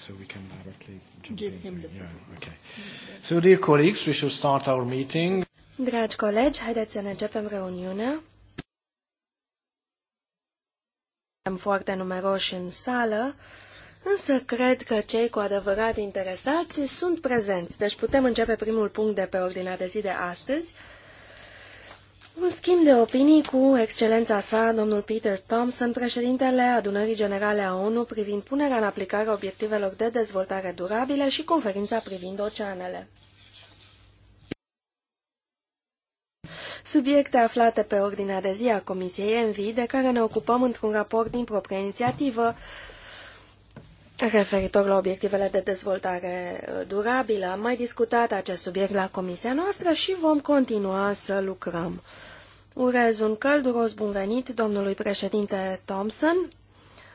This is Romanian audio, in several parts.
something so we can directly jump Give into him the yeah, okay. So, dear colleagues, we should start our meeting. Dragi colegi, haideți să ne începem reuniunea. Am foarte numeroși în sală, însă cred că cei cu adevărat interesați sunt prezenți, deci putem începe primul punct de pe ordinea de zi de astăzi, un schimb de opinii cu excelența sa, domnul Peter Thompson, președintele Adunării Generale a ONU privind punerea în aplicare a obiectivelor de dezvoltare durabilă și conferința privind oceanele. Subiecte aflate pe ordinea de zi a Comisiei ENVI, de care ne ocupăm într-un raport din proprie inițiativă, Referitor la obiectivele de dezvoltare uh, durabilă, am mai discutat acest subiect la comisia noastră și vom continua să lucrăm. Urez un călduros bun venit domnului președinte Thompson.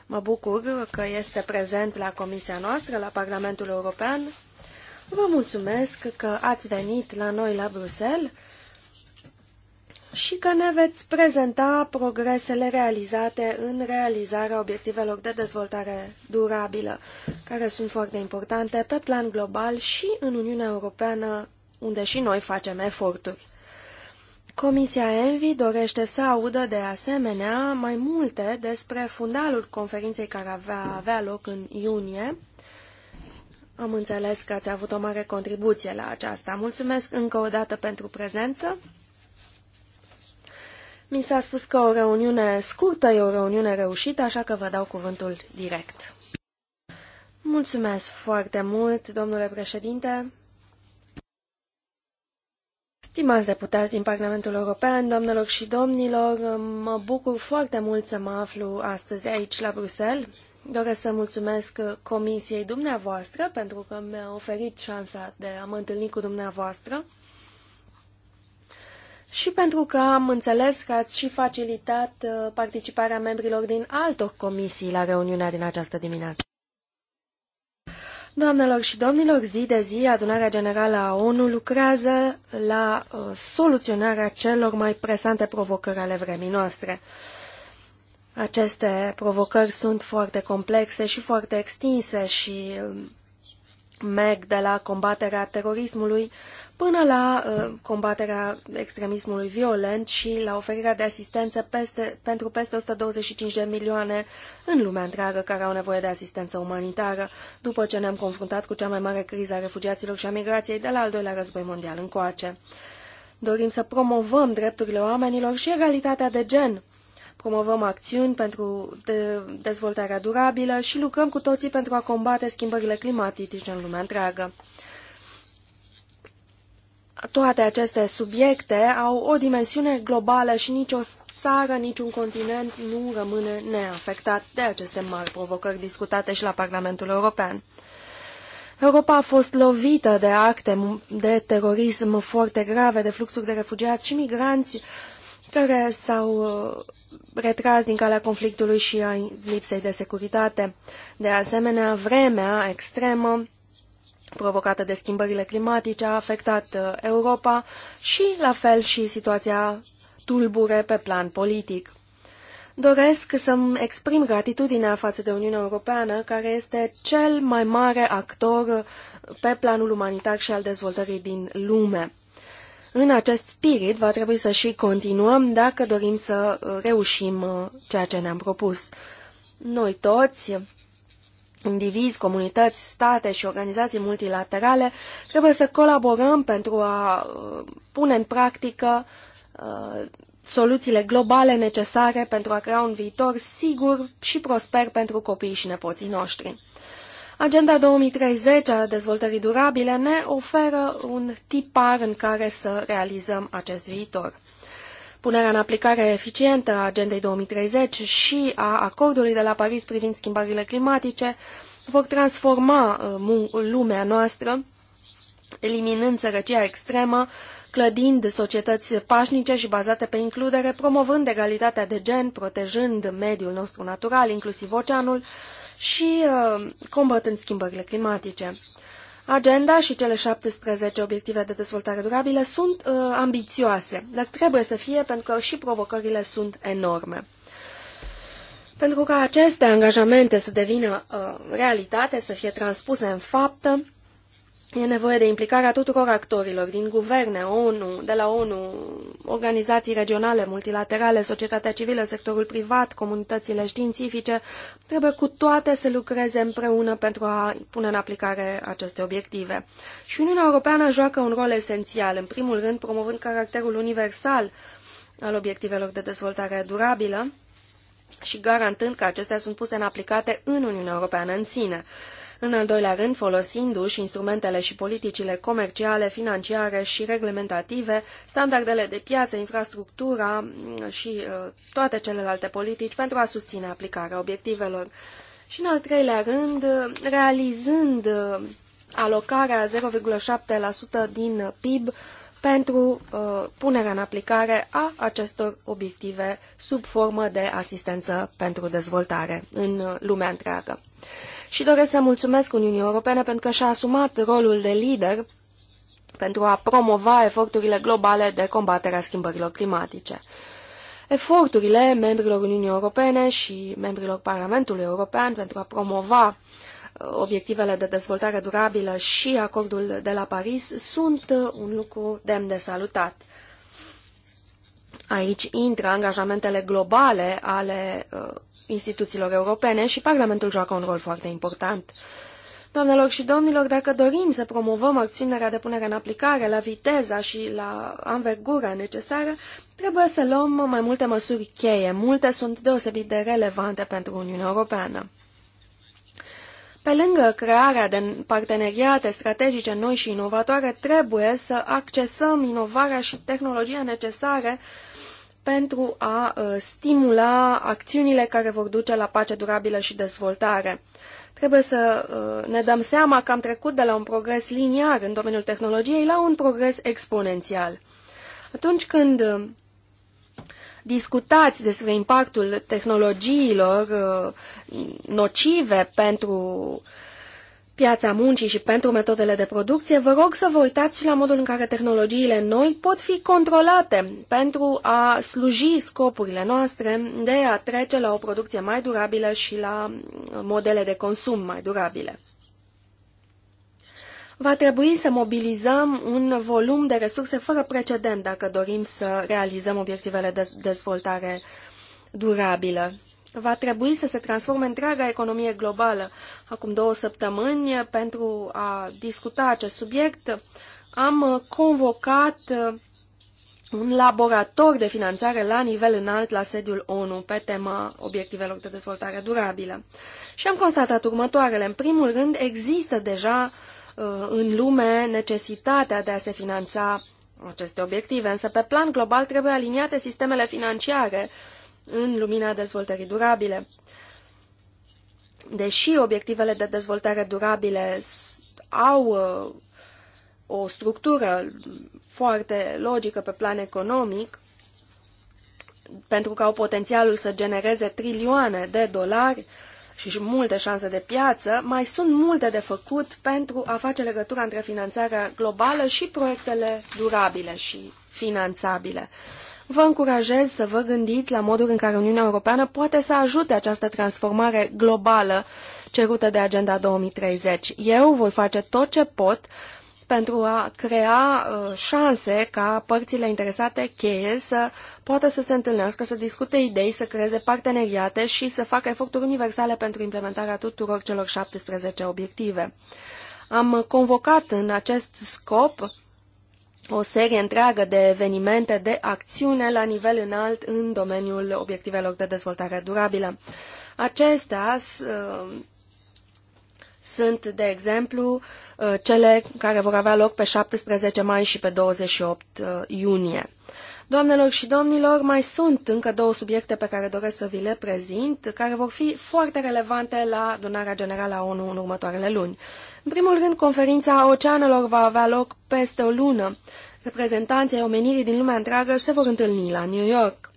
Mă bucur că este prezent la comisia noastră, la Parlamentul European. Vă mulțumesc că ați venit la noi la Bruxelles și că ne veți prezenta progresele realizate în realizarea obiectivelor de dezvoltare durabilă, care sunt foarte importante pe plan global și în Uniunea Europeană, unde și noi facem eforturi. Comisia Envi dorește să audă de asemenea mai multe despre fundalul conferinței care avea, avea loc în iunie. Am înțeles că ați avut o mare contribuție la aceasta. Mulțumesc încă o dată pentru prezență mi s-a spus că o reuniune scurtă e o reuniune reușită, așa că vă dau cuvântul direct. Mulțumesc foarte mult, domnule președinte. Stimați deputați din Parlamentul European, domnilor și domnilor, mă bucur foarte mult să mă aflu astăzi aici la Bruxelles. Doresc să mulțumesc comisiei dumneavoastră pentru că mi-a oferit șansa de a mă întâlni cu dumneavoastră și pentru că am înțeles că ați și facilitat uh, participarea membrilor din altor comisii la reuniunea din această dimineață. Doamnelor și domnilor, zi de zi, adunarea generală a ONU lucrează la uh, soluționarea celor mai presante provocări ale vremii noastre. Aceste provocări sunt foarte complexe și foarte extinse și uh, merg de la combaterea terorismului până la uh, combaterea extremismului violent și la oferirea de asistență peste, pentru peste 125 de milioane în lumea întreagă care au nevoie de asistență umanitară, după ce ne-am confruntat cu cea mai mare criză a refugiaților și a migrației de la al doilea război mondial încoace. Dorim să promovăm drepturile oamenilor și egalitatea de gen. Promovăm acțiuni pentru de dezvoltarea durabilă și lucrăm cu toții pentru a combate schimbările climatice în lumea întreagă toate aceste subiecte au o dimensiune globală și nicio țară, niciun continent nu rămâne neafectat de aceste mari provocări discutate și la Parlamentul European. Europa a fost lovită de acte de terorism foarte grave, de fluxuri de refugiați și migranți care s-au uh, retras din calea conflictului și a lipsei de securitate. De asemenea, vremea extremă provocată de schimbările climatice a afectat uh, Europa și, la fel, și situația tulbure pe plan politic. Doresc să-mi exprim gratitudinea față de Uniunea Europeană, care este cel mai mare actor uh, pe planul umanitar și al dezvoltării din lume. În acest spirit va trebui să și continuăm dacă dorim să uh, reușim ceea ce ne-am propus. Noi toți, indivizi, comunități, state și organizații multilaterale, trebuie să colaborăm pentru a uh, pune în practică uh, soluțiile globale necesare pentru a crea un viitor sigur și prosper pentru copiii și nepoții noștri. Agenda 2030 a dezvoltării durabile ne oferă un tipar în care să realizăm acest viitor punerea în aplicare eficientă a Agendei 2030 și a acordului de la Paris privind schimbările climatice vor transforma uh, lumea noastră, eliminând sărăcia extremă, clădind societăți pașnice și bazate pe includere, promovând egalitatea de gen, protejând mediul nostru natural, inclusiv oceanul, și uh, combătând schimbările climatice. Agenda și cele 17 obiective de dezvoltare durabilă sunt uh, ambițioase, dar trebuie să fie pentru că și provocările sunt enorme. Pentru ca aceste angajamente să devină uh, realitate, să fie transpuse în faptă, E nevoie de implicarea tuturor actorilor, din guverne, ONU, de la ONU, organizații regionale, multilaterale, societatea civilă, sectorul privat, comunitățile științifice. Trebuie cu toate să lucreze împreună pentru a pune în aplicare aceste obiective. Și Uniunea Europeană joacă un rol esențial, în primul rând promovând caracterul universal al obiectivelor de dezvoltare durabilă și garantând că acestea sunt puse în aplicate în Uniunea Europeană în sine. În al doilea rând, folosindu-și instrumentele și politicile comerciale, financiare și reglementative, standardele de piață, infrastructura mm, și uh, toate celelalte politici pentru a susține aplicarea obiectivelor. Și în al treilea rând, realizând uh, alocarea 0,7% din PIB pentru uh, punerea în aplicare a acestor obiective sub formă de asistență pentru dezvoltare în uh, lumea întreagă și doresc să mulțumesc Uniunii Europene pentru că și-a asumat rolul de lider pentru a promova eforturile globale de combatere a schimbărilor climatice. Eforturile membrilor Uniunii Europene și membrilor Parlamentului European pentru a promova uh, obiectivele de dezvoltare durabilă și acordul de la Paris sunt uh, un lucru demn de salutat. Aici intră angajamentele globale ale uh, instituțiilor europene și Parlamentul joacă un rol foarte important. Doamnelor și domnilor, dacă dorim să promovăm acțiunea de punere în aplicare la viteza și la anvergura necesară, trebuie să luăm mai multe măsuri cheie. Multe sunt deosebit de relevante pentru Uniunea Europeană. Pe lângă crearea de parteneriate strategice noi și inovatoare, trebuie să accesăm inovarea și tehnologia necesare uh, pentru a uh, stimula acțiunile care vor duce la pace durabilă și dezvoltare. Trebuie să uh, ne dăm seama că am trecut de la un progres liniar în domeniul tehnologiei la un progres exponențial. Atunci când uh, discutați despre impactul tehnologiilor nocive pentru uh, piața muncii și pentru metodele de producție, vă rog să vă uitați și la modul în care tehnologiile noi pot fi controlate pentru a sluji scopurile noastre de a trece la o producție mai durabilă și la uh, modele de consum mai durabile. Va trebui să mobilizăm un volum de resurse fără precedent dacă dorim să realizăm obiectivele de dezvoltare durabilă va trebui să se transforme întreaga economie globală. Acum două săptămâni, pentru a discuta acest subiect, am convocat uh, un laborator de finanțare la nivel înalt la sediul ONU pe tema obiectivelor de dezvoltare durabilă. Și am constatat următoarele. În primul rând, există deja uh, în lume necesitatea de a se finanța aceste obiective, însă pe plan global trebuie aliniate sistemele financiare uh, în lumina dezvoltării durabile. Deși obiectivele de dezvoltare durabile au uh, o structură foarte logică pe plan economic, pentru că au potențialul să genereze trilioane de dolari și multe șanse de piață, mai sunt multe de făcut pentru a face legătura între finanțarea globală și proiectele durabile și finanțabile. Vă încurajez să vă gândiți la modul în care Uniunea Europeană poate să ajute această transformare globală cerută de Agenda 2030. Eu voi face tot ce pot pentru a crea uh, șanse ca părțile interesate cheie să poată să se întâlnească, să discute idei, să creeze parteneriate și să facă eforturi universale pentru implementarea tuturor celor 17 obiective. Am convocat în acest scop o serie întreagă de evenimente de acțiune la nivel înalt în domeniul obiectivelor de dezvoltare durabilă. Acestea uh, sunt, de exemplu, uh, cele care vor avea loc pe 17 mai și pe 28 uh, iunie. Doamnelor și domnilor, mai sunt încă două subiecte pe care doresc să vi le prezint, care vor fi foarte relevante la adunarea generală a ONU în următoarele luni. În primul rând, conferința oceanelor va avea loc peste o lună. Reprezentanții omenirii din lumea întreagă se vor întâlni la New York.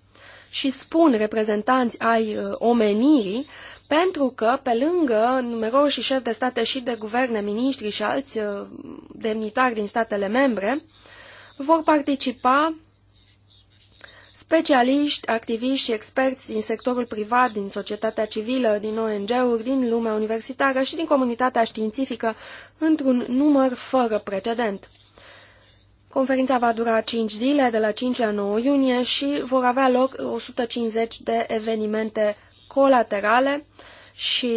Și spun reprezentanți ai uh, omenirii, pentru că, pe lângă numeroși șefi de state și de guverne, miniștri și alți uh, demnitari din statele membre, vor participa specialiști, activiști și experți din sectorul privat, din societatea civilă, din ONG-uri, din lumea universitară și din comunitatea științifică într-un număr fără precedent. Conferința va dura 5 zile, de la 5 la 9 iunie, și vor avea loc 150 de evenimente colaterale și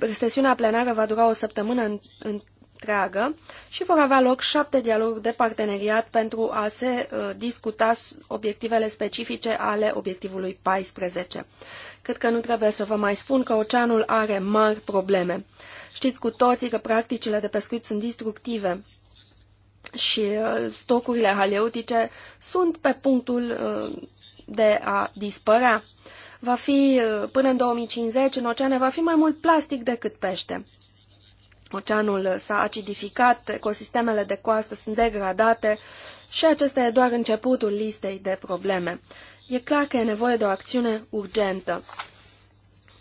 uh, sesiunea plenară va dura o săptămână în, în întreagă și vor avea loc șapte dialoguri de parteneriat pentru a se uh, discuta obiectivele specifice ale obiectivului 14. Cred că nu trebuie să vă mai spun că oceanul are mari probleme. Știți cu toții că practicile de pescuit sunt destructive și uh, stocurile haleutice sunt pe punctul uh, de a dispărea va fi până în 2050 în oceane va fi mai mult plastic decât pește. Oceanul s-a acidificat, ecosistemele de coastă sunt degradate și acesta e doar începutul listei de probleme. E clar că e nevoie de o acțiune urgentă.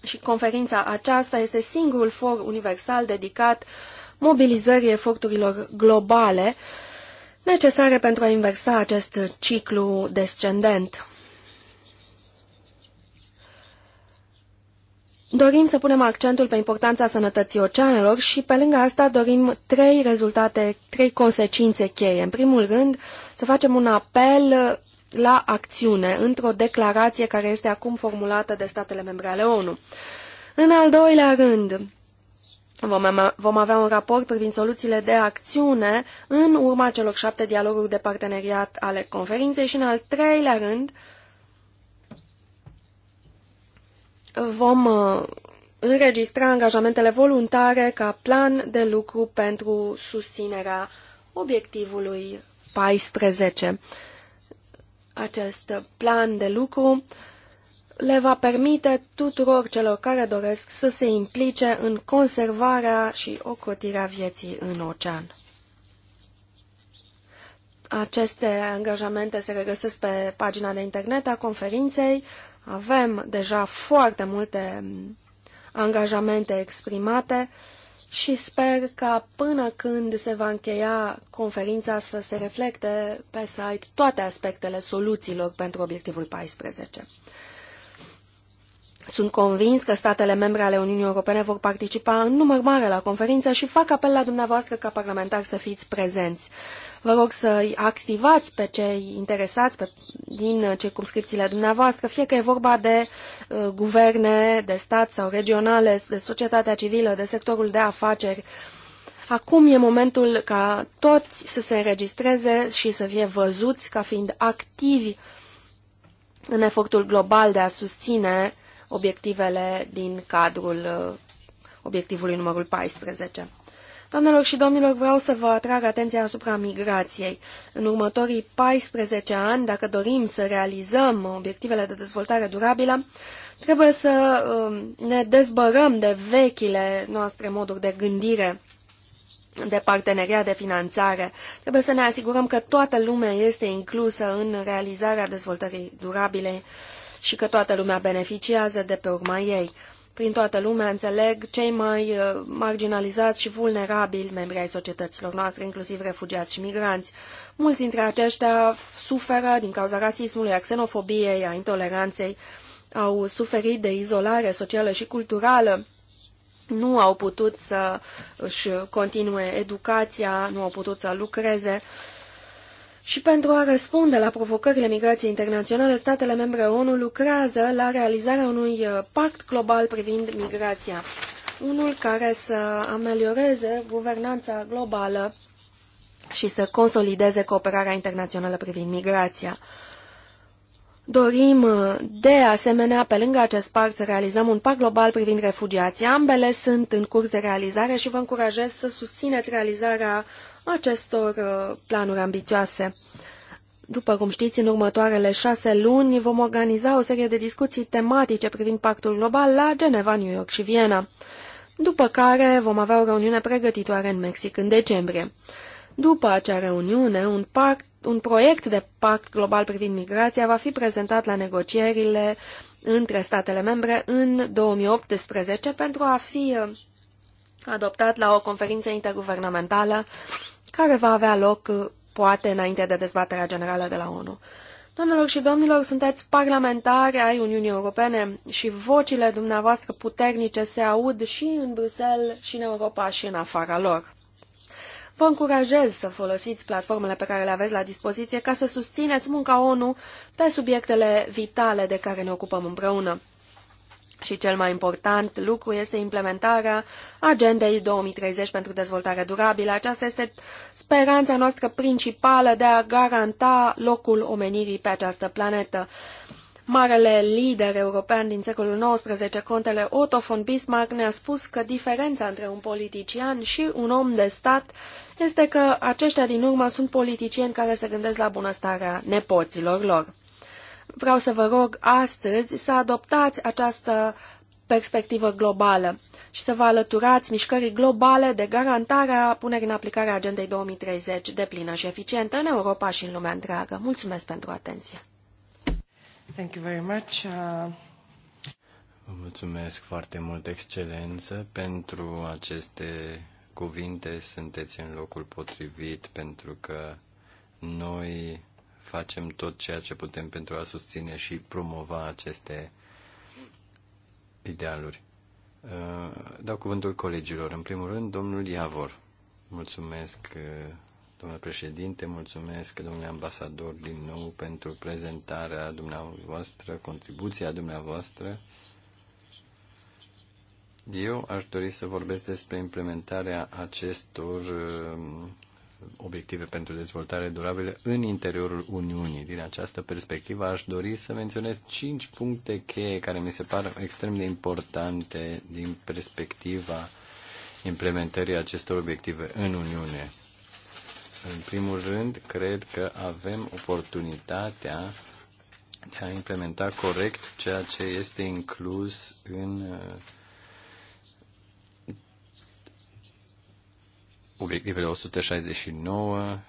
Și conferința aceasta este singurul for universal dedicat mobilizării eforturilor globale necesare pentru a inversa acest ciclu descendent. Dorim să punem accentul pe importanța sănătății oceanelor și pe lângă asta dorim trei rezultate, trei consecințe cheie. În primul rând, să facem un apel la acțiune într-o declarație care este acum formulată de statele membre ale ONU. În al doilea rând, vom avea un raport privind soluțiile de acțiune în urma celor șapte dialoguri de parteneriat ale conferinței și în al treilea rând, vom uh, înregistra angajamentele voluntare ca plan de lucru pentru susținerea obiectivului 14. Acest plan de lucru le va permite tuturor celor care doresc să se implice în conservarea și ocotirea vieții în ocean. Aceste angajamente se regăsesc pe pagina de internet a conferinței, avem deja foarte multe angajamente exprimate și sper ca până când se va încheia conferința să se reflecte pe site toate aspectele soluțiilor pentru obiectivul 14. Sunt convins că statele membre ale Uniunii Europene vor participa în număr mare la conferință și fac apel la dumneavoastră ca parlamentar să fiți prezenți. Vă rog să activați pe cei interesați pe, din uh, circumscripțiile dumneavoastră, fie că e vorba de uh, guverne, de stat sau regionale, de societatea civilă, de sectorul de afaceri. Acum e momentul ca toți să se înregistreze și să fie văzuți ca fiind activi în efortul global de a susține obiectivele din cadrul uh, obiectivului numărul 14. Doamnelor și domnilor, vreau să vă atrag atenția asupra migrației. În următorii 14 ani, dacă dorim să realizăm obiectivele de dezvoltare durabilă, trebuie să um, ne dezbărăm de vechile noastre moduri de gândire de parteneria de finanțare. Trebuie să ne asigurăm că toată lumea este inclusă în realizarea dezvoltării durabile și că toată lumea beneficiază de pe urma ei prin toată lumea, înțeleg, cei mai uh, marginalizați și vulnerabili membri ai societăților noastre, inclusiv refugiați și migranți. Mulți dintre aceștia suferă din cauza rasismului, a xenofobiei, a intoleranței, au suferit de izolare socială și culturală, nu au putut să își continue educația, nu au putut să lucreze. Uh, și pentru a răspunde la provocările migrației internaționale, statele membre ONU lucrează la realizarea unui uh, pact global privind migrația, unul care să amelioreze guvernanța globală și să consolideze cooperarea internațională privind migrația. Dorim, uh, de asemenea, pe lângă acest pact, să realizăm un pact global privind refugiații. Ambele sunt în curs de realizare și vă încurajez să susțineți realizarea acestor uh, planuri ambițioase. După cum știți, în următoarele șase luni vom organiza o serie de discuții tematice privind pactul global la Geneva, New York și Viena, după care vom avea o reuniune pregătitoare în Mexic în decembrie. După acea reuniune, un, pact, un proiect de pact global privind migrația va fi prezentat la negocierile între statele membre în 2018 pentru a fi uh, adoptat la o conferință interguvernamentală care va avea loc uh, poate înainte de dezbaterea generală de la ONU. Domnilor și domnilor, sunteți parlamentari ai Uniunii Europene și vocile dumneavoastră puternice se aud și în Bruxelles, și în Europa, și în afara lor. Vă încurajez să folosiți platformele pe care le aveți la dispoziție ca să susțineți munca ONU pe subiectele vitale de care ne ocupăm împreună. Și cel mai important lucru este implementarea Agendei 2030 pentru dezvoltare durabilă. Aceasta este speranța noastră principală de a garanta locul omenirii pe această planetă. Marele lider european din secolul XIX, contele Otto von Bismarck, ne-a spus că diferența între un politician și un om de stat este că aceștia din urmă sunt politicieni care se gândesc la bunăstarea nepoților lor. Vreau să vă rog astăzi să adoptați această perspectivă globală și să vă alăturați mișcării globale de garantare a punerii în aplicare a Agendei 2030 de plină și eficientă în Europa și în lumea întreagă. Mulțumesc pentru atenție! Thank you very much. Uh... Vă mulțumesc foarte mult, excelență, pentru aceste cuvinte. Sunteți în locul potrivit pentru că noi facem tot ceea ce putem pentru a susține și promova aceste idealuri. Uh, dau cuvântul colegilor. În primul rând, domnul Iavor. Mulțumesc, uh, domnule președinte, mulțumesc, domnule ambasador, din nou pentru prezentarea dumneavoastră, contribuția dumneavoastră. Eu aș dori să vorbesc despre implementarea acestor uh, obiective pentru dezvoltare durabilă în interiorul Uniunii. Din această perspectivă aș dori să menționez cinci puncte cheie care mi se par extrem de importante din perspectiva implementării acestor obiective în Uniune. În primul rând, cred că avem oportunitatea de a implementa corect ceea ce este inclus în uh, obiectivele 169,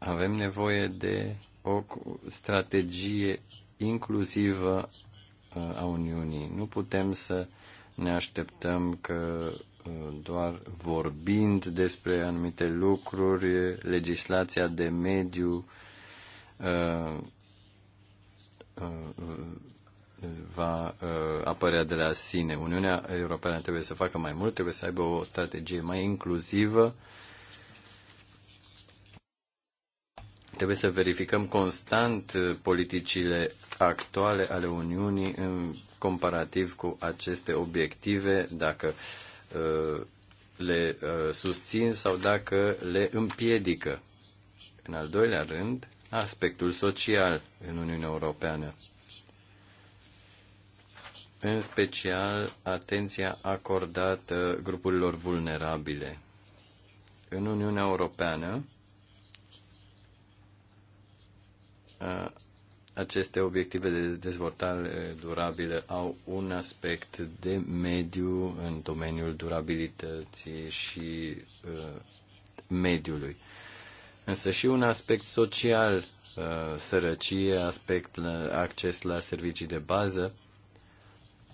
avem nevoie de o strategie inclusivă uh, a Uniunii. Nu putem să ne așteptăm că uh, doar vorbind despre anumite lucruri, legislația de mediu uh, va uh, apărea de la sine. Uniunea Europeană trebuie să facă mai mult, trebuie să aibă o strategie mai inclusivă. Trebuie să verificăm constant uh, politicile actuale ale Uniunii în comparativ cu aceste obiective, dacă uh, le susțin sau dacă le împiedică. În al doilea rând, aspectul social în Uniunea Europeană în special atenția acordată grupurilor vulnerabile. În Uniunea Europeană, aceste obiective de dezvoltare durabilă au un aspect de mediu în domeniul durabilității și mediului. Însă și un aspect social, sărăcie, aspect acces la servicii de bază,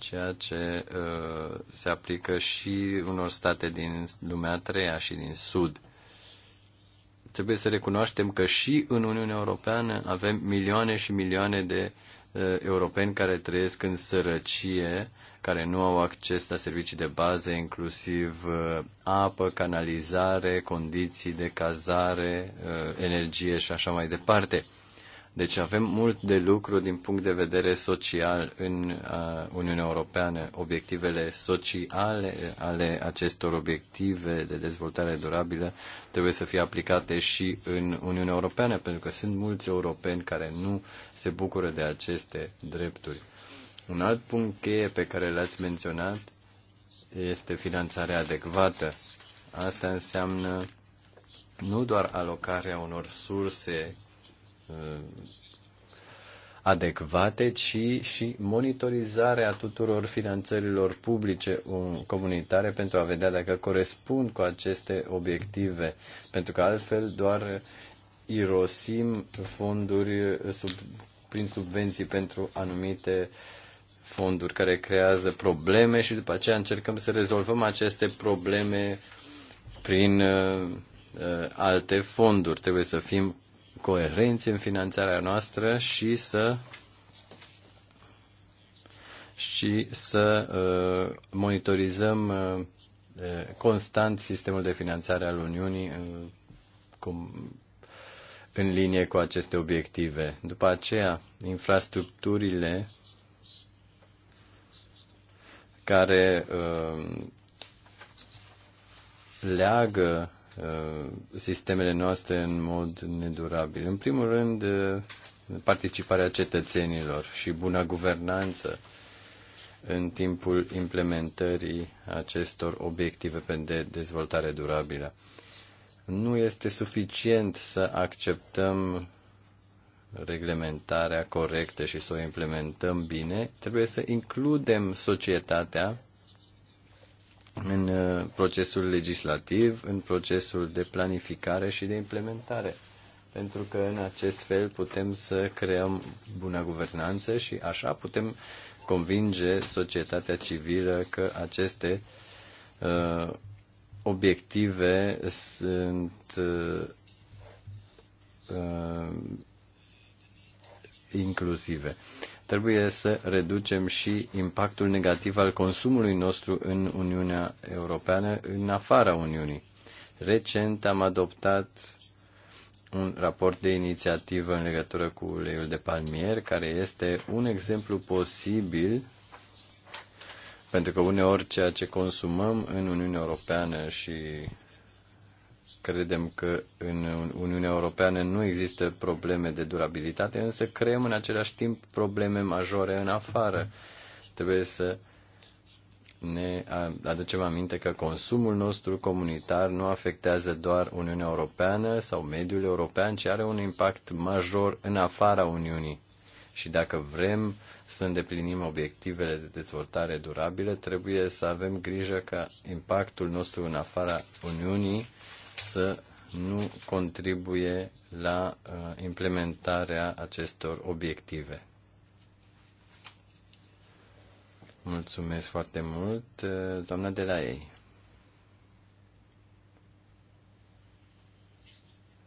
ceea ce uh, se aplică și unor state din lumea a treia și din Sud. Trebuie să recunoaștem că și în Uniunea Europeană avem milioane și milioane de uh, europeni care trăiesc în sărăcie, care nu au acces la servicii de bază, inclusiv uh, apă, canalizare, condiții de cazare, uh, energie și așa mai departe. Uh, deci avem mult de lucru din punct de vedere social în uh, Uniunea Europeană. Obiectivele sociale ale acestor obiective de dezvoltare durabilă trebuie să fie aplicate și în Uniunea Europeană, pentru că sunt mulți europeni care nu se bucură de aceste drepturi. Un alt punct cheie pe care l-ați menționat este finanțarea adecvată. Asta înseamnă nu doar alocarea unor surse Uh, adecvate, ci și monitorizarea tuturor finanțărilor publice um, comunitare pentru a vedea dacă corespund cu aceste obiective, pentru că altfel doar irosim fonduri uh, sub, prin subvenții pentru anumite fonduri care creează probleme și după aceea încercăm să rezolvăm aceste probleme prin uh, uh alte fonduri. Trebuie să fim coerenți în finanțarea noastră și să și să uh, monitorizăm uh, uh constant sistemul de finanțare al Uniunii în, uh, cum, în linie cu aceste obiective. După aceea, infrastructurile care uh, leagă Uh, sistemele noastre în mod nedurabil. În primul rând, uh, participarea cetățenilor și buna guvernanță în timpul implementării acestor obiective de dezvoltare durabilă. Nu este suficient să acceptăm reglementarea corectă și să o implementăm bine, trebuie să includem societatea în uh, procesul legislativ, în procesul de planificare și de implementare. Pentru că în acest fel putem să creăm bună guvernanță și așa putem convinge societatea civilă că aceste uh, obiective sunt uh, uh inclusive. Uh, trebuie să reducem și impactul negativ al consumului nostru în Uniunea Europeană, în afara Uniunii. Recent am adoptat un raport de inițiativă în legătură cu uleiul de palmier, care este un exemplu posibil, pentru că uneori ceea ce consumăm în Uniunea Europeană și Credem că în Uniunea Europeană nu există probleme de durabilitate, însă creăm în același timp probleme majore în afară. Trebuie să ne aducem aminte că consumul nostru comunitar nu afectează doar Uniunea Europeană sau mediul european, ci are un impact major în afara Uniunii. Și dacă vrem să îndeplinim obiectivele de dezvoltare durabilă, trebuie să avem grijă ca impactul nostru în afara Uniunii să nu contribuie la uh, implementarea acestor obiective. Mulțumesc foarte mult, uh, doamna de la ei.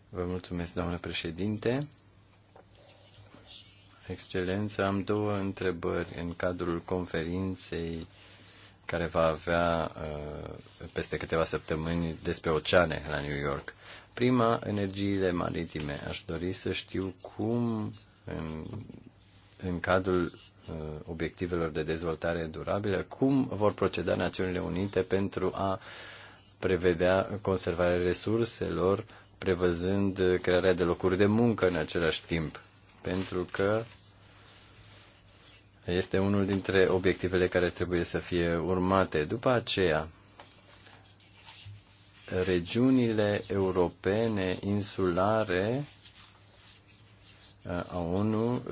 Vă mulțumesc, doamnă președinte. Excelență, am două întrebări în cadrul conferinței care va avea uh, peste câteva săptămâni despre oceane la New York. Prima, energiile maritime. Aș dori să știu cum, în, în cadrul uh, obiectivelor de dezvoltare durabilă, cum vor proceda Națiunile Unite pentru a prevedea conservarea resurselor, prevăzând crearea de locuri de muncă în același timp. Pentru că este unul dintre obiectivele care trebuie să fie urmate. După aceea, regiunile europene insulare uh, a ONU uh,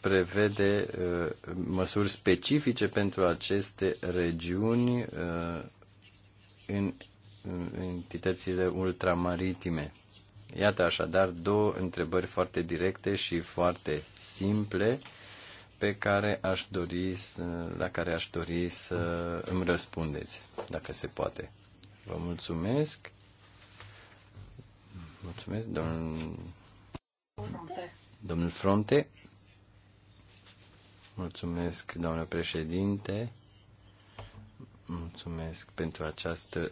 prevede uh, măsuri specifice pentru aceste regiuni în entitățile ultramaritime. Iată așadar două întrebări foarte directe și foarte simple pe care aș dori să, la care aș dori să îmi răspundeți, dacă se poate. Vă mulțumesc. Mulțumesc, domnul... Fronte. Domnul Fronte. Mulțumesc, doamnă președinte. Mulțumesc pentru această,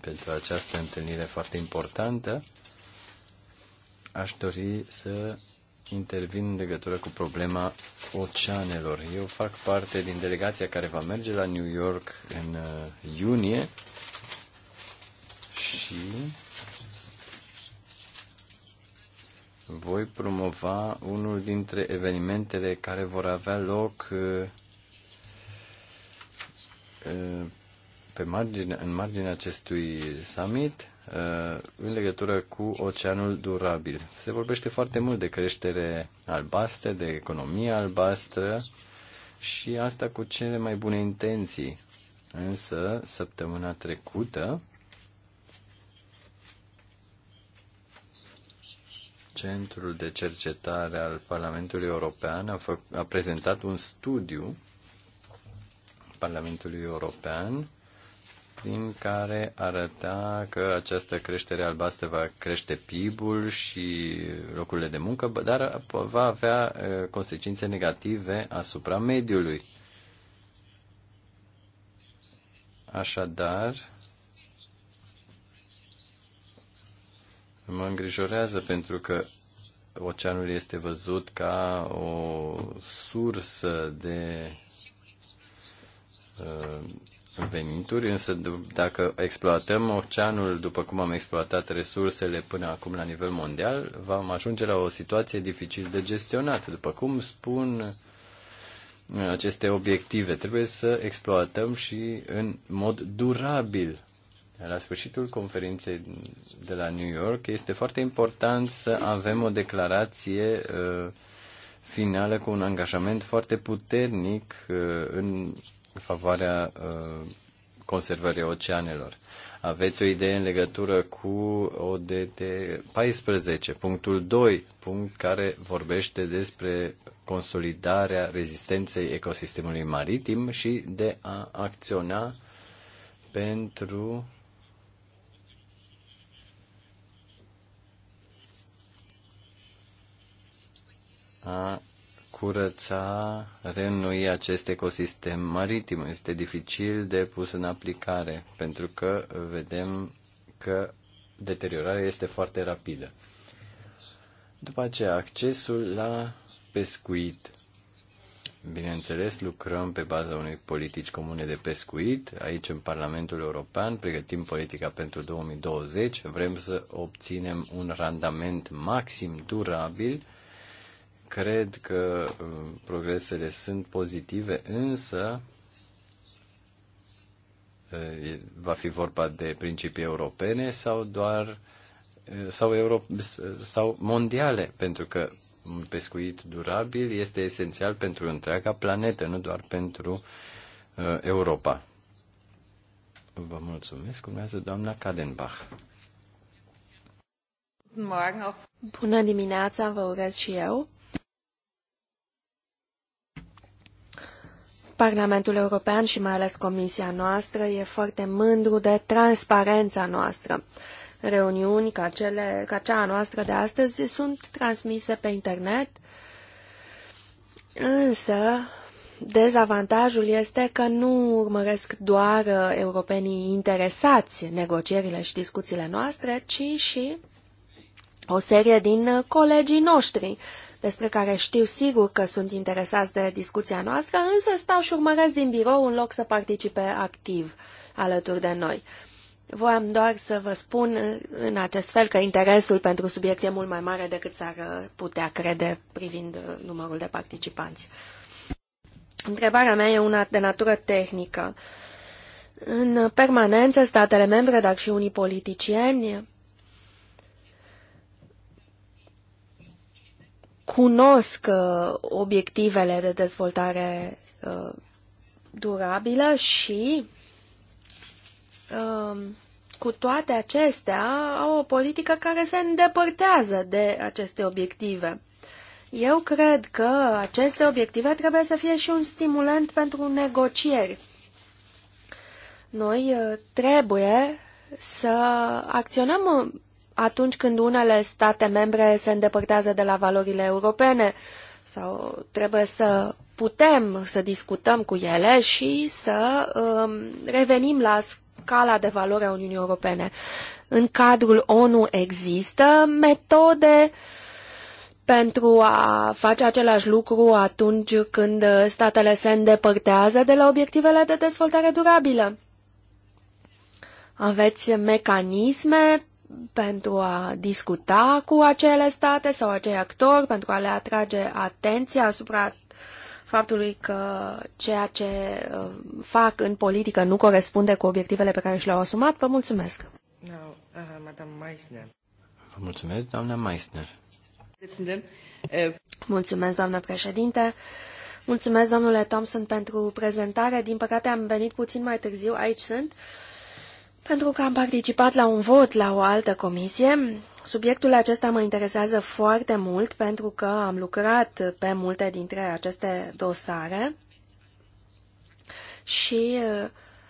pentru această întâlnire foarte importantă. Aș dori să intervin în legătură cu problema oceanelor. Eu fac parte din delegația care va merge la New York în uh, iunie și voi promova unul dintre evenimentele care vor avea loc uh, uh, pe margine, în marginea acestui summit Uh, în legătură cu oceanul durabil. Se vorbește foarte mult de creștere albastră, de economie albastră și asta cu cele mai bune intenții. Însă, săptămâna trecută, Centrul de Cercetare al Parlamentului European a, fă, a prezentat un studiu Parlamentului European prin care arăta că această creștere albastră va crește PIB-ul și locurile de muncă, dar va avea consecințe negative asupra mediului. Așadar, mă îngrijorează pentru că oceanul este văzut ca o sursă de venituri, însă dacă exploatăm oceanul după cum am exploatat resursele până acum la nivel mondial, vom ajunge la o situație dificil de gestionat. După cum spun uh, aceste obiective, trebuie să exploatăm și în mod durabil. La sfârșitul conferinței de la New York este foarte important să avem o declarație uh, finală cu un angajament foarte puternic uh, în în favoarea uh, conservării oceanelor. Aveți o idee în legătură cu ODT 14, punctul 2, punct care vorbește despre consolidarea rezistenței ecosistemului maritim și de a acționa pentru a curăța, reînnoi acest ecosistem maritim. Este dificil de pus în aplicare, pentru că vedem că deteriorarea este foarte rapidă. După aceea, accesul la pescuit. Bineînțeles, lucrăm pe baza unei politici comune de pescuit. Aici, în Parlamentul European, pregătim politica pentru 2020. Vrem să obținem un randament maxim durabil cred că uh, progresele sunt pozitive, însă uh, va fi vorba de principii europene sau doar uh, sau, euro, sau mondiale, pentru că un pescuit durabil este esențial pentru întreaga planetă, nu doar pentru uh, Europa. Vă mulțumesc. Urmează doamna Kadenbach. Bună dimineața, vă urez și eu. Parlamentul European și mai ales Comisia noastră e foarte mândru de transparența noastră. Reuniuni ca, cele, ca cea a noastră de astăzi sunt transmise pe internet, însă dezavantajul este că nu urmăresc doar europenii interesați negocierile și discuțiile noastre, ci și o serie din colegii noștri despre care știu sigur că sunt interesați de discuția noastră, însă stau și urmăresc din birou în loc să participe activ alături de noi. Voiam doar să vă spun în acest fel că interesul pentru subiect e mult mai mare decât s-ar putea crede privind numărul de participanți. Întrebarea mea e una de natură tehnică. În permanență, statele membre, dar și unii politicieni, cunosc uh, obiectivele de dezvoltare uh, durabilă și um, cu toate acestea au o politică care se îndepărtează de aceste obiective. Eu cred că aceste obiective trebuie să fie și un stimulant pentru negocieri. Noi uh, trebuie să acționăm atunci când unele state membre se îndepărtează de la valorile europene sau trebuie să putem să discutăm cu ele și să um, revenim la scala de valoare a Uniunii Europene. În cadrul ONU există metode pentru a face același lucru atunci când statele se îndepărtează de la obiectivele de dezvoltare durabilă. Aveți mecanisme pentru a discuta cu acele state sau acei actori, pentru a le atrage atenția asupra faptului că ceea ce uh, fac în politică nu corespunde cu obiectivele pe care și le-au asumat. Vă mulțumesc! uh, Vă mulțumesc, doamna Meissner. Uh, mulțumesc, doamna președinte. Mulțumesc, domnule Thompson, pentru prezentare. Din păcate am venit puțin mai târziu. Aici sunt. Uh, pentru că am participat la un vot la o altă comisie, subiectul acesta mă interesează foarte mult pentru că am lucrat pe multe dintre aceste dosare și uh,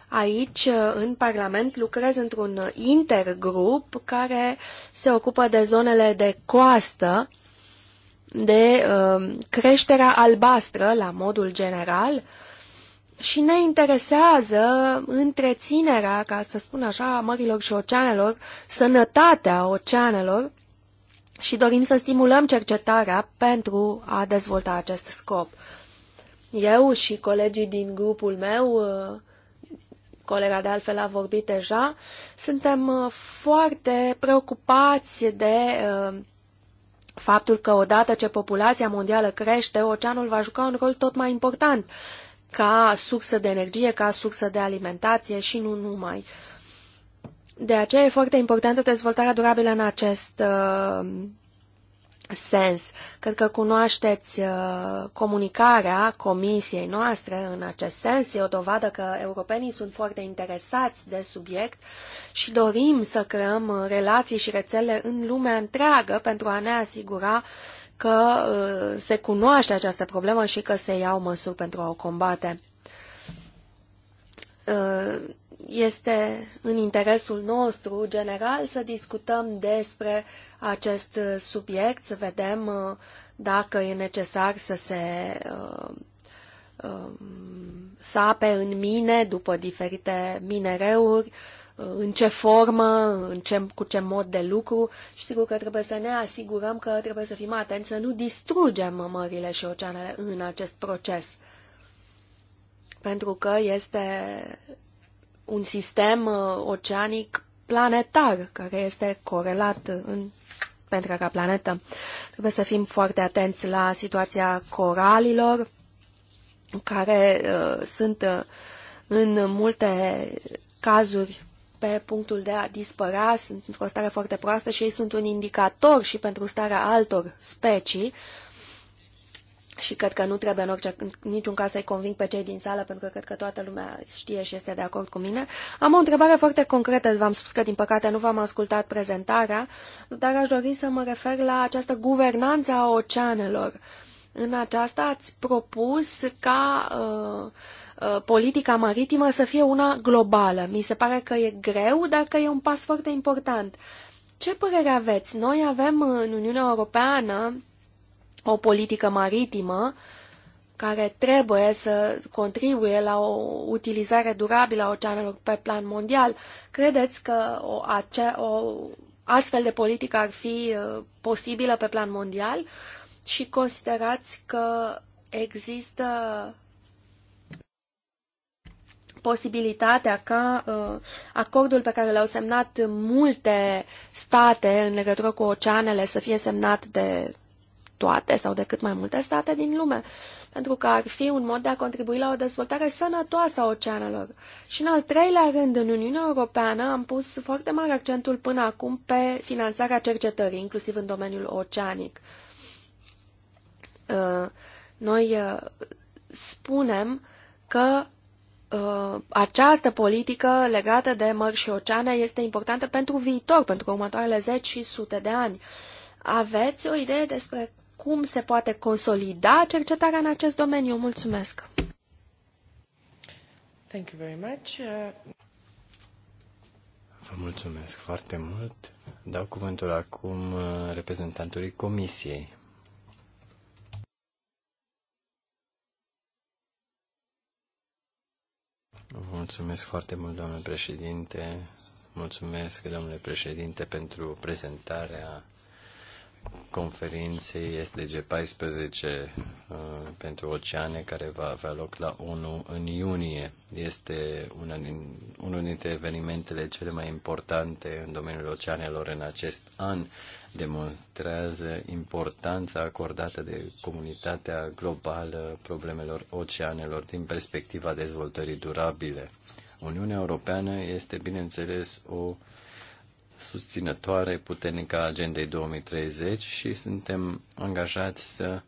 aici, uh, în Parlament, lucrez într-un intergrup care se ocupă de zonele de coastă, de uh, creșterea albastră la modul general, și ne interesează întreținerea, ca să spun așa, a mărilor și oceanelor, sănătatea oceanelor și dorim să stimulăm cercetarea pentru a dezvolta acest scop. Eu și colegii din grupul meu, colega de altfel a vorbit deja, suntem uh, foarte preocupați de uh, faptul că odată ce populația mondială crește, oceanul va juca un rol tot mai important ca sursă de energie, ca sursă de alimentație și nu numai. De aceea e foarte importantă dezvoltarea durabilă în acest uh, sens. Cred că cunoașteți uh, comunicarea comisiei noastre în acest sens. E o dovadă că europenii sunt foarte interesați de subiect și dorim să creăm uh, relații și rețele în lumea întreagă pentru a ne asigura că uh, se cunoaște această problemă și că se iau măsuri pentru a o combate. Uh, este în interesul nostru general să discutăm despre acest subiect, să vedem uh, dacă e necesar să se um, sape în mine după diferite minereuri, în ce formă, în ce, cu ce mod de lucru și sigur că trebuie să ne asigurăm că trebuie să fim atenți să nu distrugem mările și oceanele în acest proces. Pentru că este un sistem uh, oceanic planetar care este corelat în pentru ca planetă. Trebuie să fim foarte atenți la situația coralilor care uh, sunt uh, în multe cazuri pe punctul de a dispărea, sunt într-o stare foarte proastă și ei sunt un indicator și pentru starea altor specii și cred că nu trebuie în, orice, în niciun caz să-i conving pe cei din sală, pentru că cred că toată lumea știe și este de acord cu mine. Am o întrebare foarte concretă, v-am spus că din păcate nu v-am ascultat prezentarea, dar aș dori să mă refer la această guvernanță a oceanelor. În aceasta ați propus ca uh, Uh, politica maritimă să fie una globală. Mi se pare că e greu, dar că e un pas foarte important. Ce părere aveți? Noi avem în Uniunea Europeană o politică maritimă care trebuie să contribuie la o utilizare durabilă a oceanelor pe plan mondial. Credeți că o, ace- o astfel de politică ar fi uh, posibilă pe plan mondial? Și considerați că există posibilitatea ca uh, acordul pe care l-au semnat multe state în legătură cu oceanele să fie semnat de toate sau de cât mai multe state din lume, pentru că ar fi un mod de a contribui la o dezvoltare sănătoasă a oceanelor. Și în al treilea rând, în Uniunea Europeană am pus foarte mare accentul până acum pe finanțarea cercetării, inclusiv în domeniul oceanic. Uh, noi uh, spunem că Uh, această politică legată de mări și oceane este importantă pentru viitor, pentru următoarele zeci și sute de ani. Aveți o idee despre cum se poate consolida cercetarea în acest domeniu? Mulțumesc! Thank you very much. Uh, Vă mulțumesc foarte mult. Dau cuvântul acum uh, reprezentantului Comisiei. Mulțumesc foarte mult, domnule președinte. Mulțumesc, domnule președinte, pentru prezentarea conferinței SDG 14 uh, pentru oceane care va avea loc la ONU în iunie. Este una din, unul dintre evenimentele cele mai importante în domeniul oceanelor în acest an demonstrează importanța acordată de comunitatea globală problemelor oceanelor din perspectiva dezvoltării durabile. Uniunea Europeană este, bineînțeles, o susținătoare puternică a Agendei 2030 și suntem angajați să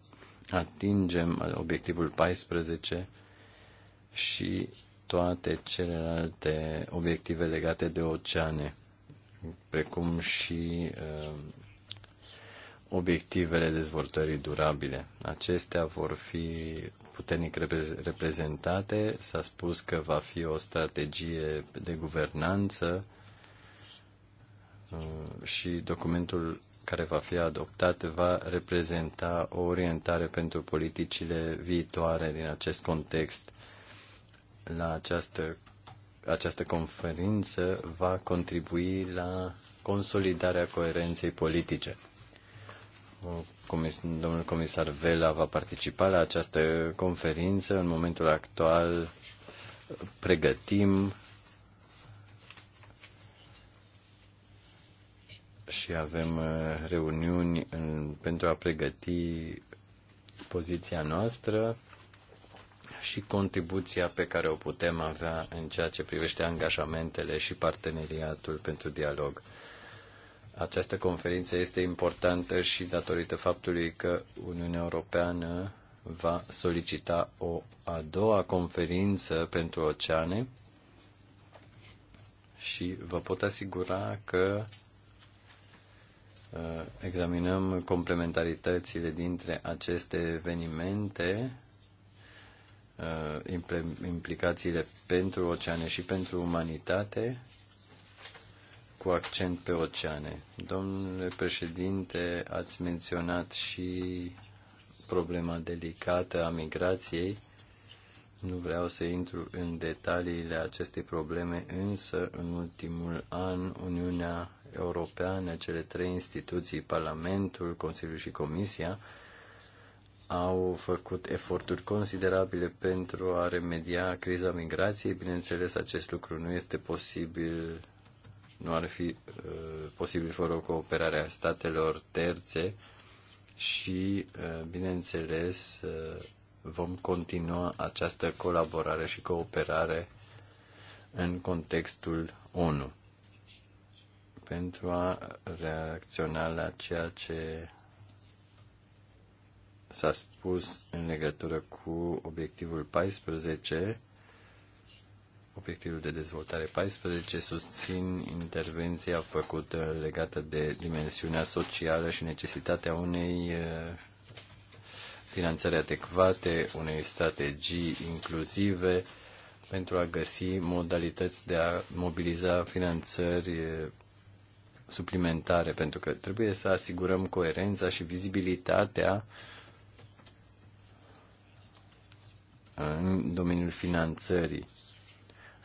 atingem obiectivul 14 și toate celelalte obiective legate de oceane, precum și uh, obiectivele dezvoltării durabile. Acestea vor fi puternic reprezentate. S-a spus că va fi o strategie de guvernanță uh, și documentul care va fi adoptat va reprezenta o orientare pentru politicile viitoare din acest context. La această, această conferință va contribui la consolidarea coerenței politice domnul comisar Vela va participa la această conferință. În momentul actual pregătim și avem uh, reuniuni în, pentru a pregăti poziția noastră și contribuția pe care o putem avea în ceea ce privește angajamentele și parteneriatul pentru dialog. Această conferință este importantă și datorită faptului că Uniunea Europeană va solicita o a doua conferință pentru oceane și vă pot asigura că uh, examinăm complementaritățile dintre aceste evenimente, uh, implicațiile pentru oceane și pentru umanitate cu accent pe oceane. Domnule președinte, ați menționat și problema delicată a migrației. Nu vreau să intru în detaliile acestei probleme, însă în ultimul an Uniunea Europeană, cele trei instituții, Parlamentul, Consiliul și Comisia, au făcut eforturi considerabile pentru a remedia criza migrației. Bineînțeles, acest lucru nu este posibil nu ar fi uh, posibil fără a statelor terțe și, uh, bineînțeles, uh, vom continua această colaborare și cooperare în contextul ONU pentru a reacționa la ceea ce s-a spus în legătură cu obiectivul 14 obiectivul de dezvoltare 14 susțin intervenția făcută legată de dimensiunea socială și necesitatea unei eh, finanțări adecvate, unei strategii inclusive pentru a găsi modalități de a mobiliza finanțări eh, suplimentare, pentru că trebuie să asigurăm coerența și vizibilitatea în domeniul finanțării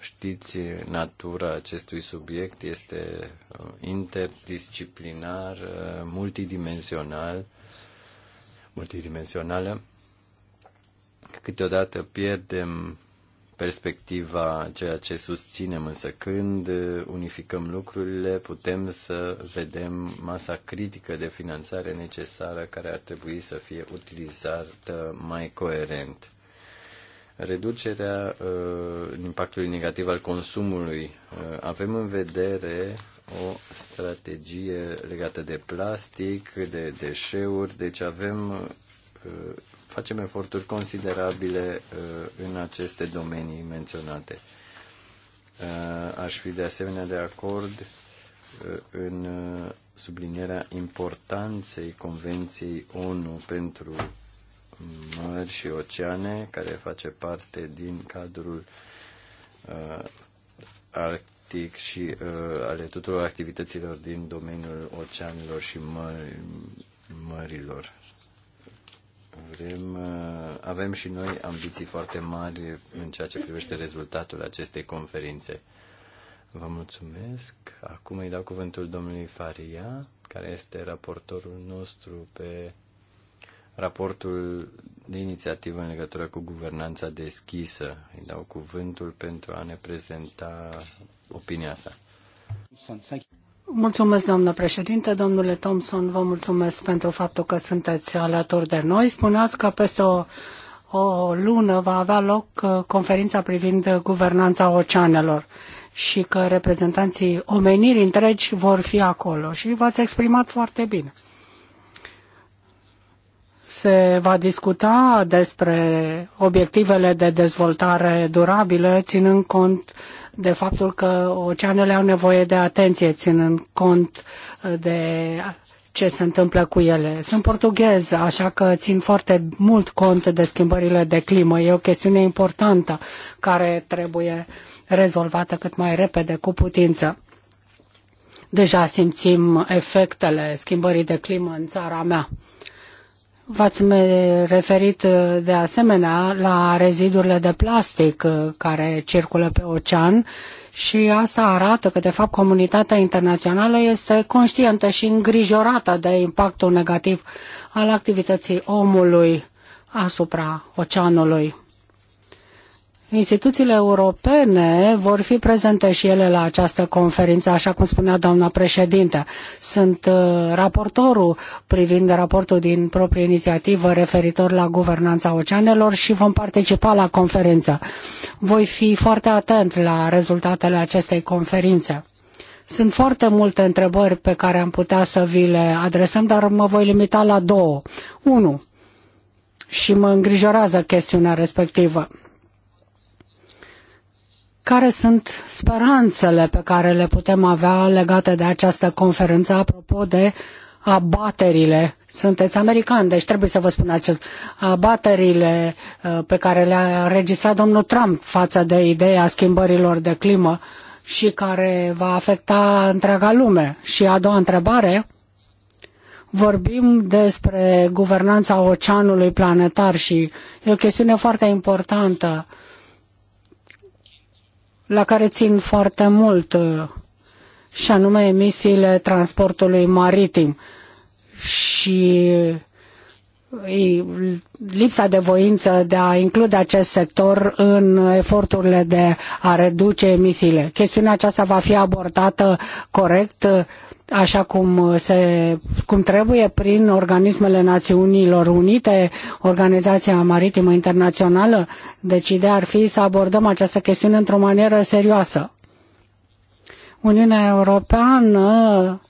Știți, natura acestui subiect este uh, interdisciplinar, uh, multidimensional, multidimensională. Câteodată pierdem perspectiva ceea ce susținem, însă când uh, unificăm lucrurile, putem să vedem masa critică de finanțare necesară care ar trebui să fie utilizată mai coerent. Reducerea uh, impactului negativ al consumului. Uh, avem în vedere o strategie legată de plastic, de deșeuri, deci avem, uh, facem eforturi considerabile uh, în aceste domenii menționate. Uh, aș fi de asemenea de acord uh, în uh, sublinierea importanței Convenției ONU pentru mări și oceane, care face parte din cadrul uh, arctic și uh, ale tuturor activităților din domeniul oceanelor și mări, mărilor. Vrem, uh, avem și noi ambiții foarte mari în ceea ce privește rezultatul acestei conferințe. Vă mulțumesc. Acum îi dau cuvântul domnului Faria, care este raportorul nostru pe raportul de inițiativă în legătură cu guvernanța deschisă. Îi dau cuvântul pentru a ne prezenta opinia sa. Mulțumesc, doamnă președinte. Domnule Thompson, vă mulțumesc pentru faptul că sunteți alături de noi. Spuneați că peste o, o lună va avea loc uh, conferința privind guvernanța oceanelor și că reprezentanții omenirii întregi vor fi acolo și v-ați exprimat foarte bine se va discuta despre obiectivele de dezvoltare durabilă, ținând cont de faptul că oceanele au nevoie de atenție, ținând cont uh, de ce se întâmplă cu ele. Sunt portughez, așa că țin foarte mult cont de schimbările de climă. E o chestiune importantă care trebuie rezolvată cât mai repede, cu putință. Deja simțim efectele schimbării de climă în țara mea V-ați referit uh, de asemenea la rezidurile de plastic uh, care circulă pe ocean și asta arată că, de fapt, comunitatea internațională este conștientă și îngrijorată de impactul negativ al activității omului asupra oceanului. Instituțiile europene vor fi prezente și ele la această conferință, așa cum spunea doamna președinte. Sunt uh, raportorul privind raportul din proprie inițiativă referitor la guvernanța oceanelor și vom participa la conferință. Voi fi foarte atent la rezultatele acestei conferințe. Sunt foarte multe întrebări pe care am putea să vi le adresăm, dar mă voi limita la două. Unu, și mă îngrijorează chestiunea respectivă care sunt speranțele pe care le putem avea legate de această conferință apropo de abaterile. Sunteți americani, deci trebuie să vă spun acest. Abaterile uh, pe care le-a registrat domnul Trump față de ideea schimbărilor de climă și care va afecta întreaga lume. Și a doua întrebare, vorbim despre guvernanța oceanului planetar și e o chestiune foarte importantă la care țin foarte mult, uh, și anume emisiile transportului maritim. Și lipsa de voință de a include acest sector în eforturile de a reduce emisiile. Chestiunea aceasta va fi abordată corect, așa cum, se, cum trebuie, prin organismele Națiunilor Unite, Organizația Maritimă Internațională. Deci ideea ar fi să abordăm această chestiune într-o manieră serioasă. Uniunea Europeană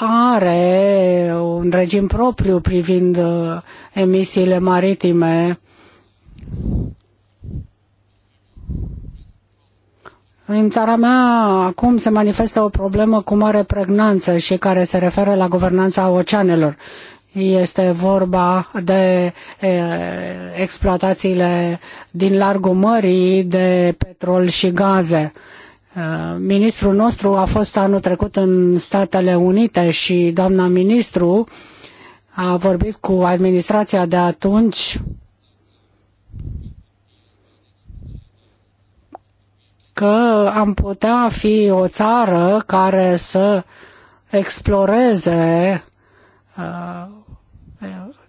are un regim propriu privind uh, emisiile maritime. În țara mea acum se manifestă o problemă cu mare pregnanță și care se referă la guvernanța oceanelor. Este vorba de e, exploatațiile din largul mării de petrol și gaze. Uh, ministrul nostru a fost anul trecut în Statele Unite și doamna ministru a vorbit cu administrația de atunci că am putea fi o țară care să exploreze uh,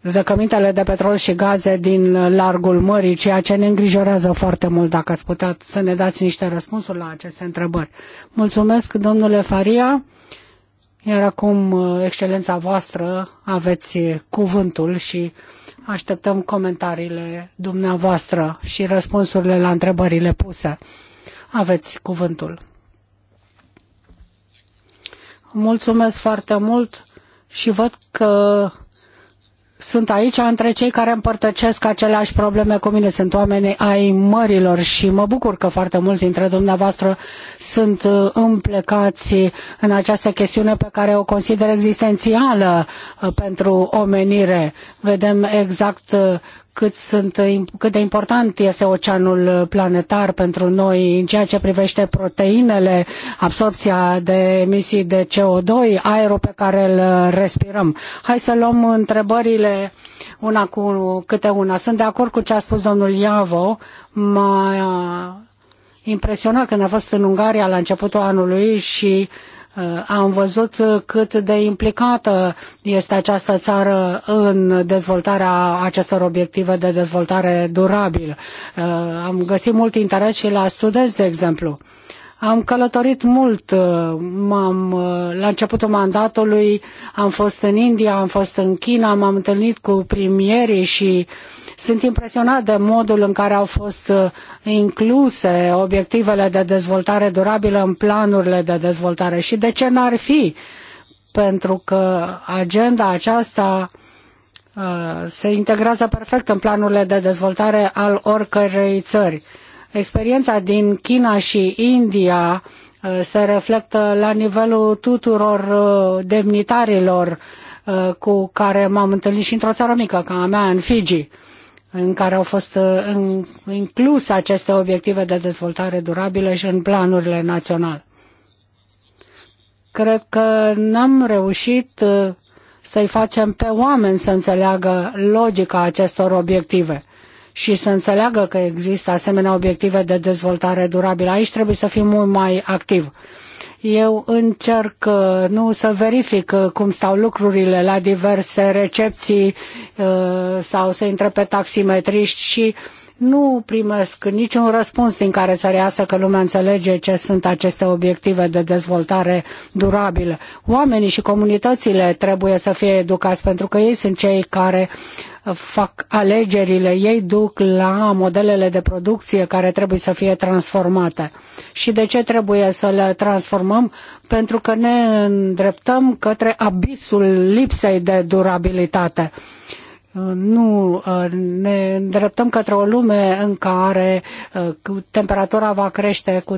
zăcămintele de petrol și gaze din largul mării, ceea ce ne îngrijorează foarte mult, dacă ați putea să ne dați niște răspunsuri la aceste întrebări. Mulțumesc, domnule Faria, iar acum, excelența voastră, aveți cuvântul și așteptăm comentariile dumneavoastră și răspunsurile la întrebările puse. Aveți cuvântul. Mulțumesc foarte mult și văd că sunt aici între cei care împărtăcesc aceleași probleme cu mine. Sunt oamenii ai mărilor și mă bucur că foarte mulți dintre dumneavoastră sunt uh, împlecați în această chestiune pe care o consider existențială uh, pentru omenire. Vedem exact uh, cât, sunt, cât de important este oceanul planetar pentru noi în ceea ce privește proteinele, absorpția de emisii de CO2, aerul pe care îl respirăm. Hai să luăm întrebările una cu câte una. Sunt de acord cu ce a spus domnul Iavo. M-a impresionat când a fost în Ungaria la începutul anului și Uh, am văzut uh, cât de implicată este această țară în dezvoltarea acestor obiective de dezvoltare durabilă. Uh, am găsit mult interes și la studenți, de exemplu. Am călătorit mult, am la începutul mandatului am fost în India, am fost în China, m-am întâlnit cu premierii și uh, sunt impresionat de modul în care au fost uh, incluse obiectivele de dezvoltare durabilă în planurile de dezvoltare și de ce n-ar fi, pentru că agenda aceasta uh, se integrează perfect în planurile de dezvoltare al oricărei țări. Experiența din China și India uh, se reflectă la nivelul tuturor demnitarilor cu care m-am întâlnit și într-o țară mică ca a mea, în Fiji în care au fost uh, incluse aceste obiective de dezvoltare durabilă și în planurile naționale. Cred că n-am reușit uh, să-i facem pe oameni să înțeleagă logica acestor obiective și să înțeleagă că există asemenea obiective de dezvoltare durabilă. Aici trebuie să fim mult mai activ. Eu încerc uh, nu să verific uh, cum stau lucrurile la diverse recepții uh, sau să intre pe taximetriști și nu primesc niciun răspuns din care să reasă că lumea înțelege ce sunt aceste obiective de dezvoltare durabilă. Oamenii și comunitățile trebuie să fie educați pentru că ei sunt cei care fac alegerile, ei duc la modelele de producție care trebuie să fie transformate. Și de ce trebuie să le transformăm? Pentru că ne îndreptăm către abisul lipsei de durabilitate. Nu, ne îndreptăm către o lume în care uh, temperatura va crește cu 3-4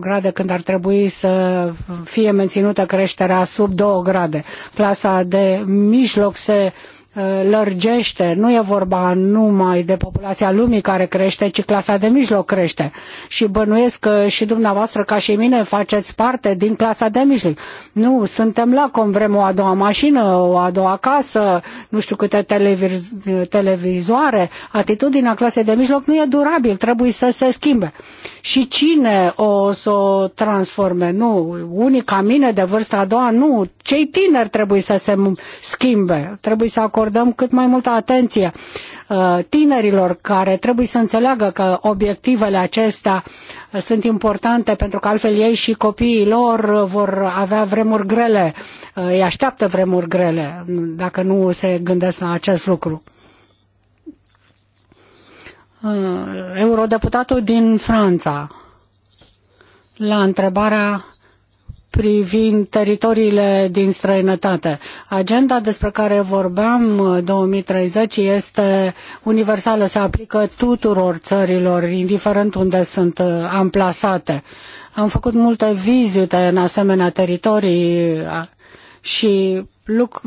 grade când ar trebui să fie menținută creșterea sub 2 grade. Plasa de mijloc se uh, Uh, lărgește. Nu e vorba numai de populația lumii care crește, ci clasa de mijloc crește. Și bănuiesc că și dumneavoastră, ca și mine, faceți parte din clasa de mijloc. Nu, suntem la cum vrem o a doua mașină, o a doua casă, nu știu câte televiz- televizoare. Atitudinea clasei de mijloc nu e durabil, trebuie să se schimbe. Și cine o să o transforme? Nu, unii ca mine de vârsta a doua, nu. Cei tineri trebuie să se schimbe, trebuie să acordă acordăm cât mai multă atenție uh, tinerilor care trebuie să înțeleagă că obiectivele acestea sunt importante pentru că altfel ei și copiii lor vor avea vremuri grele, uh, îi așteaptă vremuri grele dacă nu se gândesc la acest lucru uh, eurodeputatul din Franța la întrebarea privind teritoriile din străinătate. Agenda despre care vorbeam 2030 uh, este universală, se aplică tuturor țărilor, indiferent unde sunt uh, amplasate. Am făcut multe vizite în asemenea teritorii uh, și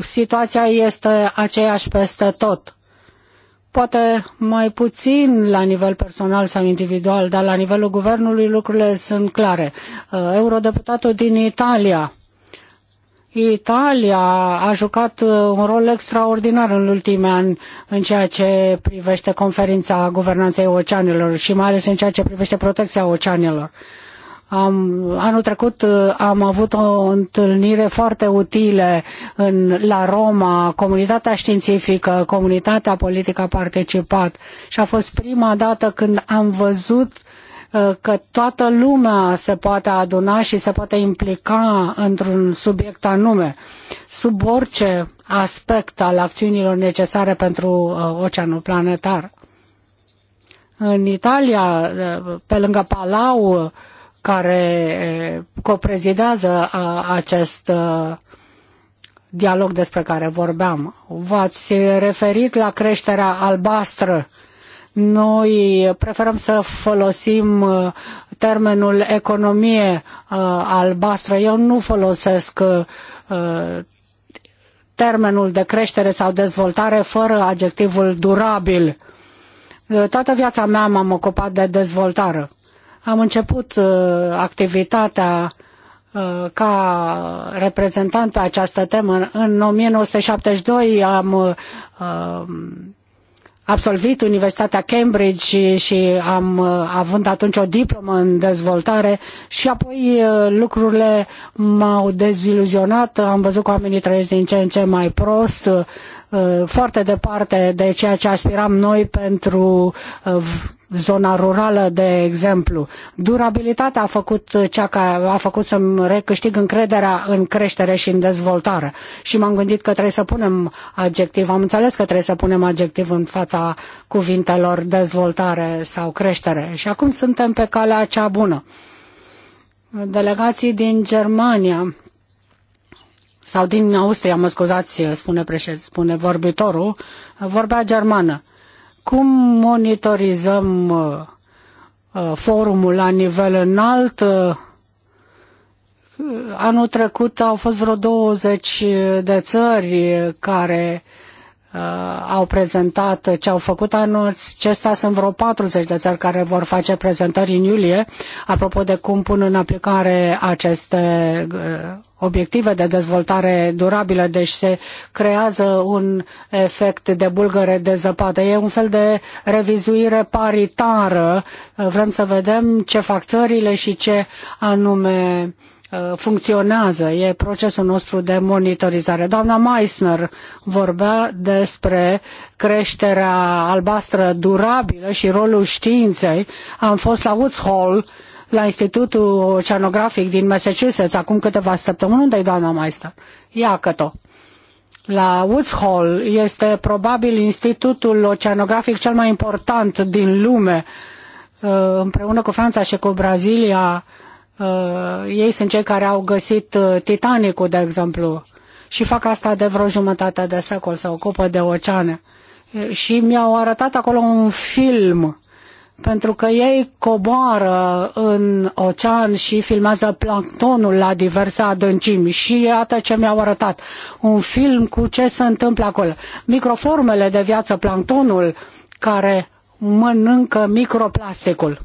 situația este aceeași peste tot poate mai puțin la nivel personal sau individual, dar la nivelul guvernului lucrurile sunt clare. Uh, eurodeputatul din Italia, Italia a jucat uh, un rol extraordinar în ultimii ani în ceea ce privește conferința guvernanței oceanelor și mai ales în ceea ce privește protecția oceanelor. Uh, am, anul trecut uh, am avut o întâlnire foarte utile în, la Roma, comunitatea științifică, comunitatea politică a participat și a fost prima dată când am văzut uh, că toată lumea se poate aduna și se poate implica într-un subiect anume, sub orice aspect al acțiunilor necesare pentru uh, oceanul planetar. În Italia, pe lângă Palau, care eh, coprezidează acest eh, dialog despre care vorbeam. V-ați referit la creșterea albastră. Noi preferăm să folosim eh, termenul economie albastră. Eu nu folosesc termenul de creștere sau dezvoltare fără adjectivul durabil. Toată viața mea m-am ocupat de dezvoltare am început uh, activitatea uh, ca reprezentant pe această temă. În 1972 am uh, absolvit Universitatea Cambridge și am avut atunci o diplomă în dezvoltare și apoi lucrurile m-au deziluzionat, am văzut că oamenii trăiesc din ce în ce mai prost, Uh, foarte departe de ceea ce aspiram noi pentru uh, zona rurală, de exemplu. Durabilitatea a făcut, cea care a făcut să-mi recâștig încrederea în creștere și în dezvoltare. Și m-am gândit că trebuie să punem adjectiv, am înțeles că trebuie să punem adjectiv în fața cuvintelor dezvoltare sau creștere. Și acum suntem pe calea cea bună. Delegații din Germania sau din Austria, mă scuzați, spune, președ, spune vorbitorul, vorbea germană. Cum monitorizăm uh, uh forumul la nivel înalt? Uh, anul trecut au fost vreo 20 de țări care Uh, au prezentat ce au făcut anul acesta. Sunt vreo 40 de țări care vor face prezentări în iulie, apropo de cum pun în aplicare aceste uh, obiective de dezvoltare durabilă, deci se creează un efect de bulgăre de zăpadă. E un fel de revizuire paritară. Uh, vrem să vedem ce fac țările și ce anume Uh, funcționează, e procesul nostru de monitorizare. Doamna Meissner vorbea despre creșterea albastră durabilă și rolul științei. Am fost la Woods Hall, la Institutul Oceanografic din Massachusetts acum câteva săptămâni. Unde-i doamna Meissner? Ia că-t-o la Woods Hall este probabil institutul oceanografic cel mai important din lume. Uh, împreună cu Franța și cu Brazilia Uh, ei sunt cei care au găsit uh, Titanicul, de exemplu, și fac asta de vreo jumătate de secol, se ocupă de oceane. Uh, și mi-au arătat acolo un film, pentru că ei coboară în ocean și filmează planctonul la diverse adâncimi. Și iată ce mi-au arătat. Un film cu ce se întâmplă acolo. Microformele de viață, planctonul, care mănâncă microplasticul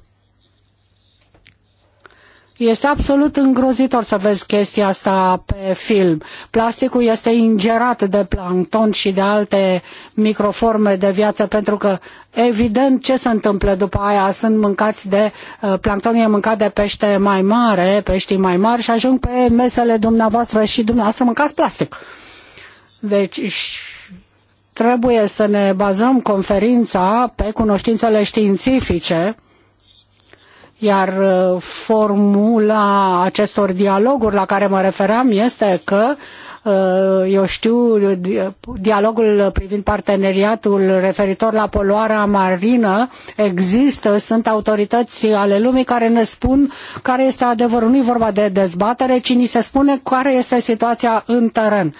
este absolut îngrozitor să vezi chestia asta pe film. Plasticul este ingerat de plancton și de alte microforme de viață, pentru că, evident, ce se întâmplă după aia? Sunt mâncați de, uh, planctonul e mâncat de pește mai mare, peștii mai mari și ajung pe mesele dumneavoastră și dumneavoastră mâncați plastic. Deci, trebuie să ne bazăm conferința pe cunoștințele științifice, iar uh, formula acestor dialoguri la care mă refeream este că uh, eu știu, dialogul privind parteneriatul referitor la poluarea marină există, sunt autorități ale lumii care ne spun care este adevărul. Nu e vorba de dezbatere, ci ni se spune care este situația în teren.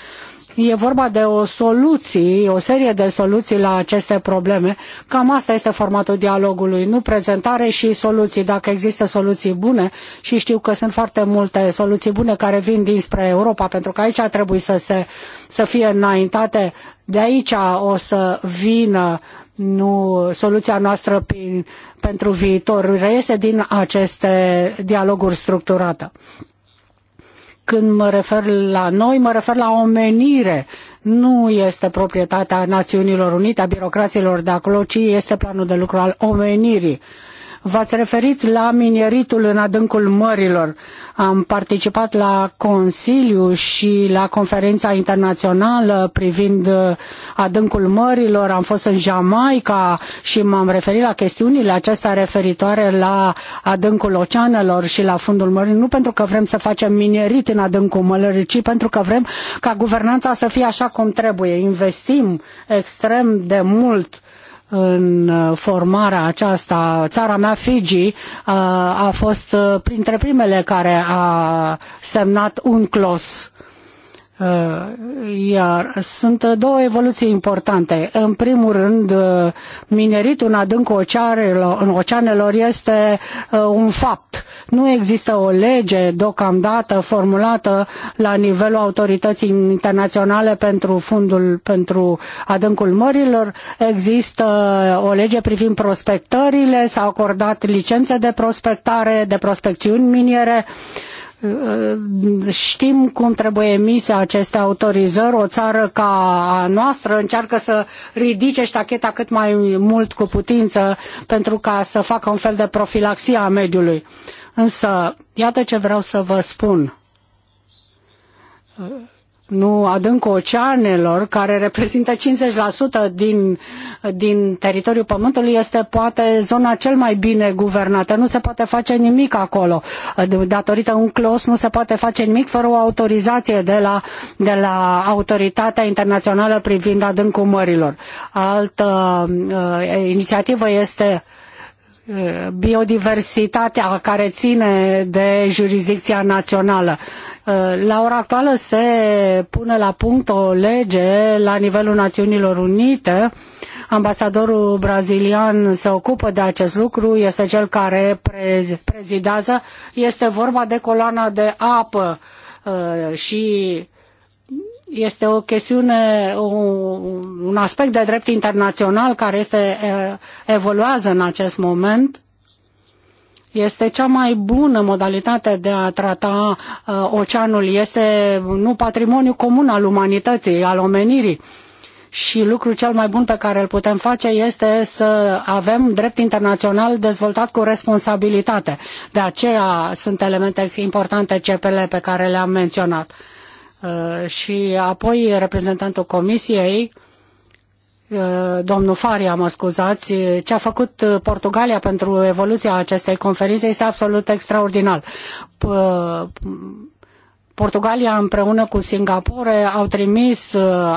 E vorba de o soluție, o serie de soluții la aceste probleme. Cam asta este formatul dialogului, nu prezentare și soluții. Dacă există soluții bune și știu că sunt foarte multe soluții bune care vin dinspre Europa, pentru că aici trebuie să, se, să fie înaintate, de aici o să vină nu soluția noastră prin, pentru viitor reiese din aceste dialoguri structurate. Când mă refer la noi, mă refer la omenire. Nu este proprietatea Națiunilor Unite, a birocraților de acolo, ci este planul de lucru al omenirii V-ați referit la mineritul în adâncul mărilor. Am participat la Consiliu și la conferința internațională privind uh, adâncul mărilor. Am fost în Jamaica și m-am referit la chestiunile acestea referitoare la adâncul oceanelor și la fundul mării. Nu pentru că vrem să facem minerit în adâncul mărilor, ci pentru că vrem ca guvernanța să fie așa cum trebuie. Investim extrem de mult în uh, formarea aceasta. Țara mea, Fiji, uh, a fost uh, printre primele care a semnat un clos Uh, iar sunt două evoluții importante. În primul rând, uh, mineritul în adâncul oceanelor, oceanelor este uh, un fapt. Nu există o lege deocamdată formulată la nivelul autorității internaționale pentru fundul pentru adâncul mărilor. Există o lege privind prospectările, s-au acordat licențe de prospectare, de prospecțiuni miniere. Uh, Uh, știm cum trebuie emise aceste autorizări. O țară ca a noastră încearcă să ridice ștacheta cât mai mult cu putință pentru ca să facă un fel de profilaxie a mediului. Însă, iată ce vreau să vă spun uh, nu adâncul oceanelor, care reprezintă 50% din, din teritoriul Pământului, este poate zona cel mai bine guvernată. Nu se poate face nimic acolo. Datorită un clos nu se poate face nimic fără o autorizație de la, de la Autoritatea Internațională privind adâncul mărilor. Altă uh, inițiativă este uh, biodiversitatea care ține de jurisdicția națională. Uh, la ora actuală se pune la punct o lege la nivelul Națiunilor Unite. Ambasadorul brazilian se ocupă de acest lucru, este cel care pre- prezidează. Este vorba de coloana de apă uh, și este o chestiune, un aspect de drept internațional care este, evoluează în acest moment este cea mai bună modalitate de a trata uh, oceanul. Este nu patrimoniu comun al umanității, al omenirii. Și lucrul cel mai bun pe care îl putem face este să avem drept internațional dezvoltat cu responsabilitate. De aceea sunt elemente importante CPL pe care le-am menționat. Uh, și apoi reprezentantul Comisiei, uh, domnul Faria, mă scuzați, ce a făcut uh, Portugalia pentru evoluția acestei conferințe este absolut extraordinar. Portugalia împreună cu Singapore au trimis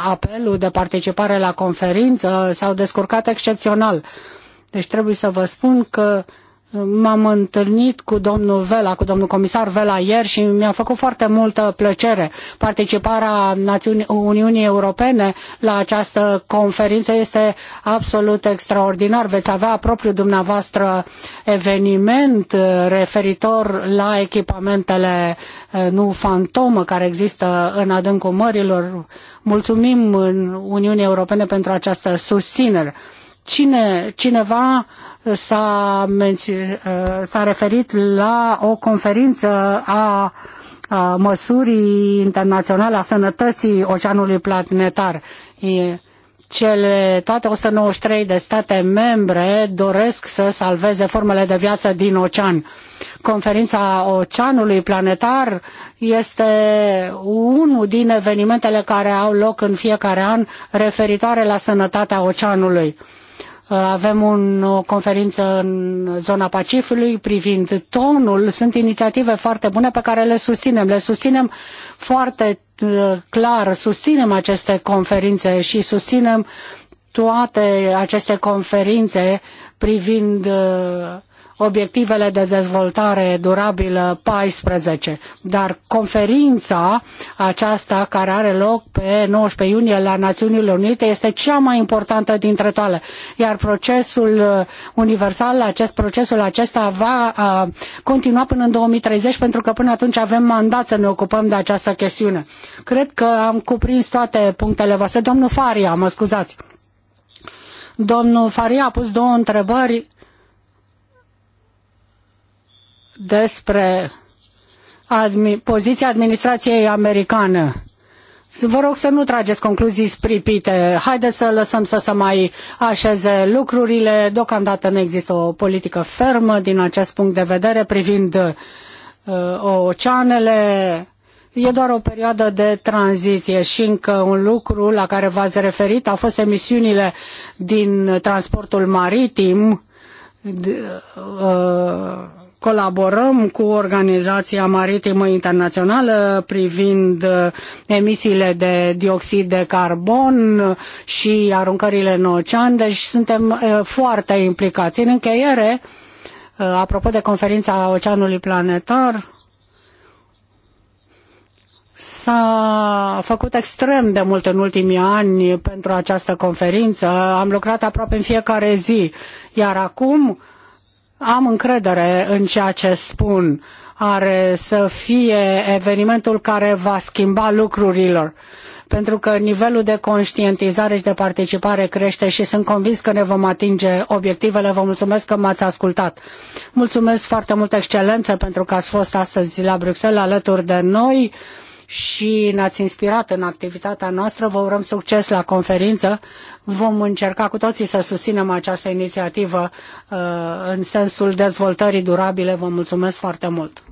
apelul de participare la conferință, s-au descurcat excepțional. Deci trebuie să vă spun că uh, M-am întâlnit cu domnul Vela, cu domnul comisar Vela ieri și mi-a făcut foarte multă plăcere. Participarea Națiunii, Uniunii Europene la această conferință este absolut extraordinar. Veți avea propriul dumneavoastră eveniment uh, referitor la echipamentele uh, nu fantomă care există în adâncul mărilor. Mulțumim în Uniunii Europene pentru această susținere. Cine, cineva s-a, s-a referit la o conferință a a măsurii internaționale a sănătății oceanului planetar. Cele toate 193 de state membre doresc să salveze formele de viață din ocean. Conferința Oceanului Planetar este unul din evenimentele care au loc în fiecare an referitoare la sănătatea oceanului. Avem un, o conferință în zona Pacificului privind tonul. Sunt inițiative foarte bune pe care le susținem. Le susținem foarte uh, clar, susținem aceste conferințe și susținem toate aceste conferințe privind uh, obiectivele de dezvoltare durabilă 14, dar conferința aceasta care are loc pe 19 iunie la Națiunile Unite este cea mai importantă dintre toate, iar procesul uh, universal, acest procesul acesta va uh, continua până în 2030 pentru că până atunci avem mandat să ne ocupăm de această chestiune. Cred că am cuprins toate punctele voastre. Domnul Faria, mă scuzați. Domnul Faria a pus două întrebări despre admi poziția administrației americane. Vă rog să nu trageți concluzii spripite. Haideți să lăsăm să se mai așeze lucrurile. Deocamdată nu există o politică fermă din acest punct de vedere privind uh, oceanele. E doar o perioadă de tranziție și încă un lucru la care v-ați referit a fost emisiunile din transportul maritim. De, uh, colaborăm cu Organizația Maritimă Internațională privind uh, emisiile de dioxid de carbon și aruncările în ocean, deci suntem uh, foarte implicați. În încheiere, uh, apropo de conferința Oceanului Planetar, S-a făcut extrem de mult în ultimii ani pentru această conferință. Am lucrat aproape în fiecare zi. Iar acum am încredere în ceea ce spun. Are să fie evenimentul care va schimba lucrurilor pentru că nivelul de conștientizare și de participare crește și sunt convins că ne vom atinge obiectivele. Vă mulțumesc că m-ați ascultat. Mulțumesc foarte mult, excelență, pentru că ați fost astăzi la Bruxelles alături de noi și ne-ați inspirat în activitatea noastră. Vă urăm succes la conferință. Vom încerca cu toții să susținem această inițiativă uh, în sensul dezvoltării durabile. Vă mulțumesc foarte mult!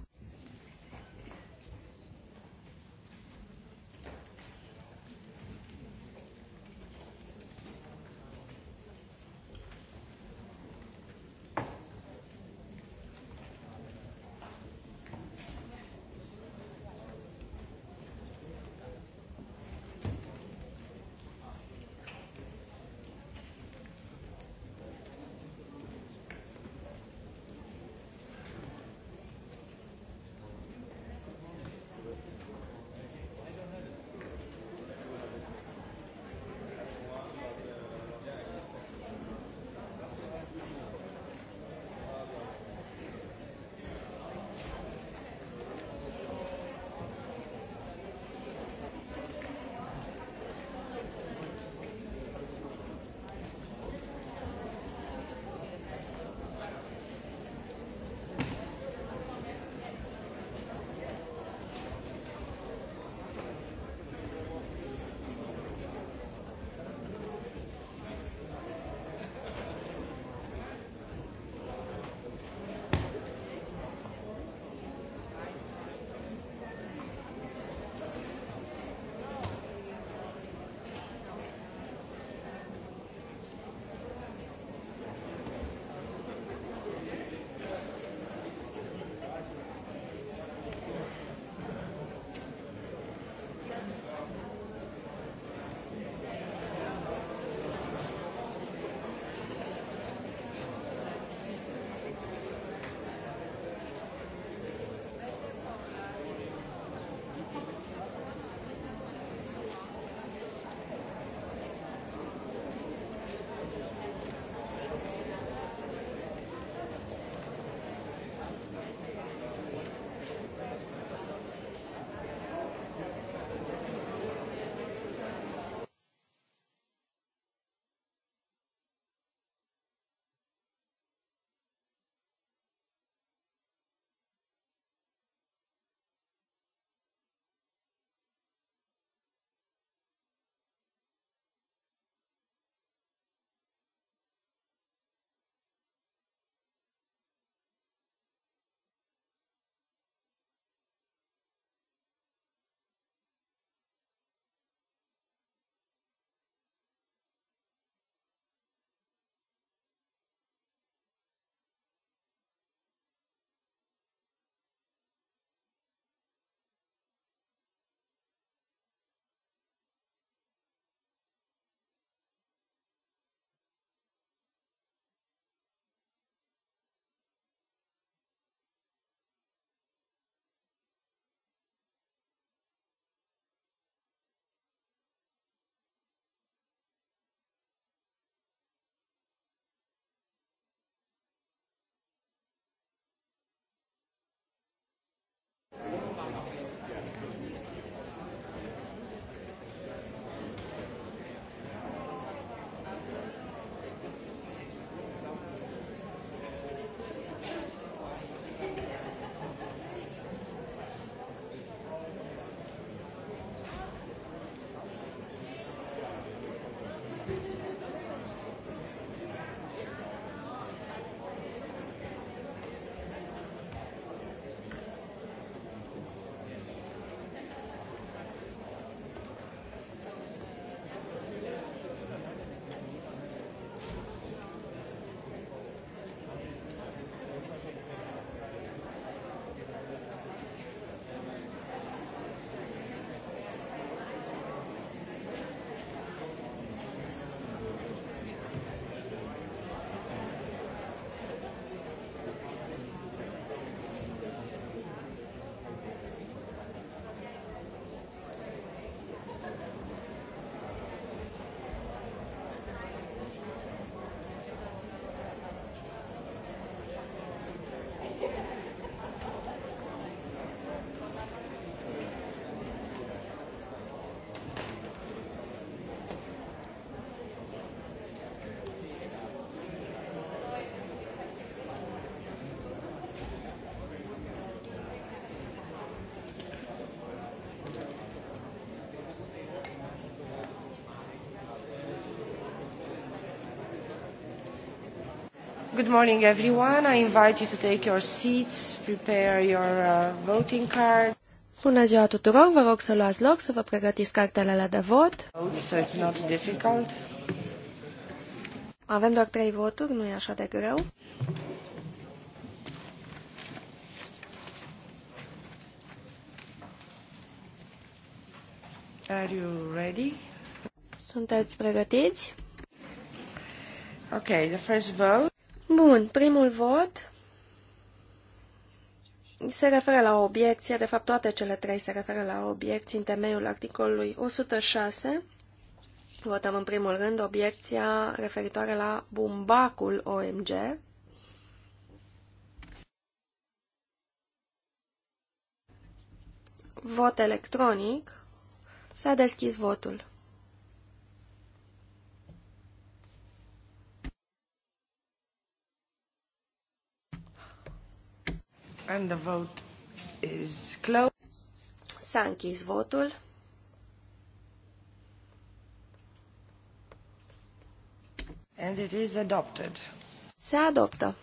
Good morning, everyone. I invite you to take your seats, prepare your uh, voting card. Bună ziua tuturor, vă rog să luați loc, să vă pregătiți cartelele de vot. So it's not difficult. Avem doar trei voturi, nu e așa de greu. Are you ready? Sunteți pregătiți? Okay, the first vote. Bun, primul vot se referă la obiecție, de fapt toate cele trei se referă la obiecții în temeiul articolului 106. Votăm în primul rând obiecția referitoare la bumbacul OMG. Vot electronic. S-a deschis votul. And the vote is closed. S-a închis votul. And it is adopted. Se adoptă.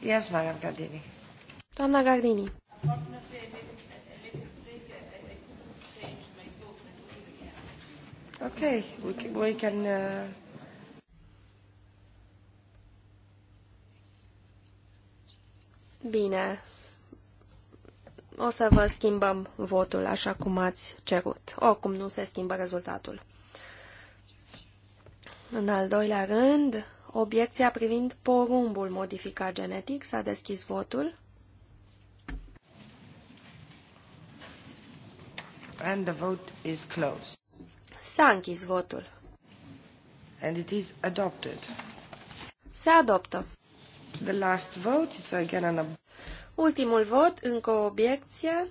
Yes, Madam Gardini. Doamna Gardini. Okay, we can, we can uh... Bine. O să vă schimbăm votul așa cum ați cerut. Oricum nu se schimbă rezultatul. În al doilea rând, obiecția privind porumbul modificat genetic s-a deschis votul. And the vote is closed. S-a închis votul. And it is adopted. Se adoptă. The last vote, it's again an... Ultimul vot, încă o obiecție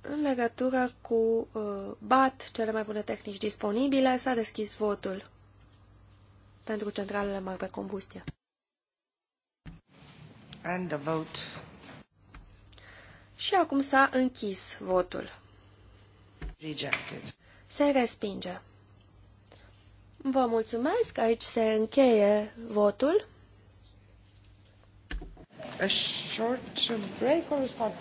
în legătură cu uh, BAT, cele mai bune tehnici disponibile, s-a deschis votul pentru centralele mari pe combustie. And the vote. Și acum s-a închis votul. Rejected. Se respinge. Vă mulțumesc. Aici se încheie votul. A short break or start?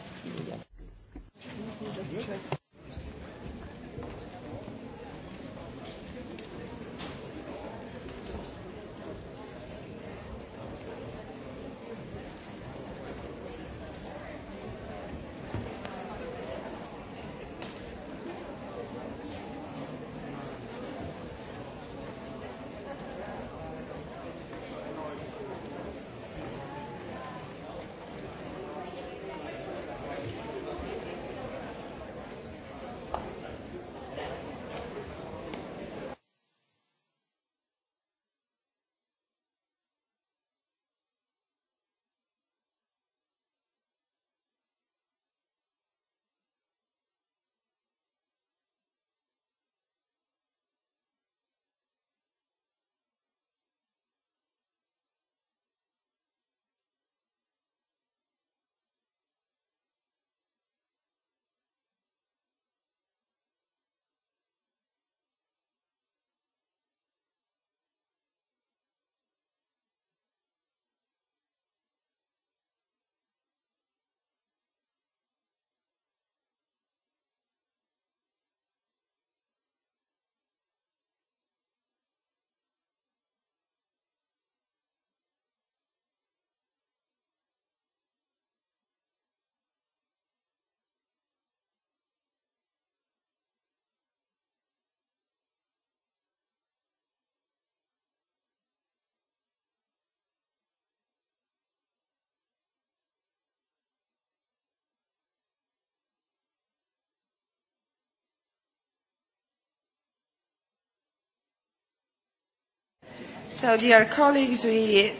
So, dear colleagues, we...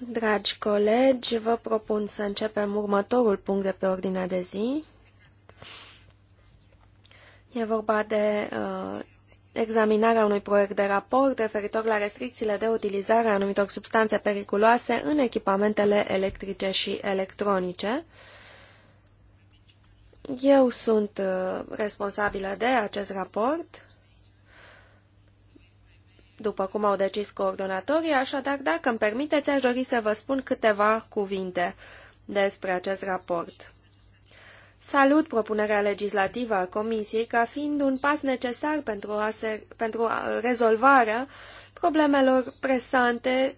Dragi colegi, vă propun să începem următorul punct de pe ordinea de zi. E vorba de uh, examinarea unui proiect de raport referitor la restricțiile de utilizare a anumitor substanțe periculoase în echipamentele electrice și electronice. Eu sunt uh, responsabilă de acest raport după cum au decis coordonatorii, așadar, dacă îmi permiteți, aș dori să vă spun câteva cuvinte despre acest raport. Salut propunerea legislativă a Comisiei ca fiind un pas necesar pentru, a se, pentru a rezolvarea problemelor presante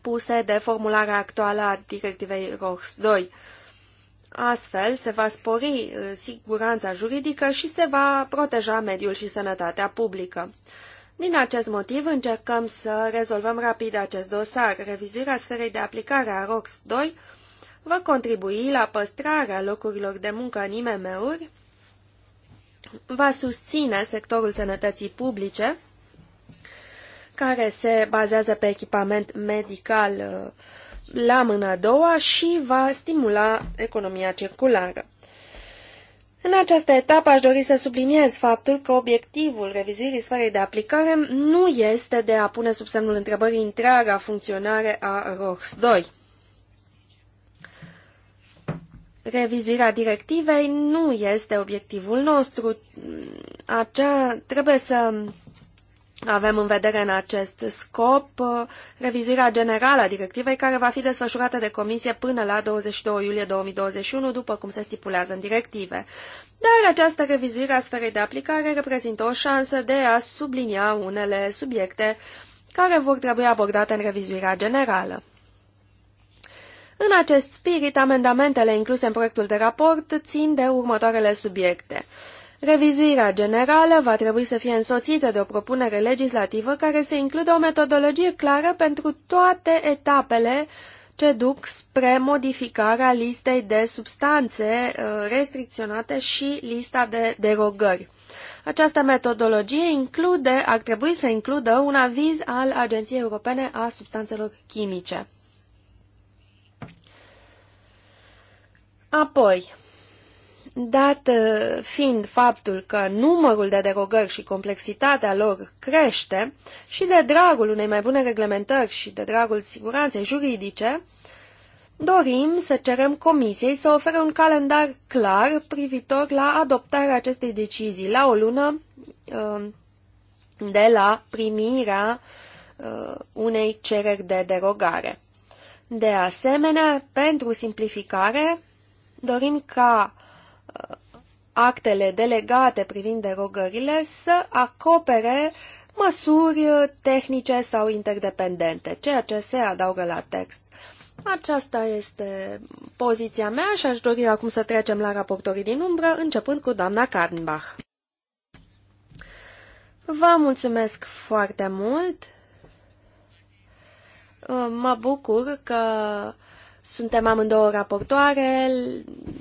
puse de formularea actuală a directivei ROHS 2. Astfel, se va spori uh, siguranța juridică și se va proteja mediul și sănătatea publică. Din acest motiv încercăm să rezolvăm rapid acest dosar. Revizuirea sferei de aplicare a ROX 2 va contribui la păstrarea locurilor de muncă în IMM-uri, va susține sectorul sănătății publice, care se bazează pe echipament medical uh, la mână a doua și va stimula economia circulară. În această etapă aș dori să subliniez faptul că obiectivul revizuirii sferei de aplicare nu este de a pune sub semnul întrebării întreaga funcționare a ROHS 2. Revizuirea directivei nu este obiectivul nostru. Acea trebuie să avem în vedere în acest scop uh, revizuirea generală a directivei care va fi desfășurată de comisie până la 22 iulie 2021, după cum se stipulează în directive. Dar această revizuire a sferei de aplicare reprezintă o șansă de a sublinia unele subiecte care vor trebui abordate în revizuirea generală. În acest spirit, amendamentele incluse în proiectul de raport țin de următoarele subiecte. Revizuirea generală va trebui să fie însoțită de o propunere legislativă care să includă o metodologie clară pentru toate etapele ce duc spre modificarea listei de substanțe uh, restricționate și lista de derogări. Această metodologie include, ar trebui să includă un aviz al Agenției Europene a Substanțelor Chimice. Apoi, Dat uh, fiind faptul că numărul de derogări și complexitatea lor crește și de dragul unei mai bune reglementări și de dragul siguranței juridice, dorim să cerem Comisiei să ofere un calendar clar privitor la adoptarea acestei decizii la o lună uh, de la primirea uh, unei cereri de derogare. De asemenea, pentru simplificare, dorim ca actele delegate privind derogările să acopere măsuri uh, tehnice sau interdependente, ceea ce se adaugă la text. Aceasta este poziția mea și aș dori acum să trecem la raportorii din umbră, începând cu doamna Karnbach. Vă mulțumesc foarte mult! Uh, mă bucur că suntem amândouă raportoare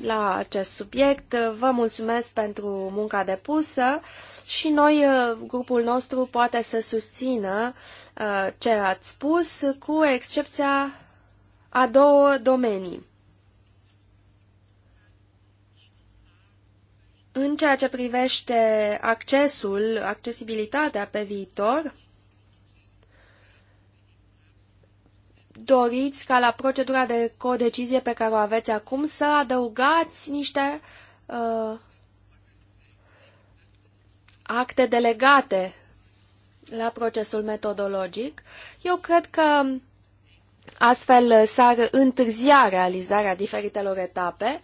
la acest subiect. Vă mulțumesc pentru munca depusă și noi, uh, grupul nostru, poate să susțină uh, ce ați spus, cu excepția a două domenii. În ceea ce privește accesul, accesibilitatea pe viitor, doriți ca la procedura de codecizie pe care o aveți acum să adăugați niște uh, acte delegate la procesul metodologic. Eu cred că astfel s-ar întârzia realizarea diferitelor etape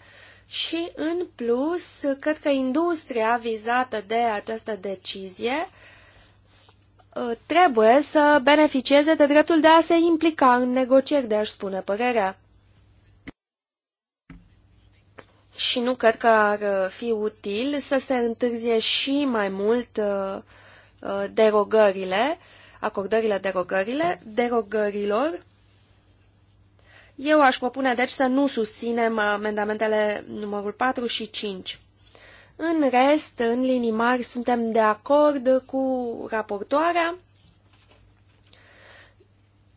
și, în plus, cred că industria vizată de această decizie uh, Uh, trebuie să beneficieze de dreptul de a se implica în negocieri, de a-și spune părerea. Și nu cred că ar uh, fi util să se întârzie și mai mult uh, derogările, acordările derogările, derogărilor. Eu aș propune deci să nu susținem amendamentele numărul 4 și 5. În rest, în linii mari, suntem de acord cu raportoarea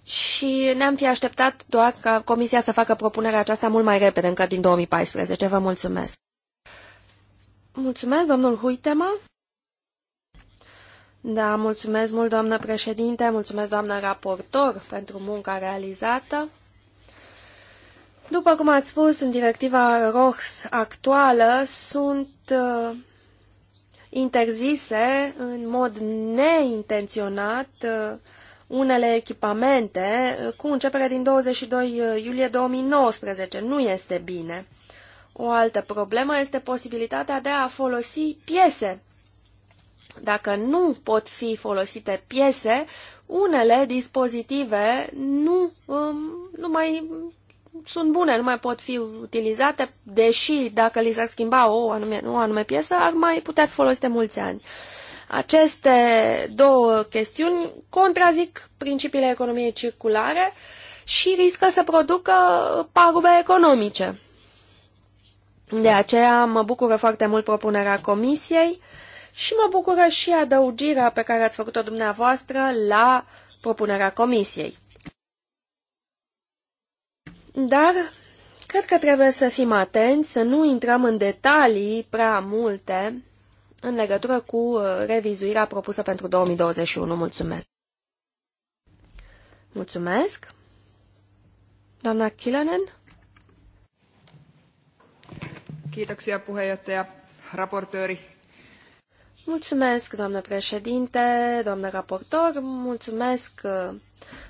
și ne-am fi așteptat doar ca Comisia să facă propunerea aceasta mult mai repede, încă din 2014. Vă mulțumesc! Mulțumesc, domnul Huitema! Da, mulțumesc mult, doamnă președinte, mulțumesc, doamnă raportor, pentru munca realizată. După cum ați spus, în directiva ROHS actuală sunt uh, interzise în mod neintenționat uh, unele echipamente uh, cu începere din 22 uh, iulie 2019. Nu este bine. O altă problemă este posibilitatea de a folosi piese. Dacă nu pot fi folosite piese, unele dispozitive nu, um, nu mai sunt bune, nu mai pot fi utilizate, deși dacă li s-ar schimba o anume, o anume piesă, ar mai putea fi folosite mulți ani. Aceste două chestiuni contrazic principiile economiei circulare și riscă să producă pagube economice. De aceea mă bucură foarte mult propunerea comisiei și mă bucură și adăugirea pe care ați făcut-o dumneavoastră la propunerea comisiei. Dar cred că trebuie să fim atenți, să nu intrăm în detalii prea multe în legătură cu uh, revizuirea propusă pentru 2021. Mulțumesc! Mulțumesc! Doamna Kilanen? Kiitoksia puheenjohtaja, raportööri. Mulțumesc, doamnă președinte, doamnă raportor, mulțumesc uh,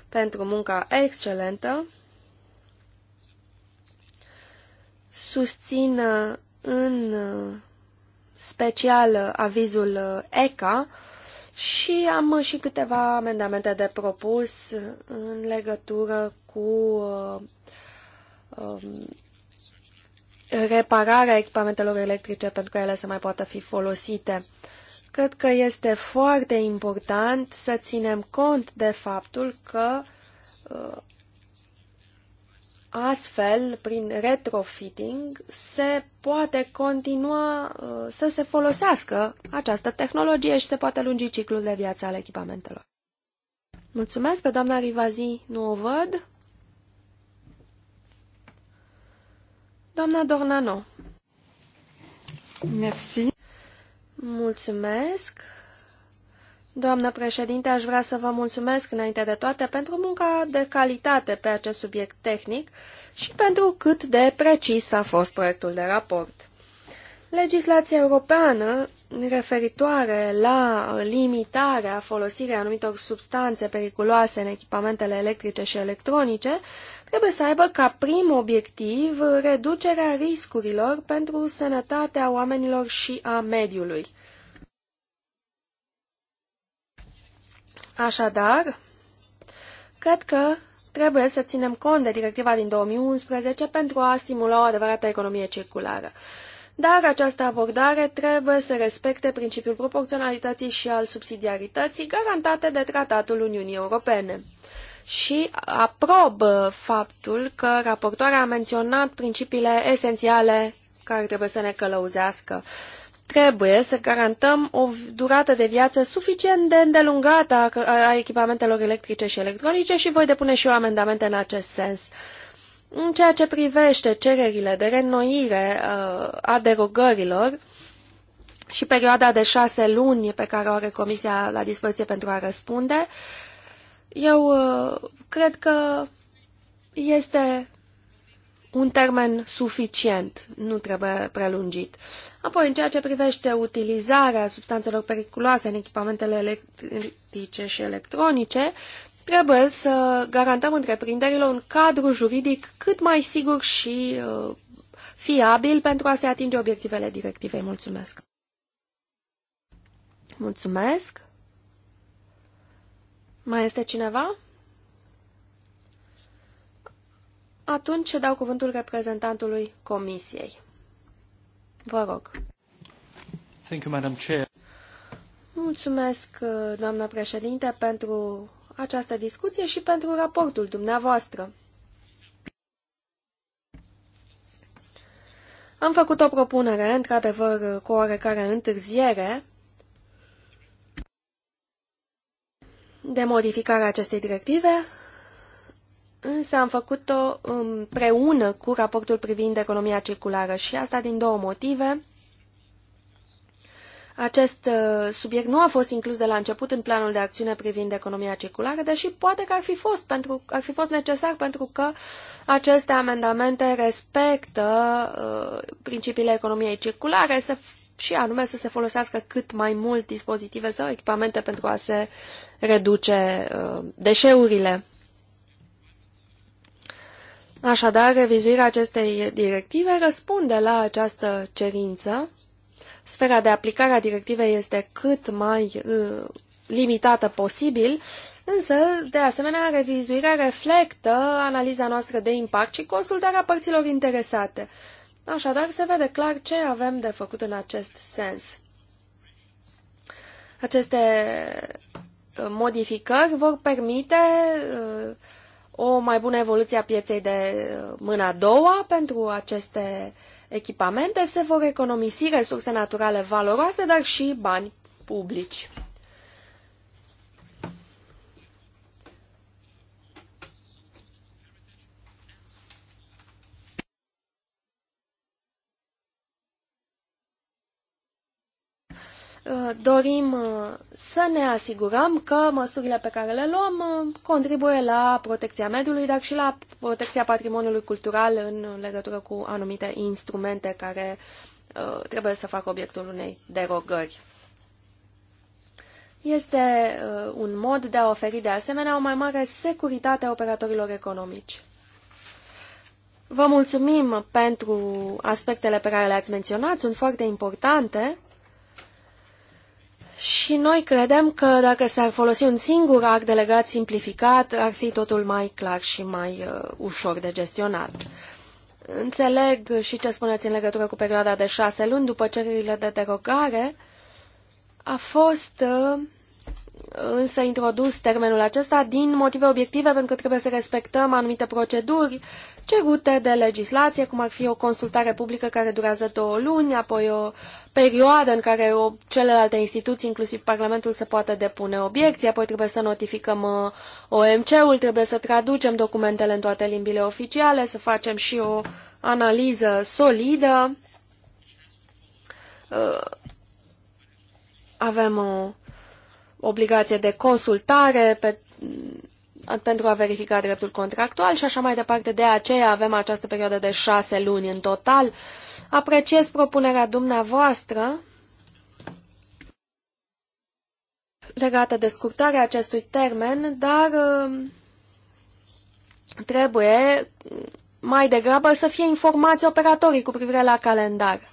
pentru munca excelentă susțin în uh, special uh, avizul uh, ECA și am și câteva amendamente de propus în legătură cu um, repararea echipamentelor electrice pentru că ele să mai poată fi folosite. Cred că este foarte important să ținem cont de faptul că uh, Astfel, prin retrofitting, se poate continua uh, să se folosească această tehnologie și se poate lungi ciclul de viață al echipamentelor. Mulțumesc, pe doamna Rivazi nu o văd. Doamna Dornano. Merci. Mulțumesc. Doamnă președinte, aș vrea să vă mulțumesc înainte de toate pentru munca de calitate pe acest subiect tehnic și pentru cât de precis a fost proiectul de raport. Legislația europeană referitoare la limitarea folosirii anumitor substanțe periculoase în echipamentele electrice și electronice trebuie să aibă ca prim obiectiv reducerea riscurilor pentru sănătatea oamenilor și a mediului. Așadar, cred că trebuie să ținem cont de directiva din 2011 pentru a stimula o adevărată economie circulară. Dar această abordare trebuie să respecte principiul proporționalității și al subsidiarității garantate de Tratatul Uniunii Europene. Și aprob faptul că raportoarea a menționat principiile esențiale care trebuie să ne călăuzească Trebuie să garantăm o durată de viață suficient de îndelungată a echipamentelor electrice și electronice și voi depune și eu amendamente în acest sens. În ceea ce privește cererile de reînnoire uh, a derogărilor și perioada de șase luni pe care o are Comisia la dispoziție pentru a răspunde, eu uh, cred că este un termen suficient, nu trebuie prelungit. Apoi, în ceea ce privește utilizarea substanțelor periculoase în echipamentele electrice și electronice, trebuie să garantăm întreprinderilor un cadru juridic cât mai sigur și uh, fiabil pentru a se atinge obiectivele directivei. Mulțumesc! Mulțumesc! Mai este cineva? Atunci dau cuvântul reprezentantului Comisiei. Vă rog. Thank you, Madam Chair. Mulțumesc, uh, doamna președinte, pentru această discuție și pentru raportul dumneavoastră. Am făcut o propunere, într-adevăr, uh, cu oarecare întârziere, de modificare a acestei directive, însă am făcut-o um, împreună cu raportul privind economia circulară și asta din două motive. Acest uh, subiect nu a fost inclus de la început în planul de acțiune privind economia circulară, deși poate că ar fi fost, pentru, ar fi fost necesar pentru că aceste amendamente respectă uh, principiile economiei circulare să, și anume să se folosească cât mai mult dispozitive sau echipamente pentru a se reduce uh, deșeurile. Așadar, revizuirea acestei directive răspunde la această cerință. Sfera de aplicare a directivei este cât mai uh, limitată posibil, însă, de asemenea, revizuirea reflectă analiza noastră de impact și consultarea părților interesate. Așadar, se vede clar ce avem de făcut în acest sens. Aceste uh, modificări vor permite uh, o mai bună evoluție a pieței de mâna a doua pentru aceste echipamente, se vor economisi resurse naturale valoroase, dar și bani publici. Uh, dorim uh, să ne asigurăm că măsurile pe care le luăm uh, contribuie la protecția mediului, dar și la protecția patrimoniului cultural în legătură cu anumite instrumente care trebuie să facă obiectul unei derogări. Este un mod de a oferi de asemenea o mai mare securitate a operatorilor economici. Vă mulțumim pentru aspectele pe care le-ați menționat, sunt foarte importante. Și noi credem că dacă s-ar folosi un singur act delegat simplificat, ar fi totul mai clar și mai uh, ușor de gestionat. Înțeleg și ce spuneți în legătură cu perioada de șase luni după cererile de derogare. A fost uh, însă introdus termenul acesta din motive obiective, pentru că trebuie să respectăm anumite proceduri cerute de legislație, cum ar fi o consultare publică care durează două luni, apoi o perioadă în care o, celelalte instituții, inclusiv Parlamentul, să poată depune obiecții, apoi trebuie să notificăm uh, OMC-ul, trebuie să traducem documentele în toate limbile oficiale, să facem și o analiză solidă. Uh, avem o obligație de consultare pe, pentru a verifica dreptul contractual și așa mai departe. De aceea avem această perioadă de șase luni în total. Apreciez propunerea dumneavoastră legată de scurtarea acestui termen, dar uh, trebuie mai degrabă să fie informați operatorii cu privire la calendar.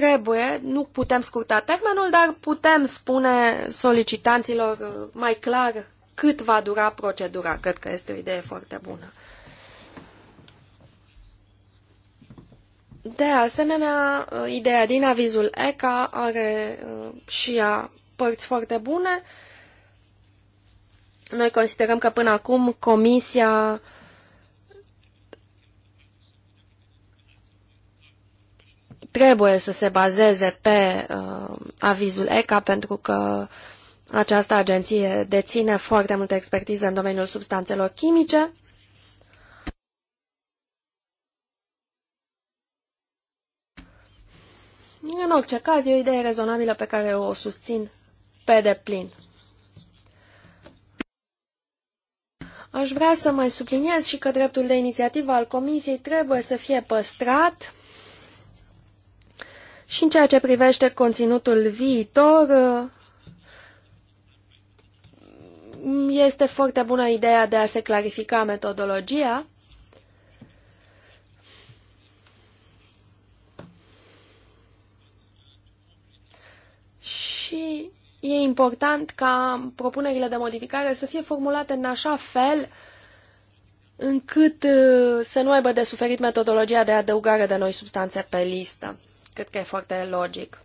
trebuie, nu putem scurta termenul, dar putem spune solicitanților uh, mai clar cât va dura procedura. Cred că este o idee foarte bună. De asemenea, uh, ideea din avizul ECA are uh, și ea părți foarte bune. Noi considerăm că până acum Comisia uh, trebuie să se bazeze pe uh, avizul ECA pentru că această agenție deține foarte multă expertiză în domeniul substanțelor chimice. În orice caz, e o idee rezonabilă pe care o susțin pe deplin. Aș vrea să mai subliniez și că dreptul de inițiativă al Comisiei trebuie să fie păstrat și în ceea ce privește conținutul viitor, este foarte bună ideea de a se clarifica metodologia. Și e important ca propunerile de modificare să fie formulate în așa fel încât uh, să nu aibă de suferit metodologia de adăugare de noi substanțe pe listă. Cred că e foarte logic.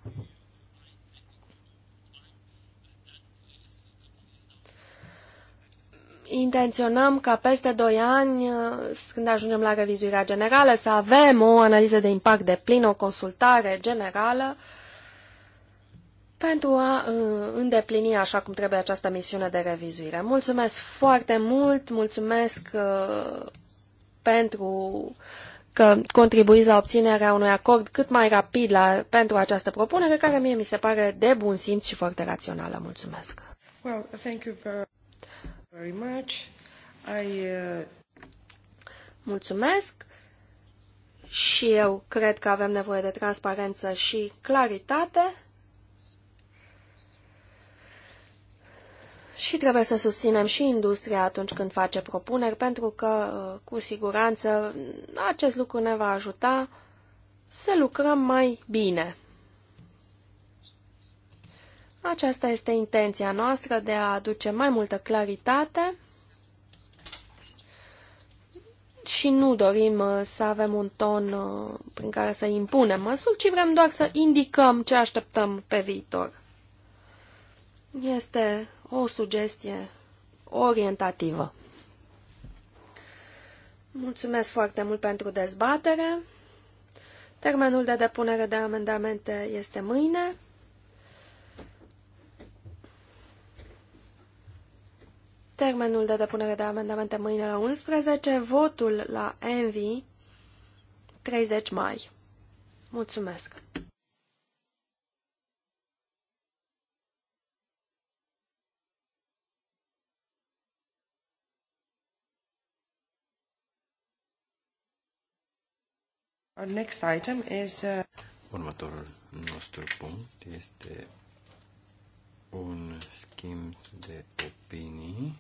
intenționăm ca peste 2 ani, când ajungem la revizuirea generală, să avem o analiză de impact de plin, o consultare generală pentru a uh, îndeplini așa cum trebuie această misiune de revizuire. Mulțumesc foarte mult, mulțumesc uh, pentru că contribuiți la obținerea unui acord cât mai rapid la, pentru această propunere, care mie mi se pare de bun simț și foarte rațională. Mulțumesc! Well, thank you very much. I, uh... Mulțumesc! Și eu cred că avem nevoie de transparență și claritate. și trebuie să susținem și industria atunci când face propuneri, pentru că, uh, cu siguranță, acest lucru ne va ajuta să lucrăm mai bine. Aceasta este intenția noastră de a aduce mai multă claritate și nu dorim uh, să avem un ton uh, prin care să impunem măsuri, ci vrem doar să indicăm ce așteptăm pe viitor. Este o sugestie orientativă. Mulțumesc foarte mult pentru dezbatere. Termenul de depunere de amendamente este mâine. Termenul de depunere de amendamente mâine la 11, votul la Envi 30 mai. Mulțumesc! Our next item is, uh... Următorul nostru punct este un schimb de opinii,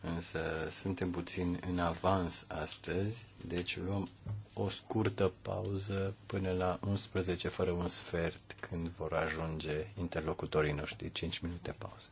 însă suntem puțin în avans astăzi, deci luăm o scurtă pauză până la 11 fără un sfert, când vor ajunge interlocutorii noștri. 5 minute pauză.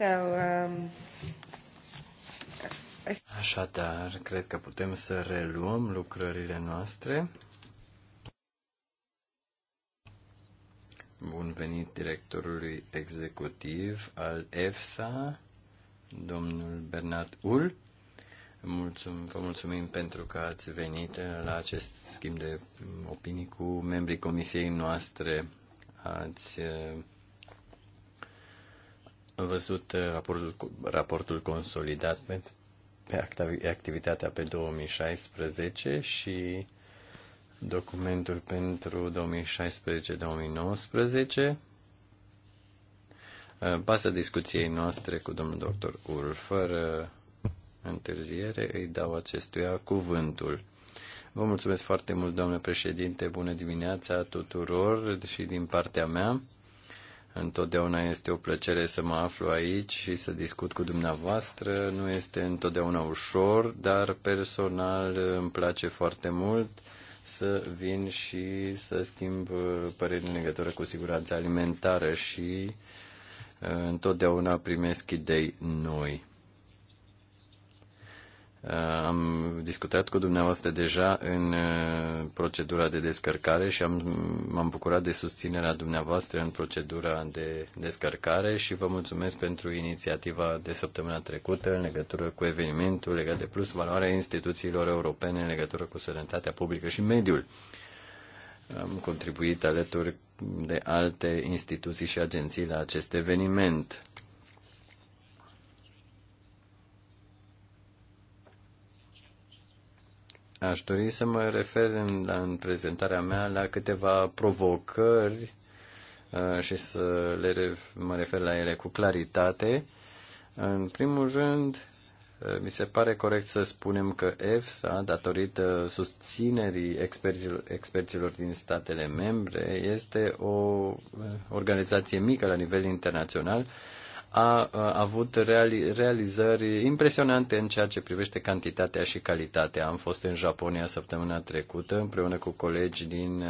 Um, Așadar, cred că putem să reluăm lucrările noastre. Bun venit directorului executiv al EFSA, domnul Bernard Ul. Mulțum, vă mulțumim pentru că ați venit la acest schimb de opinii cu membrii comisiei noastre. Ați uh, am văzut uh, raportul, raportul consolidat pe, pe activitatea pe 2016 și documentul pentru 2016-2019. Uh, pasă discuției noastre cu domnul doctor Ur. Fără întârziere îi dau acestuia cuvântul. Vă mulțumesc foarte mult, doamnă președinte. Bună dimineața tuturor și din partea mea. Întotdeauna este o plăcere să mă aflu aici și să discut cu dumneavoastră. Nu este întotdeauna ușor, dar personal îmi place foarte mult să vin și să schimb uh, păreri în legătură cu siguranța alimentară și uh, întotdeauna primesc idei noi. Uh, am discutat cu dumneavoastră deja în uh, procedura de descărcare și am, m-am bucurat de susținerea dumneavoastră în procedura de descărcare și vă mulțumesc pentru inițiativa de săptămâna trecută în legătură cu evenimentul legat de plus valoarea instituțiilor europene în legătură cu sănătatea publică și mediul. Am contribuit alături de alte instituții și agenții la acest eveniment Aș dori să mă refer în, la, în prezentarea mea la câteva provocări uh, și să le, mă refer la ele cu claritate. În primul rând, uh, mi se pare corect să spunem că EFSA, datorită susținerii experților, experților din statele membre, este o uh, organizație mică la nivel internațional a, avut realizări impresionante în ceea ce privește cantitatea și calitatea. Am fost în Japonia săptămâna trecută împreună cu colegi din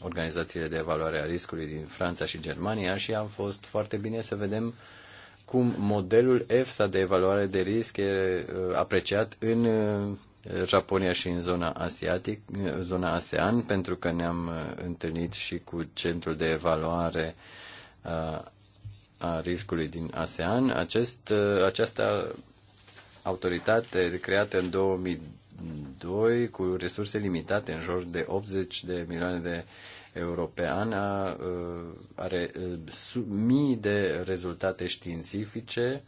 organizațiile de evaluare a riscului din Franța și Germania și am fost foarte bine să vedem cum modelul EFSA de evaluare de risc e apreciat în Japonia și în zona asiatic, zona ASEAN, pentru că ne-am întâlnit și cu centrul de evaluare a riscului din ASEAN. Acest, această autoritate creată în 2002 cu resurse limitate în jur de 80 de milioane de euro pe an a, uh, are uh, mii de rezultate științifice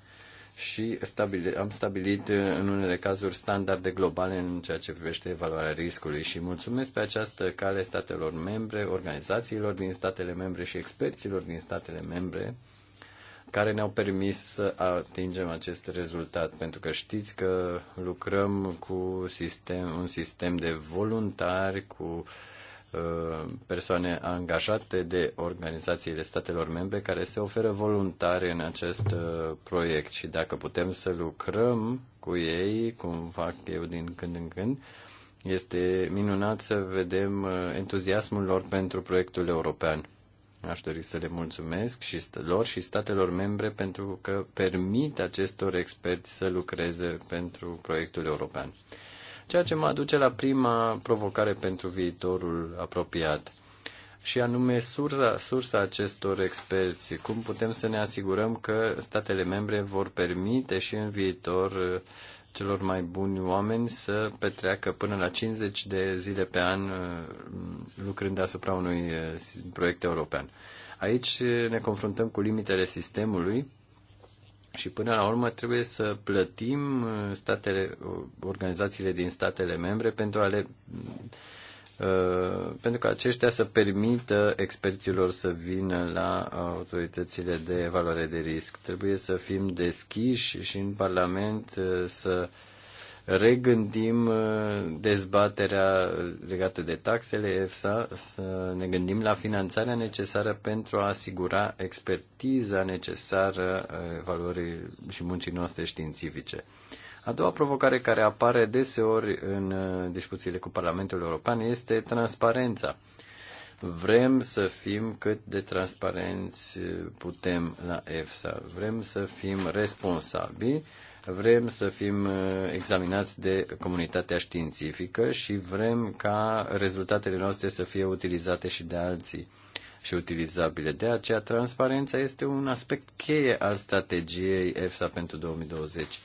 și stabili, am stabilit uh, în unele cazuri standarde globale în ceea ce privește evaluarea riscului și mulțumesc pe această cale statelor membre, organizațiilor din statele membre și experților din statele membre care ne-au permis să atingem acest rezultat, pentru că știți că lucrăm cu sistem, un sistem de voluntari, cu uh, persoane angajate de organizațiile statelor membre care se oferă voluntare în acest uh, proiect și dacă putem să lucrăm cu ei, cum fac eu din când în când, este minunat să vedem uh, entuziasmul lor pentru proiectul european Aș dori să le mulțumesc și lor și statelor membre pentru că permit acestor experți să lucreze pentru proiectul european. Ceea ce mă aduce la prima provocare pentru viitorul apropiat și anume sursa, sursa acestor experți. Cum putem să ne asigurăm că statele membre vor permite și în viitor celor mai buni oameni să petreacă până la 50 de zile pe an uh, lucrând asupra unui uh, proiect european. Aici uh, ne confruntăm cu limitele sistemului și până la urmă trebuie să plătim statele, organizațiile din statele membre pentru a le Uh, pentru că aceștia să permită experților să vină la uh, autoritățile de evaluare de risc. Trebuie să fim deschiși și în Parlament uh, să regândim dezbaterea legată de taxele EFSA, să ne gândim la finanțarea necesară pentru a asigura expertiza necesară evaluării și muncii noastre științifice. A doua provocare care apare deseori în uh, discuțiile cu Parlamentul European este transparența. Vrem să fim cât de transparenți uh, putem la EFSA, vrem să fim responsabili, vrem să fim uh, examinați de comunitatea științifică și vrem ca rezultatele noastre să fie utilizate și de alții și utilizabile. De aceea, transparența este un aspect cheie al strategiei EFSA pentru 2020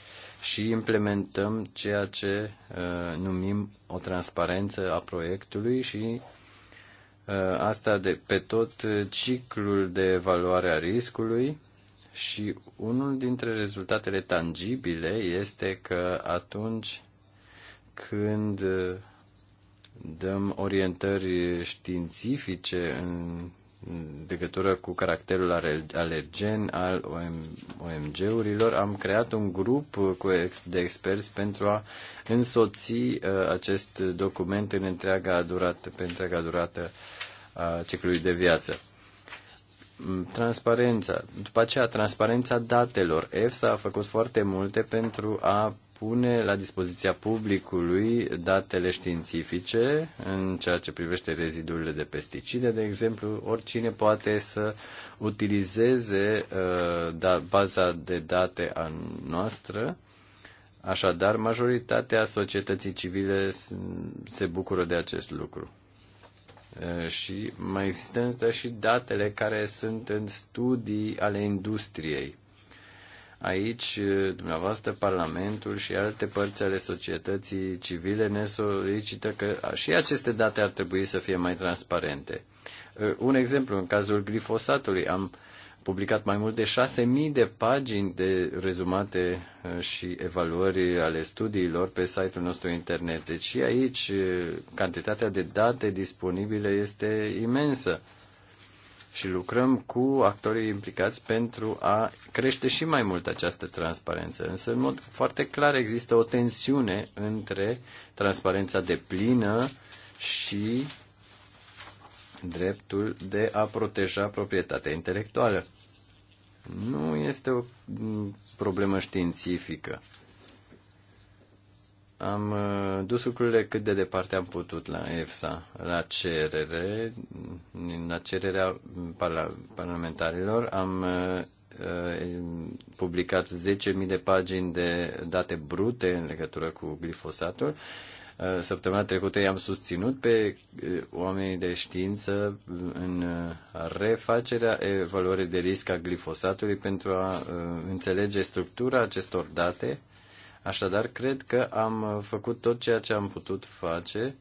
și implementăm ceea ce uh, numim o transparență a proiectului și uh, asta de pe tot ciclul de evaluare a riscului și unul dintre rezultatele tangibile este că atunci când uh, dăm orientări științifice în legătură cu caracterul alergen al OMG-urilor, am creat un grup de experți pentru a însoți uh, acest document în întreaga durată, pe întreaga durată a ciclului de viață. Mm, transparența. După aceea, transparența datelor. EFSA a făcut foarte multe pentru a pune la dispoziția publicului datele științifice în ceea ce privește rezidurile de pesticide, de exemplu, oricine poate să utilizeze uh, da, baza de date a noastră. Așadar, majoritatea societății civile se bucură de acest lucru. Uh, și mai există și datele care sunt în studii ale industriei Aici, dumneavoastră, Parlamentul și alte părți ale societății civile ne solicită că și aceste date ar trebui să fie mai transparente. Un exemplu, în cazul glifosatului, am publicat mai mult de 6.000 de pagini de rezumate și evaluări ale studiilor pe site-ul nostru internet. Deci și aici cantitatea de date disponibile este imensă și lucrăm cu actorii implicați pentru a crește și mai mult această transparență. Însă, în mod foarte clar, există o tensiune între transparența de plină și dreptul de a proteja proprietatea intelectuală. Nu este o problemă științifică am uh, dus lucrurile cât de departe am putut la EFSA, la cerere, la cererea parlamentarilor. Am uh, uh, publicat 10.000 de pagini de date brute în legătură cu glifosatul. Săptămâna trecută i-am susținut pe oamenii de știință în refacerea evaluării de risc a glifosatului pentru a înțelege structura acestor date Așadar, cred că am făcut tot ceea ce am putut face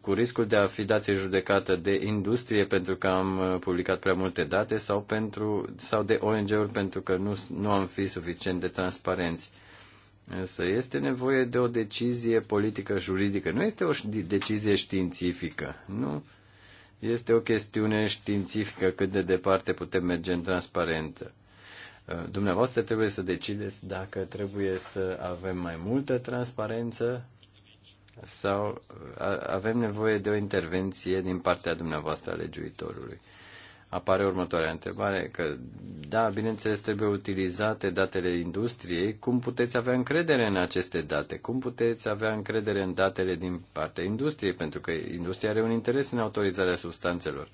cu riscul de a fi dați judecată de industrie pentru că am uh, publicat prea multe date sau, pentru, sau de ONG-uri pentru că nu, nu am fi suficient de transparenți. Însă este nevoie de o decizie politică juridică. Nu este o decizie științifică. Nu este o chestiune științifică cât de departe putem merge în transparentă. Uh, dumneavoastră trebuie să decideți dacă trebuie să avem mai multă transparență sau uh, avem nevoie de o intervenție din partea dumneavoastră a legiuitorului. Apare următoarea întrebare, că da, bineînțeles, trebuie utilizate datele industriei. Cum puteți avea încredere în aceste date? Cum puteți avea încredere în datele din partea industriei? Pentru că industria are un interes în autorizarea substanțelor.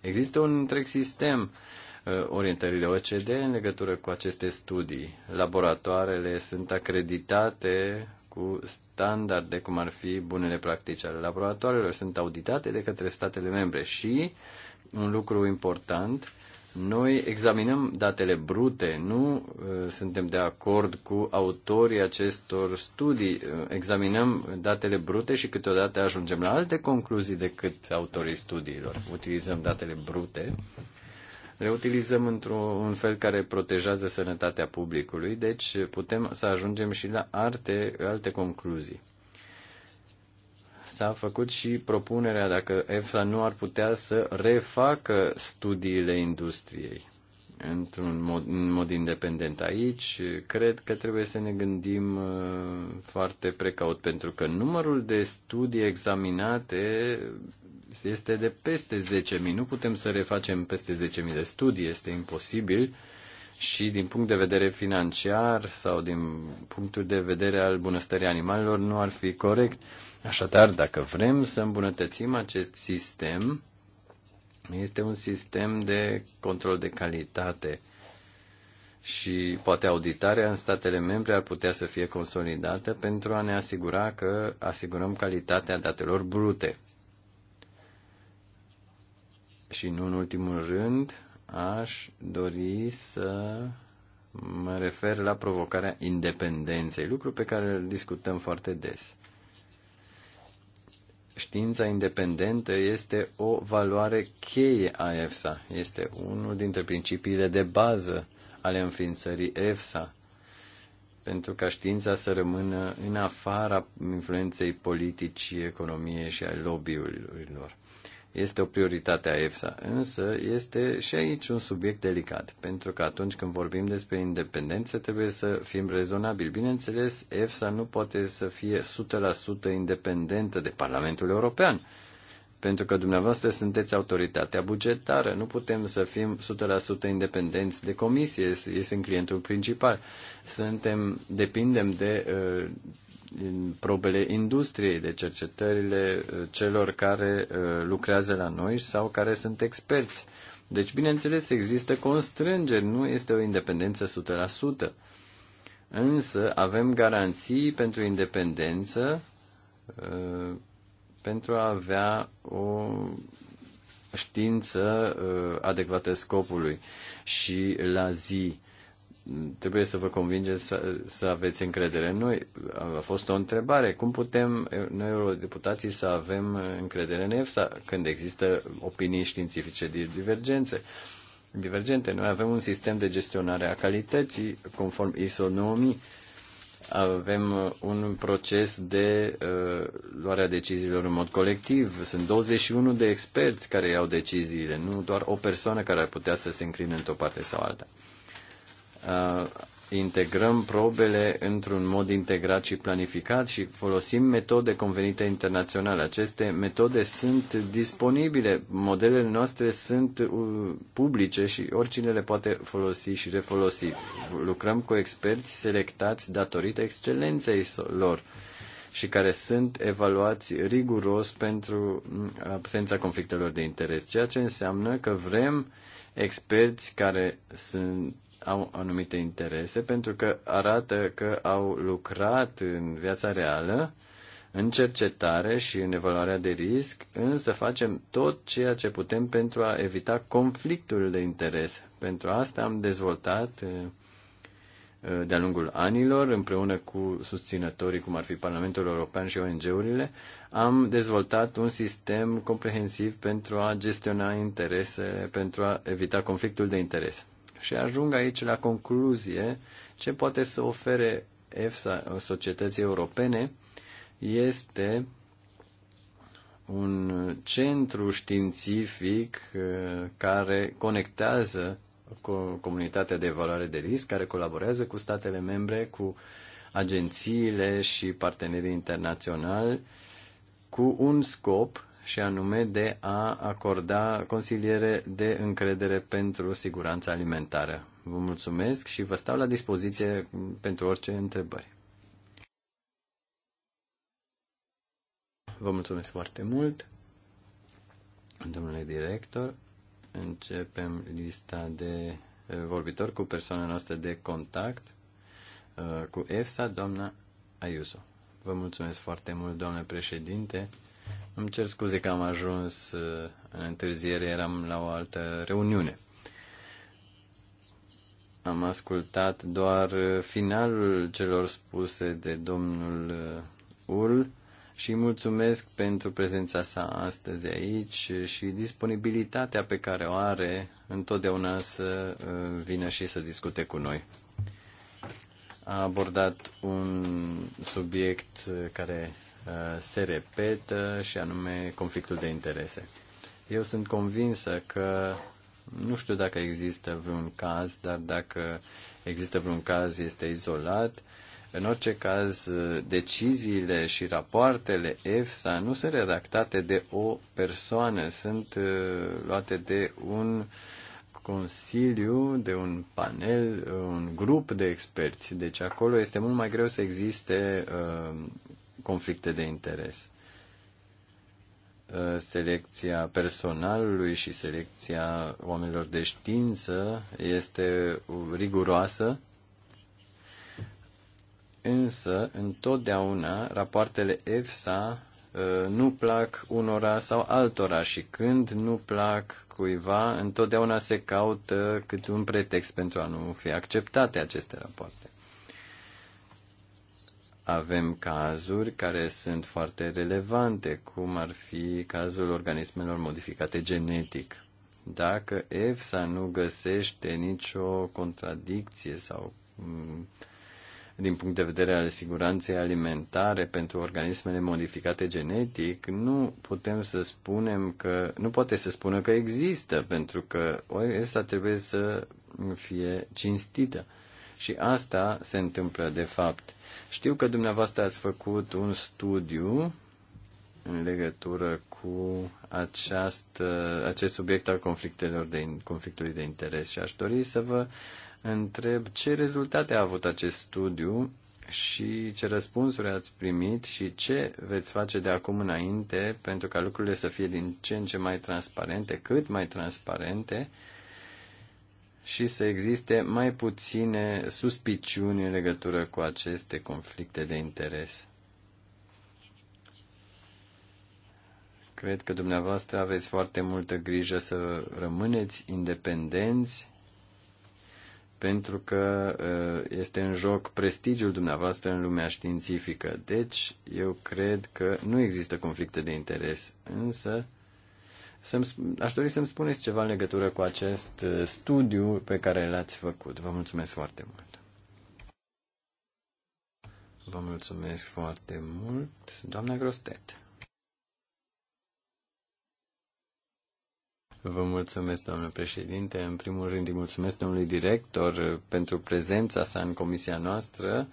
Există un întreg sistem uh, Uh, orientările OCD în legătură cu aceste studii. Laboratoarele sunt acreditate cu standarde, cum ar fi bunele practici ale laboratoarelor, sunt auditate de către statele membre și, un lucru important, noi examinăm datele brute, nu uh, suntem de acord cu autorii acestor studii. Uh, examinăm datele brute și câteodată ajungem la alte concluzii decât autorii studiilor. Utilizăm datele brute reutilizăm într-un fel care protejează sănătatea publicului, deci putem să ajungem și la alte, alte concluzii. S-a făcut și propunerea dacă EFSA nu ar putea să refacă studiile industriei într-un mod, în mod independent aici, cred că trebuie să ne gândim uh, foarte precaut, pentru că numărul de studii examinate este de peste 10.000. Nu putem să refacem peste 10.000 de studii, este imposibil și din punct de vedere financiar sau din punctul de vedere al bunăstării animalelor nu ar fi corect. Așadar, dacă vrem să îmbunătățim acest sistem, este un sistem de control de calitate și poate auditarea în statele membre ar putea să fie consolidată pentru a ne asigura că asigurăm calitatea datelor brute. Și nu în ultimul rând, aș dori să mă refer la provocarea independenței, lucru pe care îl discutăm foarte des. Știința independentă este o valoare cheie a EFSA. Este unul dintre principiile de bază ale înființării EFSA, pentru ca știința să rămână în afara influenței politicii, economiei și a lobby-urilor este o prioritate a EFSA, însă este și aici un subiect delicat, pentru că atunci când vorbim despre independență trebuie să fim rezonabili. Bineînțeles, EFSA nu poate să fie 100% independentă de Parlamentul European, pentru că dumneavoastră sunteți autoritatea bugetară, nu putem să fim 100% independenți de comisie, ei sunt clientul principal. Suntem, depindem de uh, probele industriei, de cercetările uh, celor care uh, lucrează la noi sau care sunt experți. Deci, bineînțeles, există constrângeri, nu este o independență 100%. Însă avem garanții pentru independență uh, pentru a avea o știință adecvată scopului și la zi trebuie să vă convingeți să, să aveți încredere în noi. A fost o întrebare. Cum putem noi, eurodeputații, să avem încredere în EFSA când există opinii științifice de divergențe? Divergente. Noi avem un sistem de gestionare a calității conform ISO 9000. Avem uh, un proces de uh, luarea deciziilor în mod colectiv. Sunt 21 de experți care iau deciziile, nu doar o persoană care ar putea să se încline într-o parte sau alta. Uh, Uh, integrăm probele într-un mod integrat și planificat și folosim metode convenite internaționale. Aceste metode sunt disponibile, modelele noastre sunt uh, publice și oricine le poate folosi și refolosi. Lucrăm cu experți selectați datorită excelenței lor și care sunt evaluați riguros pentru uh, absența conflictelor de interes, ceea ce înseamnă că vrem experți care sunt au anumite interese pentru că arată că au lucrat în viața reală, în cercetare și în evaluarea de risc, însă facem tot ceea ce putem pentru a evita conflictul de interese. Pentru asta am dezvoltat eh, eh, de-a lungul anilor, împreună cu susținătorii, cum ar fi Parlamentul European și ONG-urile, am dezvoltat un sistem comprehensiv pentru a gestiona interese, pentru a evita conflictul de interese. Și ajung aici la concluzie ce poate să ofere EFSA societății europene este un centru științific uh, care conectează comunitatea de evaluare de risc, care colaborează cu statele membre, cu agențiile și partenerii internaționali, cu un scop și anume de a acorda consiliere de încredere pentru siguranța alimentară. Vă mulțumesc și vă stau la dispoziție pentru orice întrebări. Vă mulțumesc foarte mult, domnule director. Începem lista de eh, vorbitori cu persoana noastră de contact, eh, cu EFSA, doamna Ayuso. Vă mulțumesc foarte mult, domnule președinte. Îmi cer scuze că am ajuns uh, în întârziere, eram la o altă reuniune. Am ascultat doar uh, finalul celor spuse de domnul uh, Ul și mulțumesc pentru prezența sa astăzi aici și disponibilitatea pe care o are întotdeauna să vină și să discute cu noi. A abordat un subiect care Uh, se repetă și anume conflictul de interese. Eu sunt convinsă că nu știu dacă există vreun caz, dar dacă există vreun caz este izolat. În orice caz, deciziile și rapoartele EFSA nu sunt redactate de o persoană, sunt uh, luate de un consiliu, de un panel, un grup de experți. Deci acolo este mult mai greu să existe uh, conflicte de interes. Uh, selecția personalului și selecția oamenilor de știință este riguroasă, însă întotdeauna rapoartele EFSA uh, nu plac unora sau altora și când nu plac cuiva, întotdeauna se caută cât un pretext pentru a nu fi acceptate aceste rapoarte avem cazuri care sunt foarte relevante, cum ar fi cazul organismelor modificate genetic. Dacă EFSA nu găsește nicio contradicție sau mm, din punct de vedere al siguranței alimentare pentru organismele modificate genetic, nu putem să spunem că nu poate să spună că există, pentru că EFSA trebuie să fie cinstită. Și asta se întâmplă de fapt. Știu că dumneavoastră ați făcut un studiu în legătură cu această, acest subiect al conflictelor de, conflictului de interes și aș dori să vă întreb ce rezultate a avut acest studiu și ce răspunsuri ați primit și ce veți face de acum înainte pentru ca lucrurile să fie din ce în ce mai transparente, cât mai transparente și să existe mai puține suspiciuni în legătură cu aceste conflicte de interes. Cred că dumneavoastră aveți foarte multă grijă să rămâneți independenți pentru că uh, este în joc prestigiul dumneavoastră în lumea științifică. Deci, eu cred că nu există conflicte de interes, însă aș dori să-mi spuneți ceva în legătură cu acest uh, studiu pe care l-ați făcut. Vă mulțumesc foarte mult. Vă mulțumesc foarte mult, doamna Grostet. Vă mulțumesc, doamnă președinte. În primul rând îi mulțumesc domnului director uh, pentru prezența sa în comisia noastră.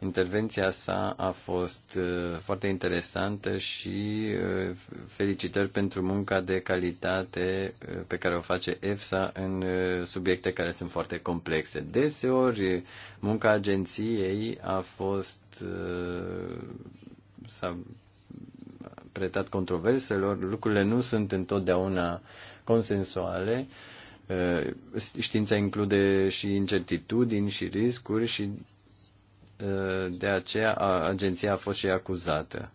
Intervenția sa a fost uh, foarte interesantă și uh, felicitări pentru munca de calitate uh, pe care o face EFSA în subiecte care sunt foarte complexe. Deseori, munca agenției a fost s-a pretat controverselor, lucrurile nu sunt întotdeauna consensuale. Știința include și incertitudini și riscuri și Uh, de aceea agenția a fost și acuzată.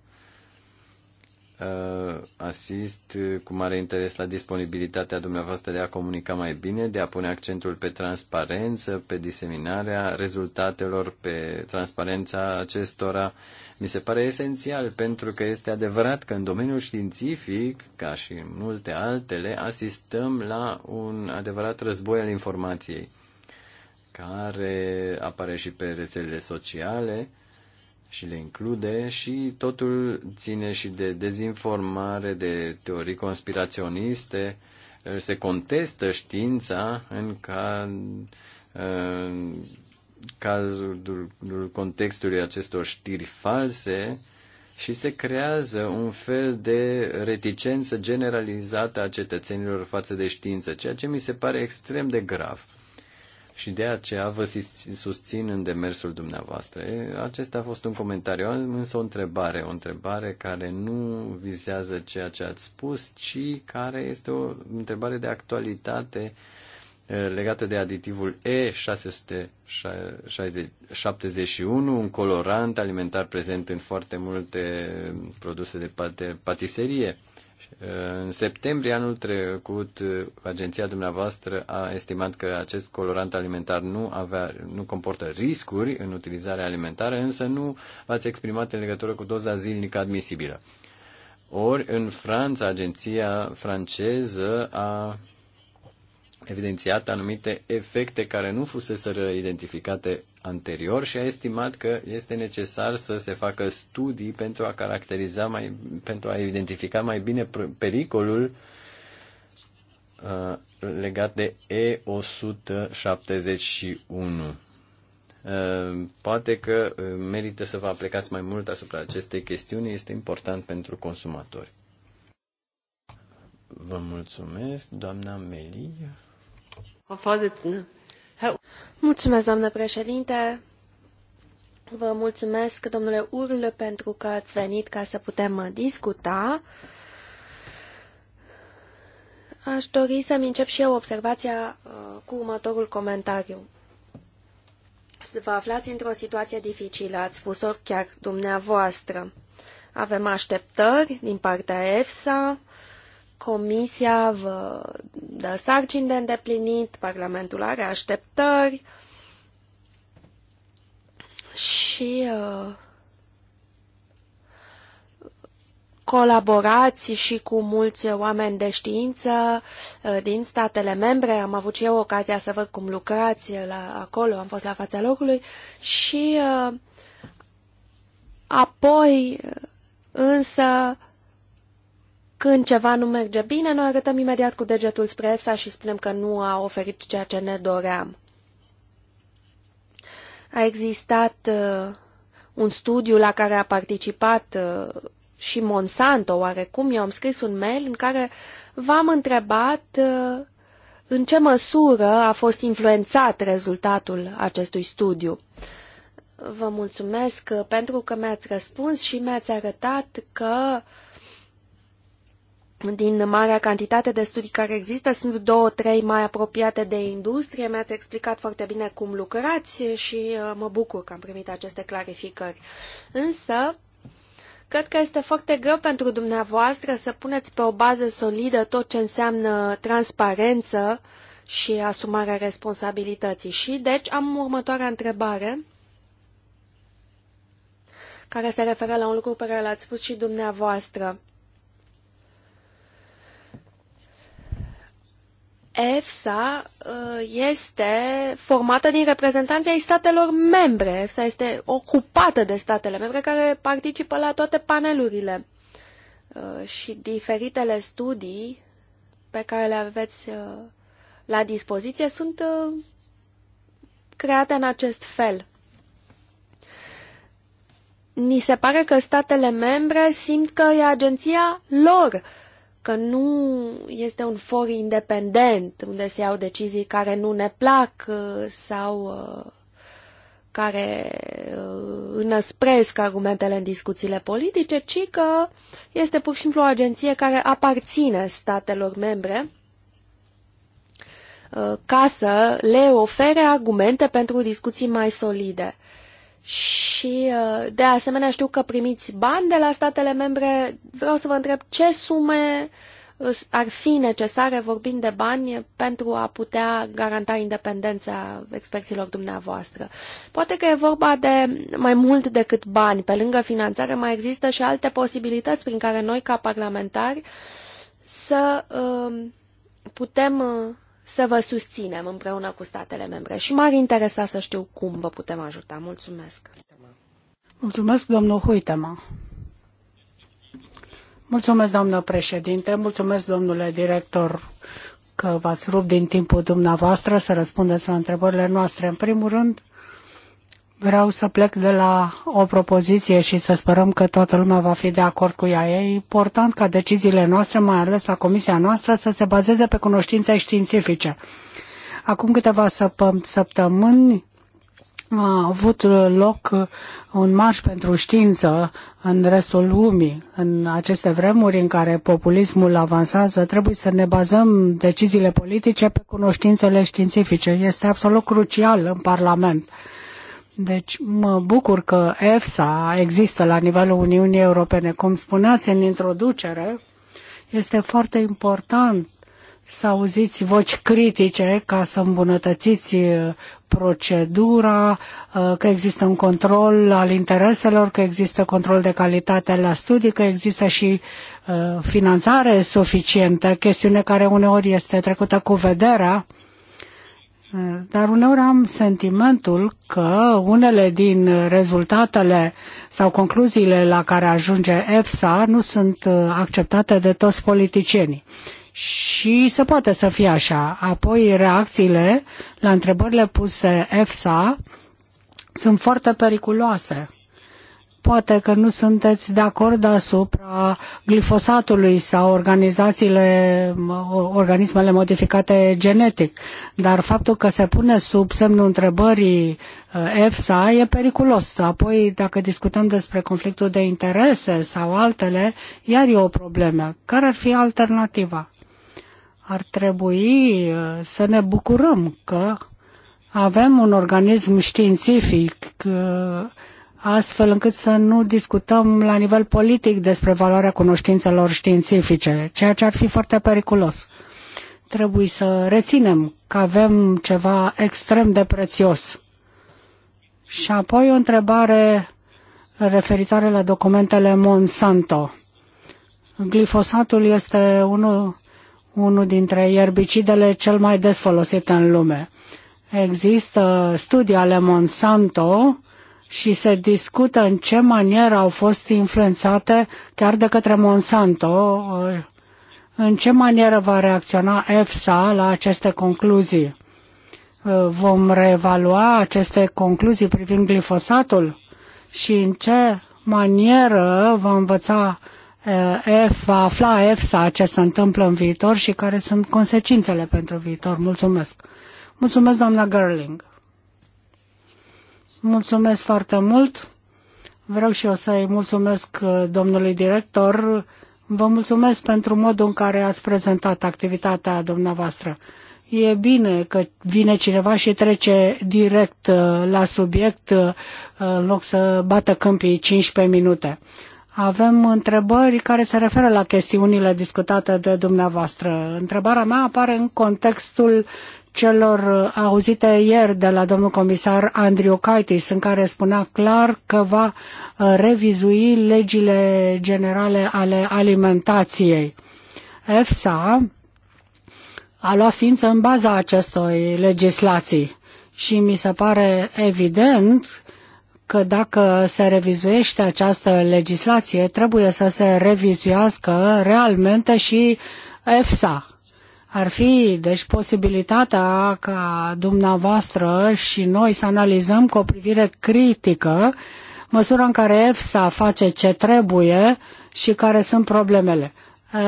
Uh, asist cu mare interes la disponibilitatea dumneavoastră de a comunica mai bine, de a pune accentul pe transparență, pe diseminarea rezultatelor, pe transparența acestora. Mi se pare esențial pentru că este adevărat că în domeniul științific, ca și în multe altele, asistăm la un adevărat război al informației care apare și pe rețelele sociale și le include și totul ține și de dezinformare, de teorii conspiraționiste, se contestă știința în, ca, în cazul contextului acestor știri false și se creează un fel de reticență generalizată a cetățenilor față de știință, ceea ce mi se pare extrem de grav și de aceea vă susțin în demersul dumneavoastră. Acesta a fost un comentariu, însă o întrebare, o întrebare care nu vizează ceea ce ați spus, ci care este o întrebare de actualitate eh, legată de aditivul E671, un colorant alimentar prezent în foarte multe produse de patiserie. În septembrie anul trecut, agenția dumneavoastră a estimat că acest colorant alimentar nu, avea, nu comportă riscuri în utilizarea alimentară, însă nu v-ați exprimat în legătură cu doza zilnică admisibilă. Ori în Franța, agenția franceză a evidențiat anumite efecte care nu fuseseră identificate anterior și a estimat că este necesar să se facă studii pentru a caracteriza mai, pentru a identifica mai bine pericolul uh, legat de E171. Uh, poate că uh, merită să vă aplicați mai mult asupra acestei chestiuni, este important pentru consumatori. Vă mulțumesc, doamna Melia doamnă președinte. Vă mulțumesc, domnule Urlă pentru că ați venit ca să putem discuta. Aș dori să-mi încep și eu observația uh, cu următorul comentariu. Vă aflați într-o situație dificilă, ați spus-o chiar dumneavoastră. Avem așteptări din partea EFSA, uh, Comisia vă dă sarcini de îndeplinit, Parlamentul are așteptări și uh, colaborați și cu mulți oameni de știință uh, din statele membre. Am avut și eu ocazia să văd cum lucrați la, acolo, am fost la fața locului și uh, apoi însă când ceva nu merge bine, noi arătăm imediat cu degetul spre EFSA și spunem că nu a oferit ceea ce ne doream. A existat uh, un studiu la care a participat uh, și Monsanto, oarecum eu am scris un mail în care v-am întrebat uh, în ce măsură a fost influențat rezultatul acestui studiu. Vă mulțumesc uh, pentru că mi-ați răspuns și mi-ați arătat că uh, din marea cantitate de studii care există, sunt două, trei mai apropiate de industrie. Mi-ați explicat foarte bine cum lucrați și uh, mă bucur că am primit aceste clarificări. Însă, cred că este foarte greu pentru dumneavoastră să puneți pe o bază solidă tot ce înseamnă transparență și asumarea responsabilității. Și, deci, am următoarea întrebare care se referă la un lucru pe care l-ați spus și dumneavoastră. EFSA uh, este formată din reprezentanții ai statelor membre. EFSA este ocupată de statele membre care participă la toate panelurile uh, și diferitele studii pe care le aveți uh, la dispoziție sunt create în acest fel. Ni se pare că statele membre simt că e agenția lor că nu este un for independent unde se iau decizii care nu ne plac uh, sau uh, care uh, înăspresc argumentele în discuțiile politice, ci că este pur și simplu o agenție care aparține statelor membre ca să le ofere argumente pentru discuții mai solide. Și, uh, de asemenea, știu că primiți bani de la statele membre. Vreau să vă întreb ce sume uh, ar fi necesare, vorbind de bani, pentru a putea garanta independența experților dumneavoastră. Poate că e vorba de mai mult decât bani. Pe lângă finanțare mai există și alte posibilități prin care noi, ca parlamentari, să uh, putem să vă susținem împreună cu statele membre și m-ar interesa să știu cum vă putem ajuta. Mulțumesc! Mulțumesc, domnul Huitema! Mulțumesc, doamnă președinte, mulțumesc, domnule director, că v-ați rupt din timpul dumneavoastră să răspundeți la întrebările noastre. În primul rând, Vreau să plec de la o propoziție și să sperăm că toată lumea va fi de acord cu ea. E important ca deciziile noastre, mai ales la comisia noastră, să se bazeze pe cunoștințe științifice. Acum câteva săptămâni a avut loc un marș pentru știință în restul lumii. În aceste vremuri în care populismul avansează, trebuie să ne bazăm deciziile politice pe cunoștințele științifice. Este absolut crucial în Parlament deci mă bucur că EFSA există la nivelul Uniunii Europene. Cum spuneați în introducere, este foarte important să auziți voci critice ca să îmbunătățiți uh, procedura, uh, că există un control al intereselor, că există control de calitate la studii, că există și uh, finanțare suficientă, chestiune care uneori este trecută cu vederea dar uneori am sentimentul că unele din rezultatele sau concluziile la care ajunge EFSA nu sunt uh, acceptate de toți politicienii. Și se poate să fie așa. Apoi reacțiile la întrebările puse EFSA sunt foarte periculoase. Poate că nu sunteți de acord asupra glifosatului sau organizațiile, organismele modificate genetic, dar faptul că se pune sub semnul întrebării eh, EFSA e periculos. Apoi, dacă discutăm despre conflictul de interese sau altele, iar e o problemă. Care ar fi alternativa? Ar trebui eh, să ne bucurăm că avem un organism științific uh, astfel încât să nu discutăm la nivel politic despre valoarea cunoștințelor științifice, ceea ce ar fi foarte periculos. Trebuie să reținem că avem ceva extrem de prețios. Și apoi o întrebare referitoare la documentele Monsanto. Glifosatul este unul, unul dintre erbicidele cel mai des folosite în lume. Există studii ale Monsanto și se discută în ce manieră au fost influențate chiar de către Monsanto, în ce manieră va reacționa EFSA la aceste concluzii. Vom reevalua aceste concluzii privind glifosatul și în ce manieră va învăța eh, F, va afla EFSA ce se întâmplă în viitor și care sunt consecințele pentru viitor. Mulțumesc. Mulțumesc, doamna Gerling. Mulțumesc foarte mult. Vreau și eu să-i mulțumesc uh, domnului director. Vă mulțumesc pentru modul în care ați prezentat activitatea dumneavoastră. E bine că vine cineva și trece direct uh, la subiect uh, în loc să bată câmpii 15 minute. Avem întrebări care se referă la chestiunile discutate de dumneavoastră. Întrebarea mea apare în contextul celor uh, auzite ieri de la domnul comisar Andriu Caitis, în care spunea clar că va uh, revizui legile generale ale alimentației. EFSA a luat ființă în baza acestor legislații și mi se pare evident că dacă se revizuiește această legislație, trebuie să se revizuiască realmente și EFSA, ar fi, deci, posibilitatea ca dumneavoastră și noi să analizăm cu o privire critică măsura în care EFSA face ce trebuie și care sunt problemele.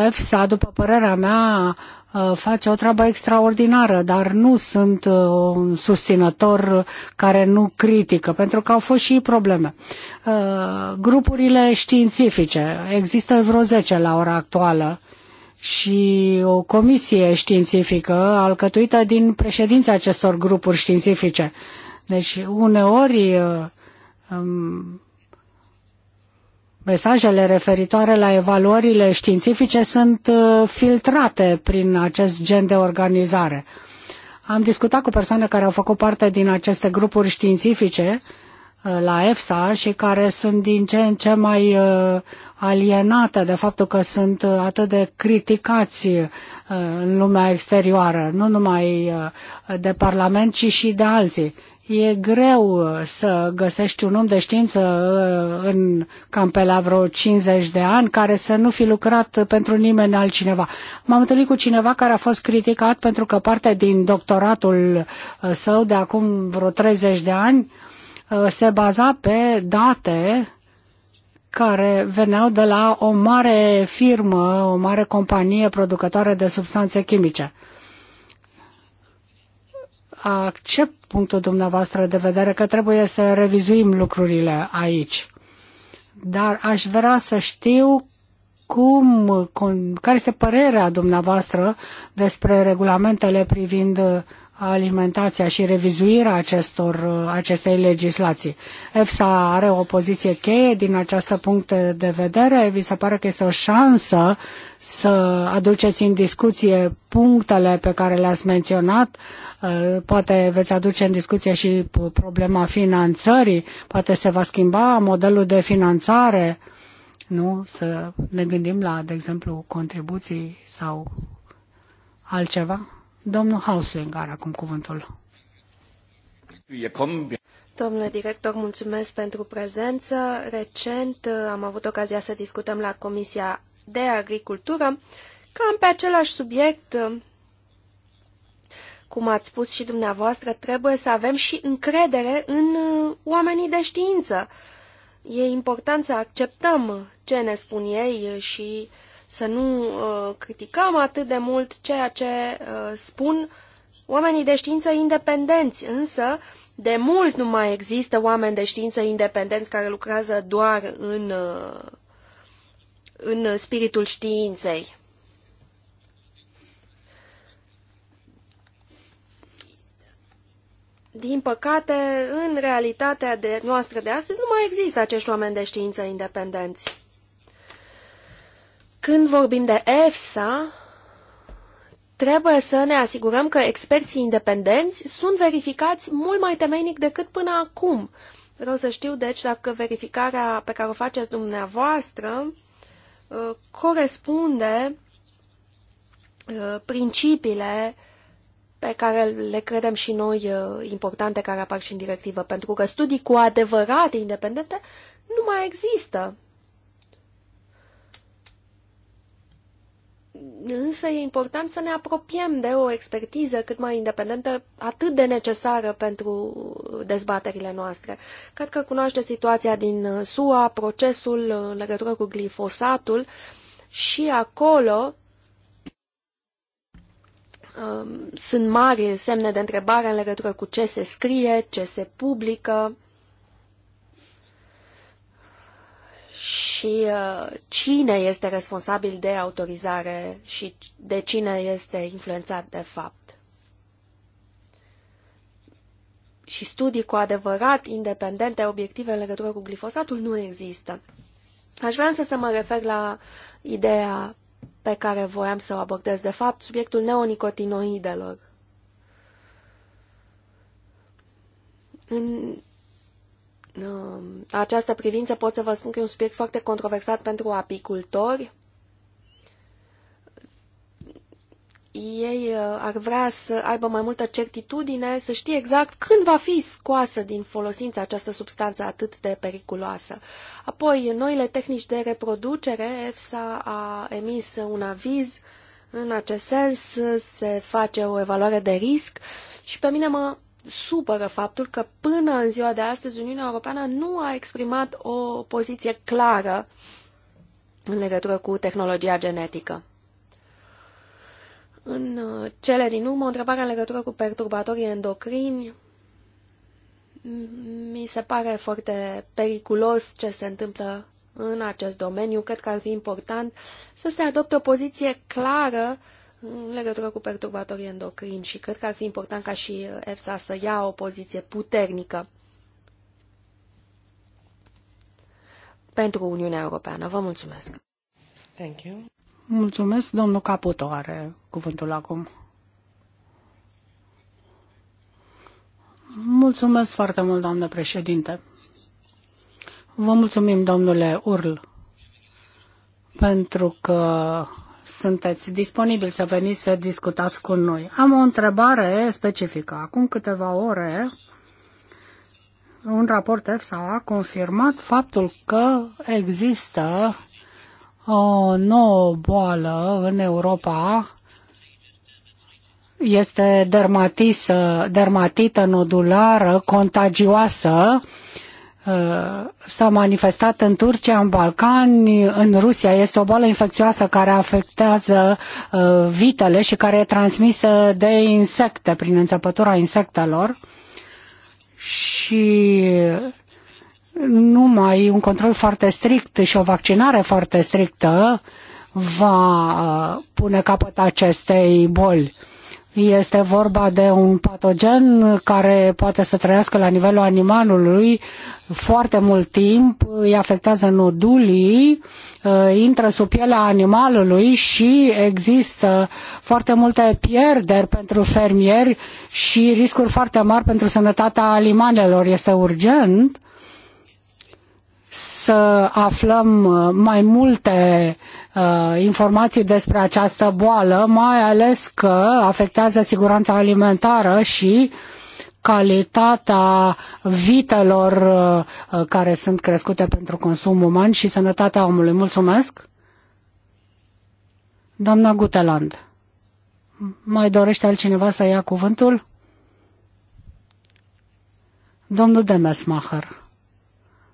EFSA, după părerea mea, ă, face o treabă extraordinară, dar nu sunt ă, un susținător care nu critică, pentru că au fost și probleme. Ă, grupurile științifice, există vreo 10 la ora actuală, și o comisie științifică alcătuită din președința acestor grupuri științifice. Deci uneori uh, um, mesajele referitoare la evaluările științifice sunt uh, filtrate prin acest gen de organizare. Am discutat cu persoane care au făcut parte din aceste grupuri științifice uh, Uh, la EFSA și care sunt din ce în ce mai uh, alienate de faptul că sunt uh, atât de criticați în lumea exterioară, nu numai de Parlament, ci și de alții. E greu să găsești un om de știință în cam pe la vreo 50 de ani care să nu fi lucrat pentru nimeni altcineva. M-am întâlnit cu cineva care a fost criticat pentru că parte din doctoratul său de acum vreo 30 de ani Uh, se baza pe date care veneau de la o mare firmă, o mare companie producătoare de substanțe chimice. Accept punctul dumneavoastră de vedere că trebuie să revizuim lucrurile aici. Dar aș vrea să știu cum, care este părerea dumneavoastră despre regulamentele privind uh, alimentația și revizuirea acestor, acestei legislații. EFSA are o poziție cheie din acest punct de vedere. Vi se pare că este o șansă să aduceți în discuție punctele pe care le-ați menționat. Uh, poate veți aduce în discuție și problema finanțării. Poate se va schimba modelul de finanțare. Nu? Să ne gândim la, de exemplu, contribuții sau altceva? Domnul Hausling are acum cuvântul. Domnule director, mulțumesc pentru prezență. Recent uh, am avut ocazia să discutăm la Comisia de Agricultură cam pe același subiect. Uh, cum ați spus și dumneavoastră, trebuie să avem și încredere în uh, oamenii de știință. E important să acceptăm ce ne spun ei și uh, să nu uh, criticăm atât de mult ceea ce uh, spun oamenii de știință independenți, însă de mult nu mai există oameni de știință independenți care lucrează doar în, uh, în spiritul științei. Din păcate, în realitatea de noastră de astăzi nu mai există acești oameni de știință independenți. Când vorbim de EFSA, trebuie să ne asigurăm că experții independenți sunt verificați mult mai temeinic decât până acum. Vreau să știu, deci, dacă verificarea pe care o faceți dumneavoastră uh, corespunde uh, principiile pe care le credem și noi uh, importante care apar și în directivă, pentru că studii cu adevărat independente nu mai există. Însă e important să ne apropiem de o expertiză cât mai independentă, atât de necesară pentru dezbaterile noastre. Cred că cunoaște situația din SUA, procesul în legătură cu glifosatul și acolo um, sunt mari semne de întrebare în legătură cu ce se scrie, ce se publică și uh, cine este responsabil de autorizare și de cine este influențat de fapt. Și studii cu adevărat independente, obiective în legătură cu glifosatul nu există. Aș vrea însă să mă refer la ideea pe care voiam să o abordez, de fapt, subiectul neonicotinoidelor. În Uh, această privință pot să vă spun că e un subiect foarte controversat pentru apicultori. Ei uh, ar vrea să aibă mai multă certitudine, să știe exact când va fi scoasă din folosință această substanță atât de periculoasă. Apoi, noile tehnici de reproducere, EFSA a emis un aviz în acest sens, se face o evaluare de risc și pe mine mă supără faptul că până în ziua de astăzi Uniunea Europeană nu a exprimat o poziție clară în legătură cu tehnologia genetică. În uh, cele din urmă, o întrebare în legătură cu perturbatorii endocrini. Mi se pare foarte periculos ce se întâmplă în acest domeniu. Cred că ar fi important să se adopte o poziție clară în legătură cu perturbatorii endocrini și cred că ar fi important ca și EFSA să ia o poziție puternică pentru Uniunea Europeană. Vă mulțumesc! Thank you. Mulțumesc, domnul Caputo are cuvântul acum. Mulțumesc foarte mult, doamnă președinte. Vă mulțumim, domnule Url, pentru că sunteți disponibil să veniți să discutați cu noi. Am o întrebare specifică. Acum câteva ore, un raport EFSA a confirmat faptul că există o nouă boală în Europa, este dermatisă, dermatită nodulară contagioasă, uh, Uh, s-a manifestat în Turcia, în Balcani, în Rusia. Este o boală infecțioasă care afectează uh, vitele și care e transmisă de insecte, prin înțepătura insectelor. Și numai un control foarte strict și o vaccinare foarte strictă va uh, pune capăt acestei boli este vorba de un patogen care poate să trăiască la nivelul animalului foarte mult timp, îi afectează nodulii, uh, intră sub pielea animalului și există foarte multe pierderi pentru fermieri și riscuri foarte mari pentru sănătatea animalelor. Este urgent să aflăm mai multe Uh, informații despre această boală, mai ales că afectează siguranța alimentară și calitatea vitelor uh, uh, care sunt crescute pentru consum uman și sănătatea omului. Mulțumesc! Doamna Guteland, mai dorește altcineva să ia cuvântul? Domnul Demesmacher.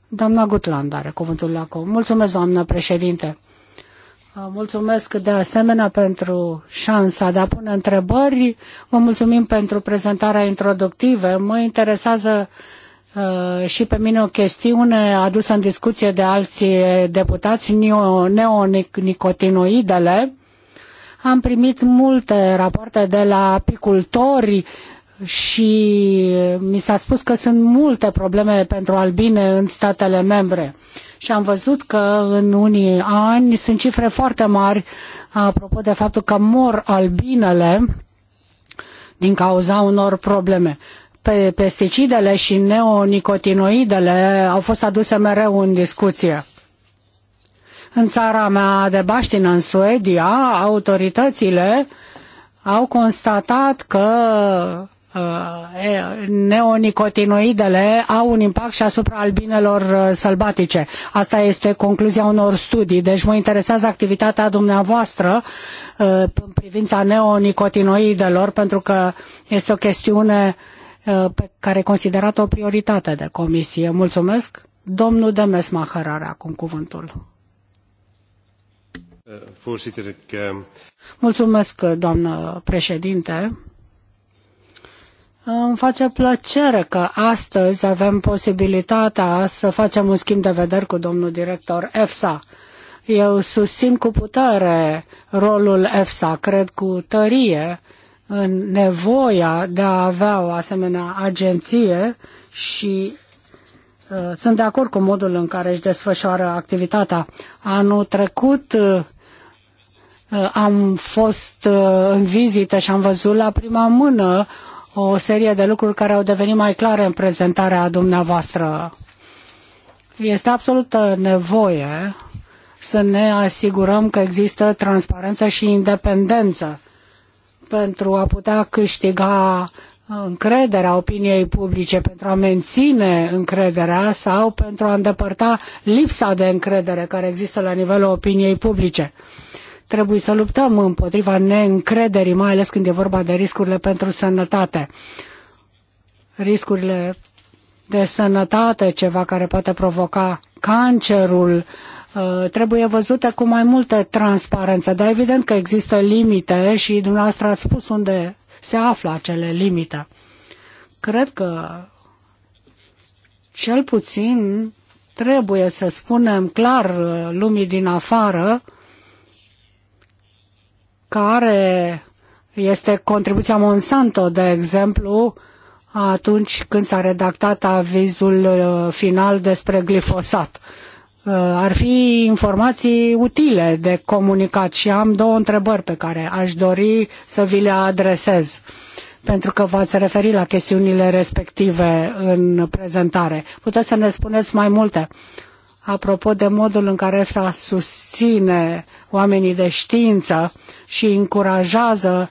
Doamna Gutland are cuvântul acum. Mulțumesc, doamnă președinte. Mulțumesc de asemenea pentru șansa de a pune întrebări. Vă mulțumim pentru prezentarea introductivă. Mă interesează uh, și pe mine o chestiune adusă în discuție de alții deputați, neonicotinoidele. Am primit multe rapoarte de la apicultori și mi s-a spus că sunt multe probleme pentru albine în statele membre și am văzut că în unii ani sunt cifre foarte mari apropo de faptul că mor albinele din cauza unor probleme pe pesticidele și neonicotinoidele au fost aduse mereu în discuție. În țara mea de Baștină, în Suedia, autoritățile au constatat că Uh, neonicotinoidele au un impact și asupra albinelor uh, sălbatice. Asta este concluzia unor studii. Deci mă interesează activitatea dumneavoastră uh, în privința neonicotinoidelor, pentru că este o chestiune pe care considerată o prioritate de comisie. Mulțumesc. Domnul Demesmacher are acum cuvântul. Mulțumesc, doamnă președinte. Îmi face plăcere că astăzi avem posibilitatea să facem un schimb de vedere cu domnul director EFSA. Eu susțin cu putere rolul EFSA, cred cu tărie în nevoia de a avea o asemenea agenție și uh, sunt de acord cu modul în care își desfășoară activitatea. Anul trecut uh, am fost uh, în vizită și am văzut la prima mână uh, o serie de lucruri care au devenit mai clare în prezentarea dumneavoastră. Este absolută nevoie să ne asigurăm că există transparență și independență pentru a putea câștiga încrederea opiniei publice, pentru a menține încrederea sau pentru a îndepărta lipsa de încredere care există la nivelul opiniei publice. Trebuie să luptăm împotriva neîncrederii, mai ales când e vorba de riscurile pentru sănătate. Riscurile de sănătate, ceva care poate provoca cancerul, uh, trebuie văzute cu mai multă transparență, dar evident că există limite și dumneavoastră ați spus unde se află acele limite. Cred că cel puțin trebuie să spunem clar uh, lumii din afară care este contribuția Monsanto, de exemplu, atunci când s-a redactat avizul uh, final despre glifosat. Uh, ar fi informații utile de comunicat și am două întrebări pe care aș dori să vi le adresez pentru că v-ați referit la chestiunile respective în prezentare. Puteți să ne spuneți mai multe apropo de modul în care EFSA susține oamenii de știință și încurajează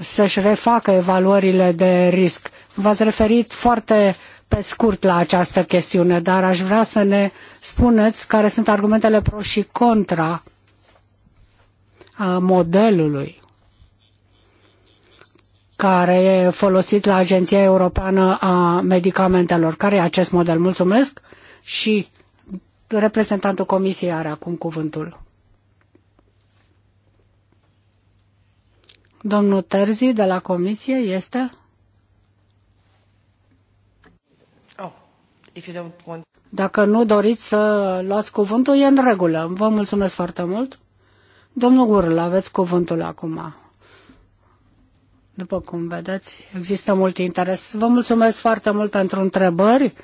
să-și refacă evaluările de risc. V-ați referit foarte pe scurt la această chestiune, dar aș vrea să ne spuneți care sunt argumentele pro și contra a modelului care e folosit la Agenția Europeană a Medicamentelor. Care e acest model? Mulțumesc și Reprezentantul Comisiei are acum cuvântul. Domnul Terzi de la Comisie este? Oh, if you don't want... Dacă nu doriți să luați cuvântul, e în regulă. Vă mulțumesc foarte mult. Domnul Gurl, aveți cuvântul acum. După cum vedeți, există mult interes. Vă mulțumesc foarte mult pentru întrebări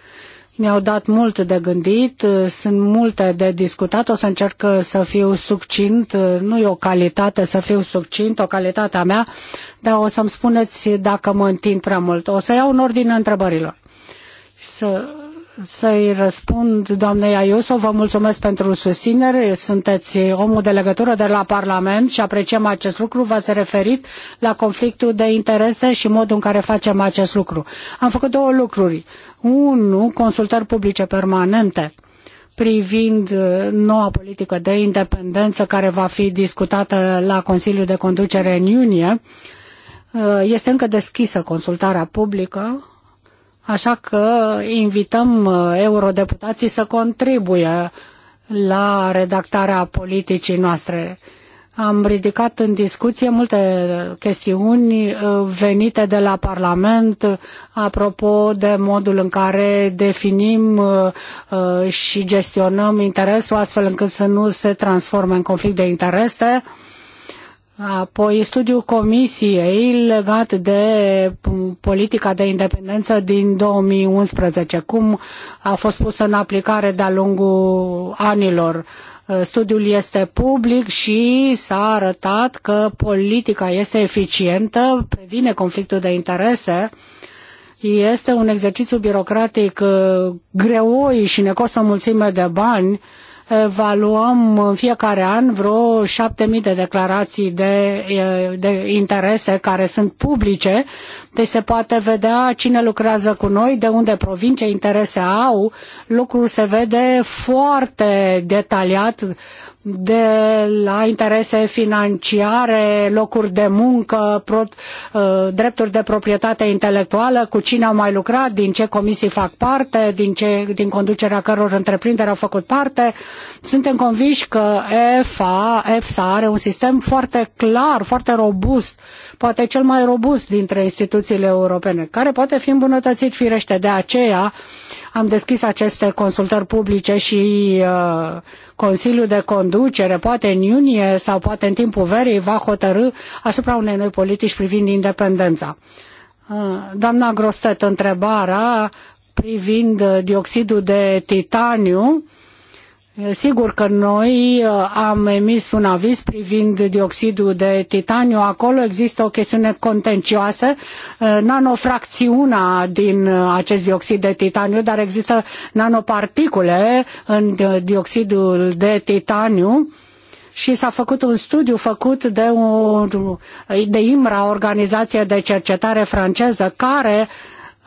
mi-au dat mult de gândit, sunt multe de discutat, o să încerc să fiu succint, nu e o calitate să fiu succint, o calitate a mea, dar o să-mi spuneți dacă mă întind prea mult. O să iau în ordine întrebărilor. Să să-i răspund doamnei Ayuso. Vă mulțumesc pentru susținere. Sunteți omul de legătură de la Parlament și apreciem acest lucru. V-ați referit la conflictul de interese și modul în care facem acest lucru. Am făcut două lucruri. Unu, consultări publice permanente privind uh, noua politică de independență care va fi discutată la Consiliul de Conducere în iunie. Uh, este încă deschisă consultarea publică Așa că invităm uh, eurodeputații să contribuie la redactarea politicii noastre. Am ridicat în discuție multe chestiuni uh, venite de la Parlament apropo de modul în care definim uh, și gestionăm interesul astfel încât să nu se transforme în conflict de interese Apoi studiul comisiei legat de mm, politica de independență din 2011, cum a fost pusă în aplicare de-a lungul anilor. Uh, studiul este public și s-a arătat că politica este eficientă, previne conflictul de interese, este un exercițiu birocratic uh, greoi și ne costă mulțime de bani, evaluăm în fiecare an vreo 7000 de declarații de, de interese care sunt publice, deci se poate vedea cine lucrează cu noi, de unde provin, ce interese au. Lucrul se vede foarte detaliat de la interese financiare, locuri de muncă, pro, uh, drepturi de proprietate intelectuală, cu cine au mai lucrat, din ce comisii fac parte, din, ce, din conducerea căror întreprinderi au făcut parte. Suntem convinși că EFA, EFSA are un sistem foarte clar, foarte robust, poate cel mai robust dintre instituțiile europene, care poate fi îmbunătățit firește. De aceea am deschis aceste consultări publice și uh, Consiliul de Conducere, poate în iunie sau poate în timpul verii, va hotărâ asupra unei noi politici privind independența. Uh, doamna Grostet, întrebarea privind uh, dioxidul de titaniu, uh, Sigur că noi uh, am emis un aviz privind dioxidul de titaniu. Acolo există o chestiune contencioasă, uh, Nanofracțiunea din uh, acest dioxid de titaniu, dar există nanoparticule în dioxidul de titaniu și s-a făcut un studiu făcut de, o, de IMRA, organizație de cercetare franceză, care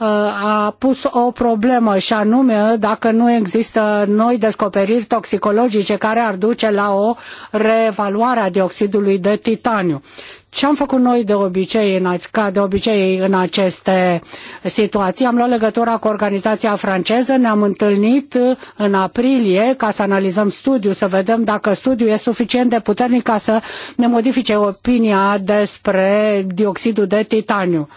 Uh, a pus o problemă și anume dacă nu există noi descoperiri toxicologice care ar duce la o reevaluare a dioxidului de titaniu. Ce am făcut noi de obicei, în, ca de obicei în aceste situații? Am luat legătura cu organizația franceză, ne-am întâlnit în aprilie ca să analizăm studiul, să vedem dacă studiul e suficient de puternic ca să ne modifice opinia despre dioxidul de titaniu.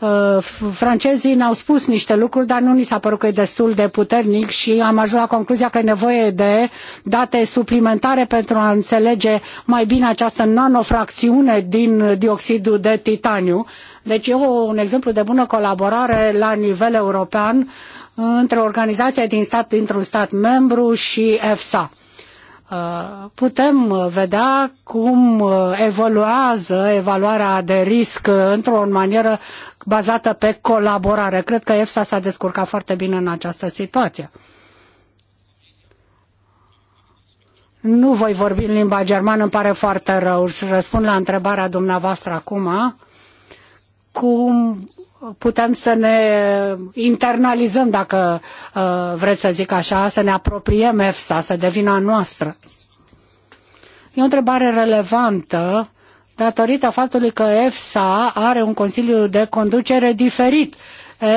Uh, francezii ne-au spus niște lucruri, dar nu ni s-a părut că e destul de puternic și am ajuns la concluzia că e nevoie de date suplimentare pentru a înțelege mai bine această nanofracțiune din dioxidul de titaniu. Deci e un exemplu de bună colaborare la nivel european între organizația din stat, dintr-un stat membru și EFSA putem vedea cum evoluează evaluarea de risc într-o manieră bazată pe colaborare. Cred că EFSA s-a descurcat foarte bine în această situație. Nu voi vorbi în limba germană, îmi pare foarte rău. Își răspund la întrebarea dumneavoastră acum cum putem să ne internalizăm, dacă uh, vreți să zic așa, să ne apropiem EFSA, să devină a noastră. E o întrebare relevantă datorită faptului că EFSA are un consiliu de conducere diferit.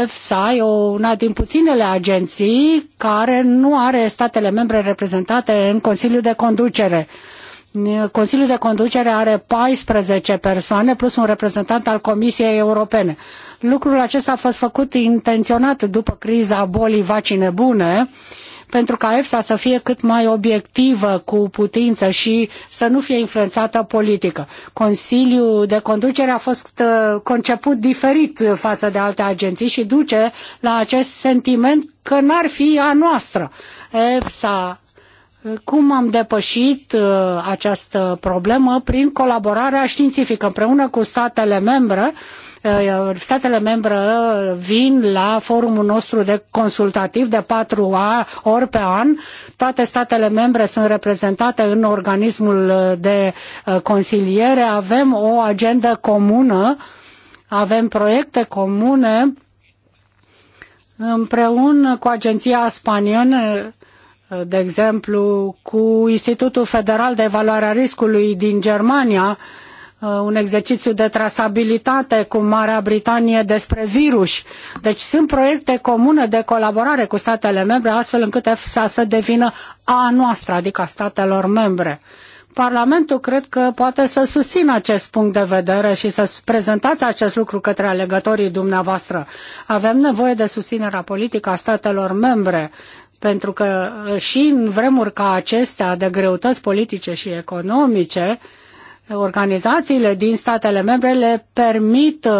EFSA e una din puținele agenții care nu are statele membre reprezentate în consiliul de conducere. Uh, Consiliul de conducere are 14 persoane plus un reprezentant al Comisiei Europene. Lucrul acesta a fost făcut intenționat după criza bolii vacine bune, pentru ca EFSA să fie cât mai obiectivă cu putință și să nu fie influențată politică. Consiliul de conducere a fost uh, conceput diferit față de alte agenții și duce la acest sentiment că n-ar fi a noastră. EFSA cum am depășit uh, această problemă prin colaborarea științifică împreună cu statele membre. Uh, statele membre vin la forumul nostru de consultativ de patru ori pe an. Toate statele membre sunt reprezentate în organismul de uh, consiliere. Avem o agendă comună, avem proiecte comune împreună cu agenția spaniolă de exemplu, cu Institutul Federal de Evaluare a Riscului din Germania, uh, un exercițiu de trasabilitate cu Marea Britanie despre virus. Deci sunt proiecte comune de colaborare cu statele membre, astfel încât EFSA să devină a noastră, adică a statelor membre. Parlamentul cred că poate să susțină acest punct de vedere și să prezentați acest lucru către alegătorii dumneavoastră. Avem nevoie de susținerea politică a statelor membre pentru că uh, și în vremuri ca acestea de greutăți politice și economice, organizațiile din statele membre le permit uh,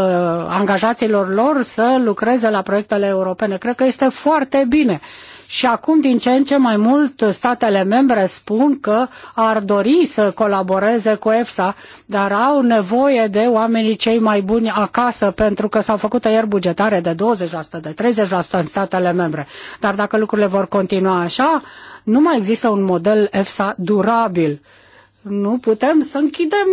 angajaților lor să lucreze la proiectele europene. Cred că este foarte bine. Și acum din ce în ce mai mult statele membre spun că ar dori să colaboreze cu EFSA, dar au nevoie de oamenii cei mai buni acasă pentru că s-au făcut tăieri bugetare de 20%, de 30% în statele membre. Dar dacă lucrurile vor continua așa, nu mai există un model EFSA durabil nu putem să închidem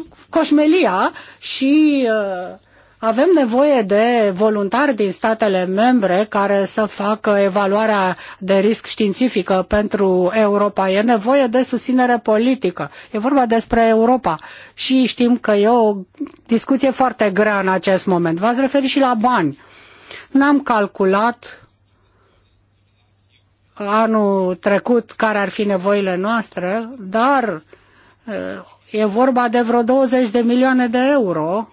uh, coșmelia și uh, avem nevoie de voluntari din statele membre care să facă evaluarea de risc științifică pentru Europa. E nevoie de susținere politică. E vorba despre Europa și știm că e o discuție foarte grea în acest moment. V-ați referit și la bani. N-am calculat anul trecut care ar fi nevoile noastre, dar e vorba de vreo 20 de milioane de euro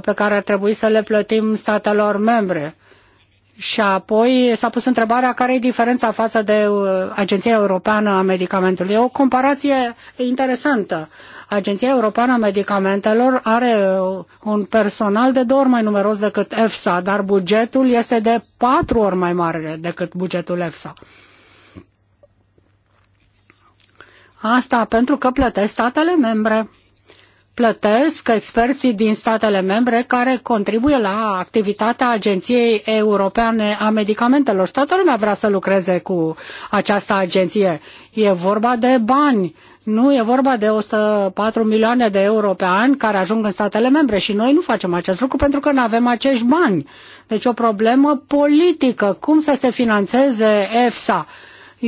pe care ar trebui să le plătim statelor membre. Și apoi s-a pus întrebarea care e diferența față de uh, Agenția Europeană a Medicamentului. E o comparație interesantă. Agenția Europeană a Medicamentelor are uh, un personal de două ori mai numeros decât EFSA, dar bugetul este de patru ori mai mare decât bugetul EFSA. Asta pentru că plătesc statele membre plătesc experții din statele membre care contribuie la activitatea Agenției Europene a Medicamentelor. Și toată lumea vrea să lucreze cu această agenție. E vorba de bani. Nu e vorba de 104 milioane de euro pe an care ajung în statele membre și noi nu facem acest lucru pentru că nu avem acești bani. Deci o problemă politică. Cum să se financeze EFSA?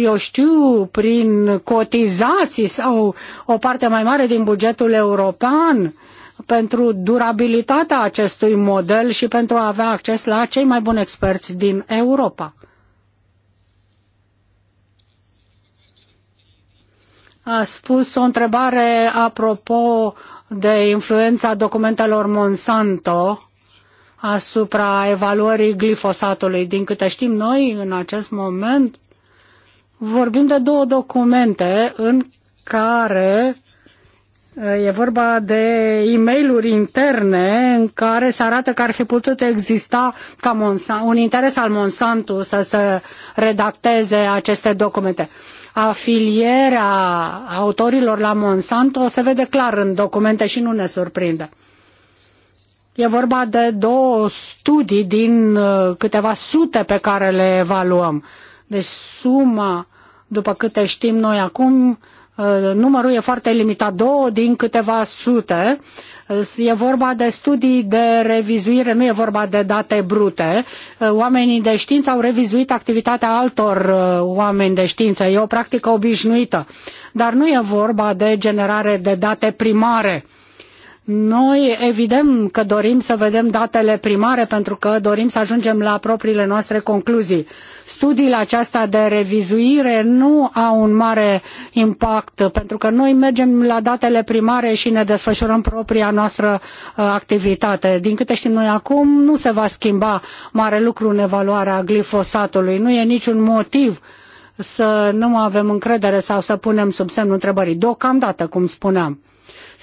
eu știu, prin cotizații sau o parte mai mare din bugetul european pentru durabilitatea acestui model și pentru a avea acces la cei mai buni experți din Europa. a spus o întrebare apropo de influența documentelor Monsanto asupra evaluării glifosatului. Din câte știm noi, în acest moment, Vorbim de două documente în care e vorba de e mail interne în care se arată că ar fi putut exista ca Monsanto, un interes al Monsanto să se redacteze aceste documente. Afilierea autorilor la Monsanto se vede clar în documente și nu ne surprinde. E vorba de două studii din uh, câteva sute pe care le evaluăm. Deci suma după câte știm noi acum, uh, numărul e foarte limitat, două din câteva sute. Uh, e vorba de studii de revizuire, nu e vorba de date brute. Uh, oamenii de știință au revizuit activitatea altor oameni de știință. E o practică obișnuită. Dar nu e vorba de generare de date primare noi evident că dorim să vedem datele primare pentru că dorim să ajungem la propriile noastre concluzii. Studiile acestea de revizuire nu au un mare impact pentru că noi mergem la datele primare și ne desfășurăm propria noastră uh, activitate. Din câte știm noi acum, nu se va schimba mare lucru în evaluarea glifosatului. Nu e niciun motiv să nu avem încredere sau să punem sub semnul întrebării. Deocamdată, cum spuneam.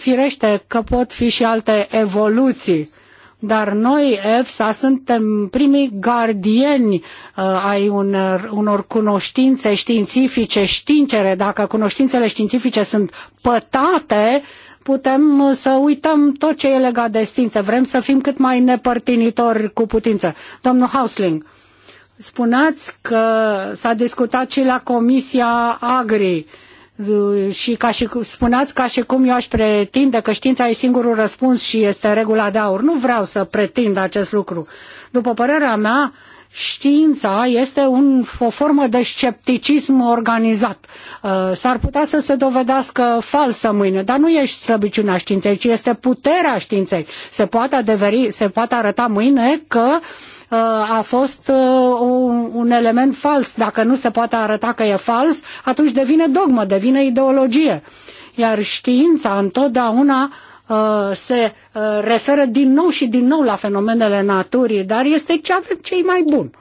Firește că pot fi și alte evoluții, dar noi, EFSA, suntem primii gardieni uh, ai unor, unor cunoștințe științifice, știncere. Dacă cunoștințele științifice sunt pătate, putem să uităm tot ce e legat de știință. Vrem să fim cât mai nepărtinitori cu putință. Domnul Hausling, spuneați că s-a discutat și la Comisia Agri. Uh, Uh, și ca și spuneați ca și cum eu aș pretinde că știința e singurul răspuns și este regula de aur. Nu vreau să pretind acest lucru. După părerea mea, știința este un, o formă de scepticism organizat. Uh, s-ar putea să se dovedească falsă mâine, dar nu e slăbiciunea științei, ci este puterea științei. Se poate, adeveri, se poate arăta mâine că uh, a fost uh, un element fals. Dacă nu se poate arăta că e fals, atunci devine dogmă, devine ideologie. Iar știința întotdeauna uh, se uh, referă din nou și din nou la fenomenele naturii, dar este ce avem cei mai bun.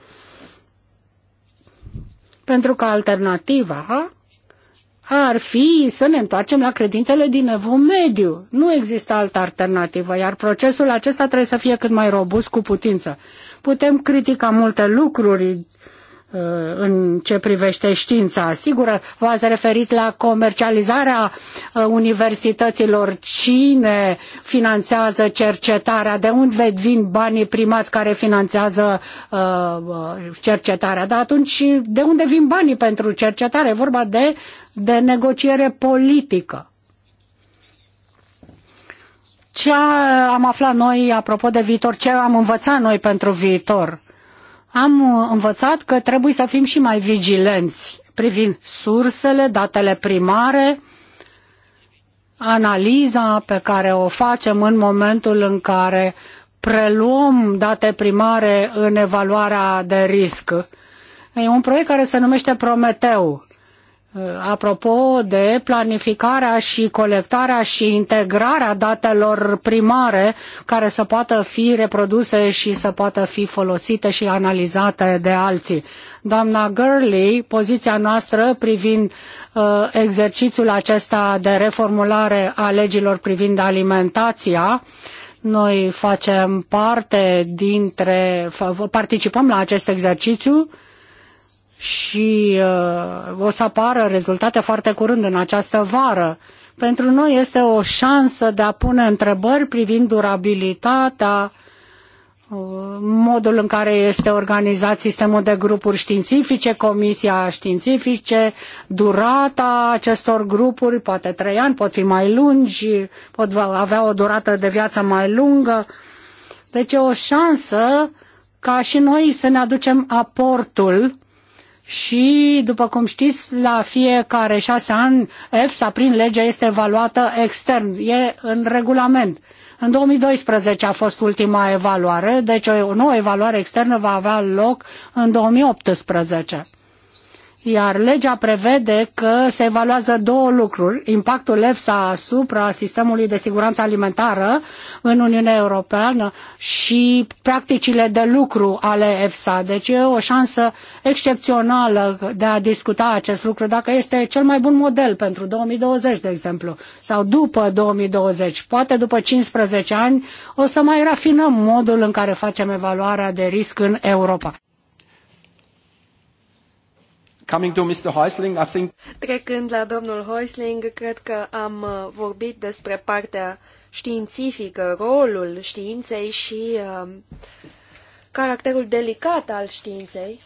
Pentru că alternativa ar fi să ne întoarcem la credințele din evul mediu. Nu există altă alternativă, iar procesul acesta trebuie să fie cât mai robust cu putință. Putem critica multe lucruri Uh, în ce privește știința. Sigur, v-ați referit la comercializarea uh, universităților. Cine finanțează cercetarea? De unde vin banii primați care finanțează uh, cercetarea? Dar atunci, de unde vin banii pentru cercetare? E vorba de, de negociere politică. Ce am aflat noi apropo de viitor? Ce am învățat noi pentru viitor? am uh, învățat că trebuie să fim și mai vigilenți privind sursele, datele primare, analiza pe care o facem în momentul în care preluăm date primare în evaluarea de risc. E un proiect care se numește Prometeu Uh, apropo de planificarea și colectarea și integrarea datelor primare care să poată fi reproduse și să poată fi folosite și analizate de alții. Doamna Gurley, poziția noastră privind uh, exercițiul acesta de reformulare a legilor privind alimentația, noi facem parte dintre, participăm la acest exercițiu, uh, și uh, o să apară rezultate foarte curând în această vară. Pentru noi este o șansă de a pune întrebări privind durabilitatea, uh, modul în care este organizat sistemul de grupuri științifice, comisia științifice, durata acestor grupuri, poate trei ani, pot fi mai lungi, pot avea o durată de viață mai lungă. Deci e o șansă ca și noi să ne aducem aportul și, după cum știți, la fiecare șase ani EFSA prin lege este evaluată extern, e în regulament. În 2012 a fost ultima evaluare, deci o nouă evaluare externă va avea loc în 2018 iar legea prevede că se evaluează două lucruri, impactul EFSA asupra sistemului de siguranță alimentară în Uniunea Europeană și practicile de lucru ale EFSA. Deci e o șansă excepțională de a discuta acest lucru, dacă este cel mai bun model pentru 2020, de exemplu, sau după 2020, poate după 15 ani, o să mai rafinăm modul în care facem evaluarea de risc în Europa. Coming to Mr. Heusling, I think... Trecând la domnul Heusling, cred că am uh, vorbit despre partea științifică, rolul științei și um, caracterul delicat al științei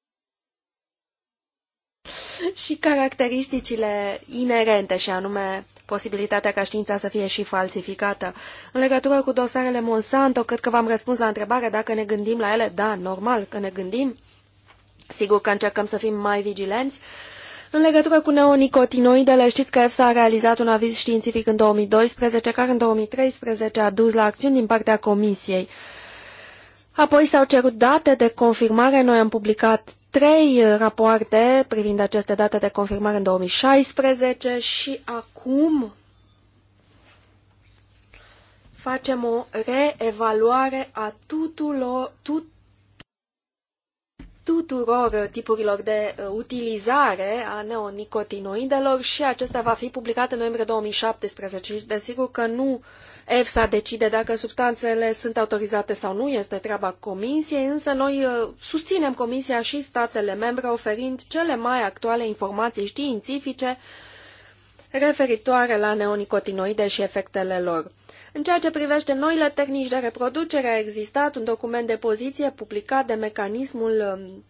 și caracteristicile inerente, și anume posibilitatea ca știința să fie și falsificată. În legătură cu dosarele Monsanto, cred că v-am răspuns la întrebare dacă ne gândim la ele. Da, normal că ne gândim. Sigur că încercăm să fim mai vigilenți. În legătură cu neonicotinoidele, știți că EFSA a realizat un aviz științific în 2012, care în 2013 a dus la acțiuni din partea Comisiei. Apoi s-au cerut date de confirmare, noi am publicat trei rapoarte privind aceste date de confirmare în 2016 și acum facem o reevaluare a tuturor, tuturor uh, tipurilor de uh, utilizare a neonicotinoidelor și acesta va fi publicat în noiembrie 2017. Și desigur că nu EFSA decide dacă substanțele sunt autorizate sau nu, este treaba comisiei, însă noi uh, susținem comisia și statele membre oferind cele mai actuale informații științifice referitoare la neonicotinoide și efectele lor. În ceea ce privește noile tehnici de reproducere, a existat un document de poziție publicat de mecanismul um,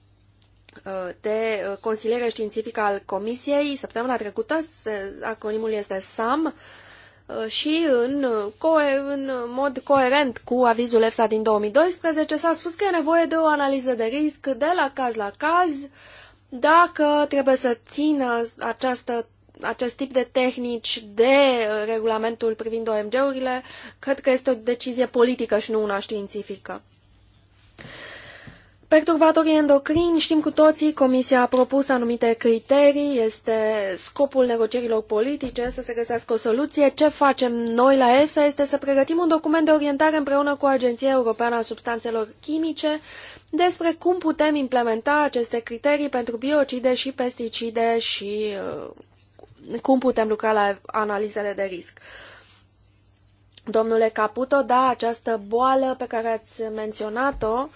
uh, de uh, consiliere științifică al Comisiei săptămâna trecută, acronimul este SAM, uh, și în, în mod coerent cu avizul EFSA din 2012 s-a spus că e nevoie de o analiză de risc de la caz la caz, dacă trebuie să țină această acest tip de tehnici de uh, regulamentul privind OMG-urile, cred că este o decizie politică și nu una științifică. Perturbatorii endocrini, știm cu toții, Comisia a propus anumite criterii, este scopul negocierilor politice să se găsească o soluție. Ce facem noi la EFSA este să pregătim un document de orientare împreună cu Agenția Europeană a Substanțelor Chimice despre cum putem implementa aceste criterii pentru biocide și pesticide și uh, cum putem lucra la analizele de risc. Domnule Caputo, da, această boală pe care ați menționat-o,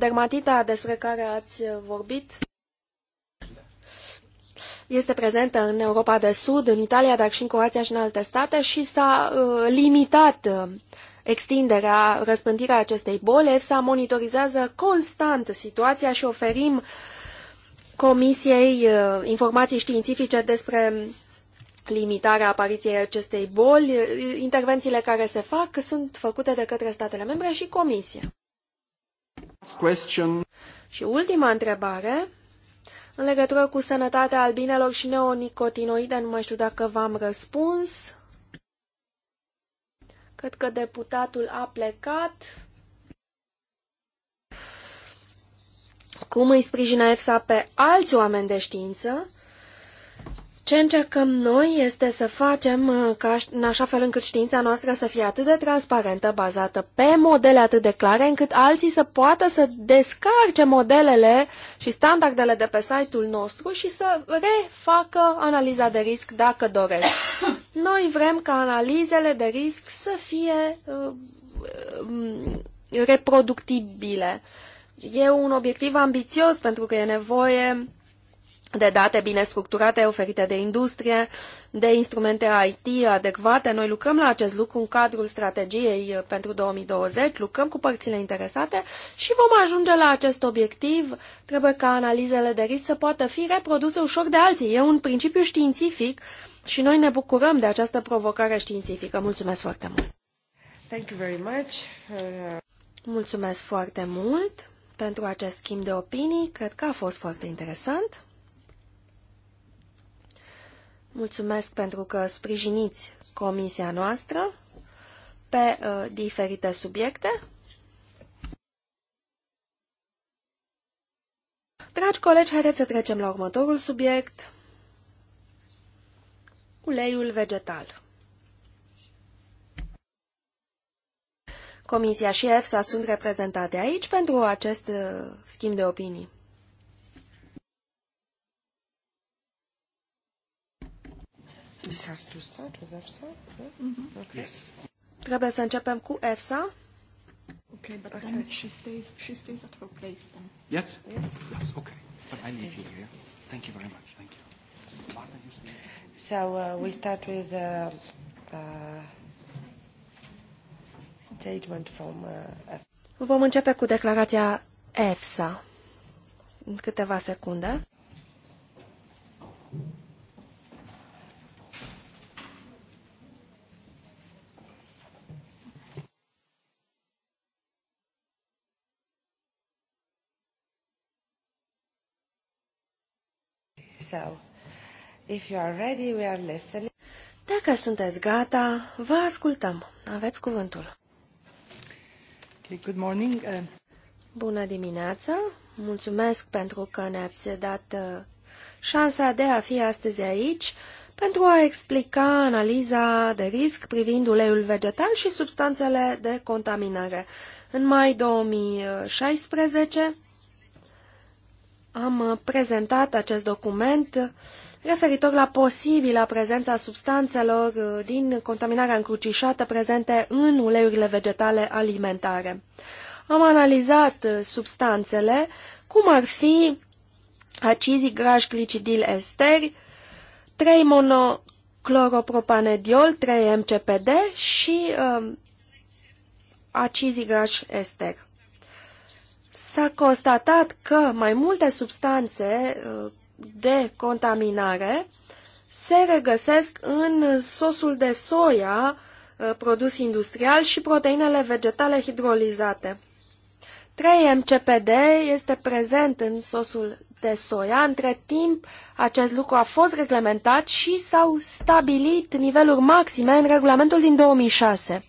dermatita despre care ați vorbit, este prezentă în Europa de Sud, în Italia, dar și în Croația și în alte state și s-a uh, limitat uh, extinderea, răspândirea acestei boli. EFSA monitorizează constant situația și oferim uh, Comisiei uh, Informații Științifice despre limitarea apariției acestei boli, uh, intervențiile care se fac sunt făcute de către statele membre și Comisie. Question. Și ultima întrebare, în legătură cu sănătatea albinelor și neonicotinoide, nu mai știu dacă v-am răspuns. Cred că deputatul a plecat. Cum îi sprijină EFSA pe alți oameni de știință. Ce încercăm noi este să facem uh, ca în așa fel încât știința noastră să fie atât de transparentă, bazată pe modele atât de clare, încât alții să poată să descarce modelele și standardele de pe site-ul nostru și să refacă analiza de risc dacă doresc. Noi vrem ca analizele de risc să fie uh, um, reproductibile. Uh, E un obiectiv ambițios pentru că e nevoie de date bine structurate oferite de industrie, de instrumente IT adecvate. Noi lucrăm la acest lucru în cadrul strategiei pentru 2020, lucrăm cu părțile interesate și vom ajunge la acest obiectiv. Trebuie ca analizele de risc să poată fi reproduse ușor de alții. E un principiu științific și noi ne bucurăm de această provocare științifică. Mulțumesc foarte mult! Thank you very much. Uh, Mulțumesc foarte mult! pentru acest schimb de opinii. Cred că a fost foarte interesant. Mulțumesc pentru că sprijiniți comisia noastră pe uh, diferite subiecte. Dragi colegi, haideți să trecem la următorul subiect, uleiul vegetal. Comisia și EFSA sunt reprezentate aici pentru acest uh, schimb de opinii. This has to start with EFSA? Mm-hmm. Okay. Yes. Trebuie să începem cu EFSA. Okay, but okay. then she stays, she stays at her place then. Yes? Yes. Yes, okay. But I leave you here. Thank you very much. Thank you. So uh, we start with uh, uh, statement from, uh, Vom începe cu declarația EFSA în câteva secunde. So, if you are ready, we are listening. Dacă sunteți gata, vă ascultăm. Aveți cuvântul. Uh, Bună dimineața! Mulțumesc pentru că ne-ați dat uh, șansa de a fi astăzi aici pentru a explica analiza de risc privind uleiul vegetal și substanțele de contaminare. În mai 2016 am prezentat acest document uh, referitor la posibila prezența substanțelor uh, din contaminarea încrucișată prezente în uleiurile vegetale alimentare. Am analizat uh, substanțele, cum ar fi acizii grași glicidil esteri, 3 monocloropropanediol, 3 MCPD și uh, acizii graș ester. S-a constatat că mai multe substanțe uh, de contaminare se regăsesc în sosul de soia uh, produs industrial și proteinele vegetale hidrolizate. 3-MCPD este prezent în sosul de soia. Între timp, acest lucru a fost reglementat și s-au stabilit niveluri maxime în regulamentul din 2006.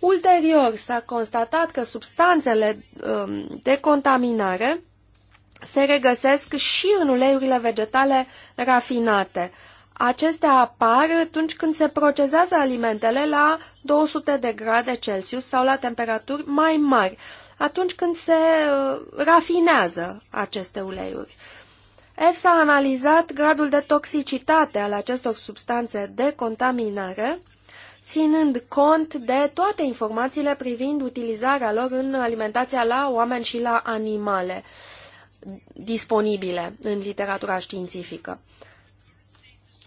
Ulterior, s-a constatat că substanțele um, de contaminare se regăsesc și în uleiurile vegetale rafinate. Acestea apar atunci când se procesează alimentele la 200 de grade Celsius sau la temperaturi mai mari, atunci când se uh, rafinează aceste uleiuri. EFSA a analizat gradul de toxicitate al acestor substanțe de contaminare, ținând cont de toate informațiile privind utilizarea lor în alimentația la oameni și la animale disponibile în literatura științifică.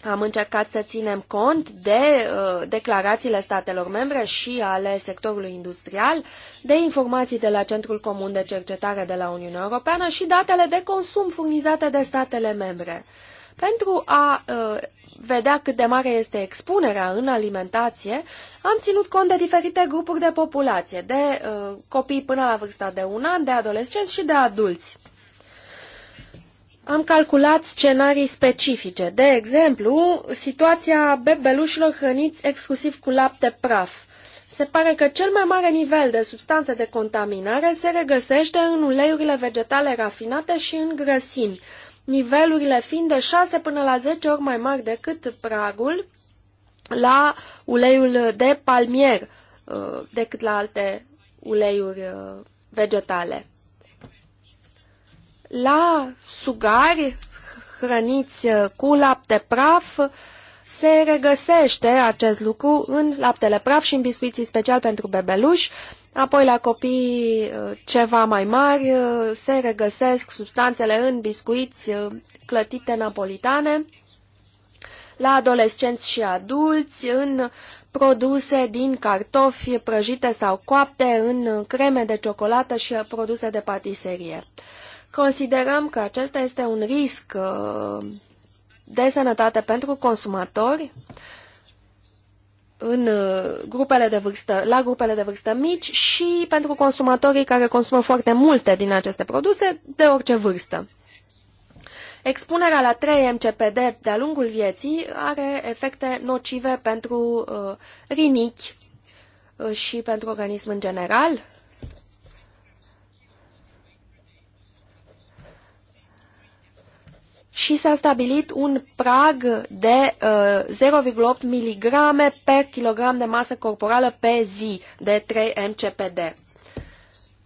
Am încercat să ținem cont de uh, declarațiile statelor membre și ale sectorului industrial, de informații de la Centrul Comun de Cercetare de la Uniunea Europeană și datele de consum furnizate de statele membre. Pentru a uh, vedea cât de mare este expunerea în alimentație, am ținut cont de diferite grupuri de populație, de uh, copii până la vârsta de un an, de adolescenți și de adulți am calculat scenarii specifice. De exemplu, situația bebelușilor hrăniți exclusiv cu lapte praf. Se pare că cel mai mare nivel de substanțe de contaminare se regăsește în uleiurile vegetale rafinate și în grăsimi, nivelurile fiind de 6 până la 10 ori mai mari decât pragul la uleiul de palmier uh, decât la alte uleiuri uh, vegetale. La sugari hrăniți uh, cu lapte praf se regăsește acest lucru în laptele praf și în biscuiții special pentru bebeluși. Apoi la copii uh, ceva mai mari uh, se regăsesc substanțele în biscuiți clătite napolitane. La adolescenți și adulți în produse din cartofi prăjite sau coapte, în creme de ciocolată și produse de patiserie. Considerăm că acesta este un risc uh, de sănătate pentru consumatori în uh, grupele de vârstă, la grupele de vârstă mici și pentru consumatorii care consumă foarte multe din aceste produse de orice vârstă. Expunerea la 3 MCPD de-a lungul vieții are efecte nocive pentru uh, rinichi uh, și pentru organism în general, și s-a stabilit un prag de uh, 0,8 mg per kilogram de masă corporală pe zi de 3 MCPD.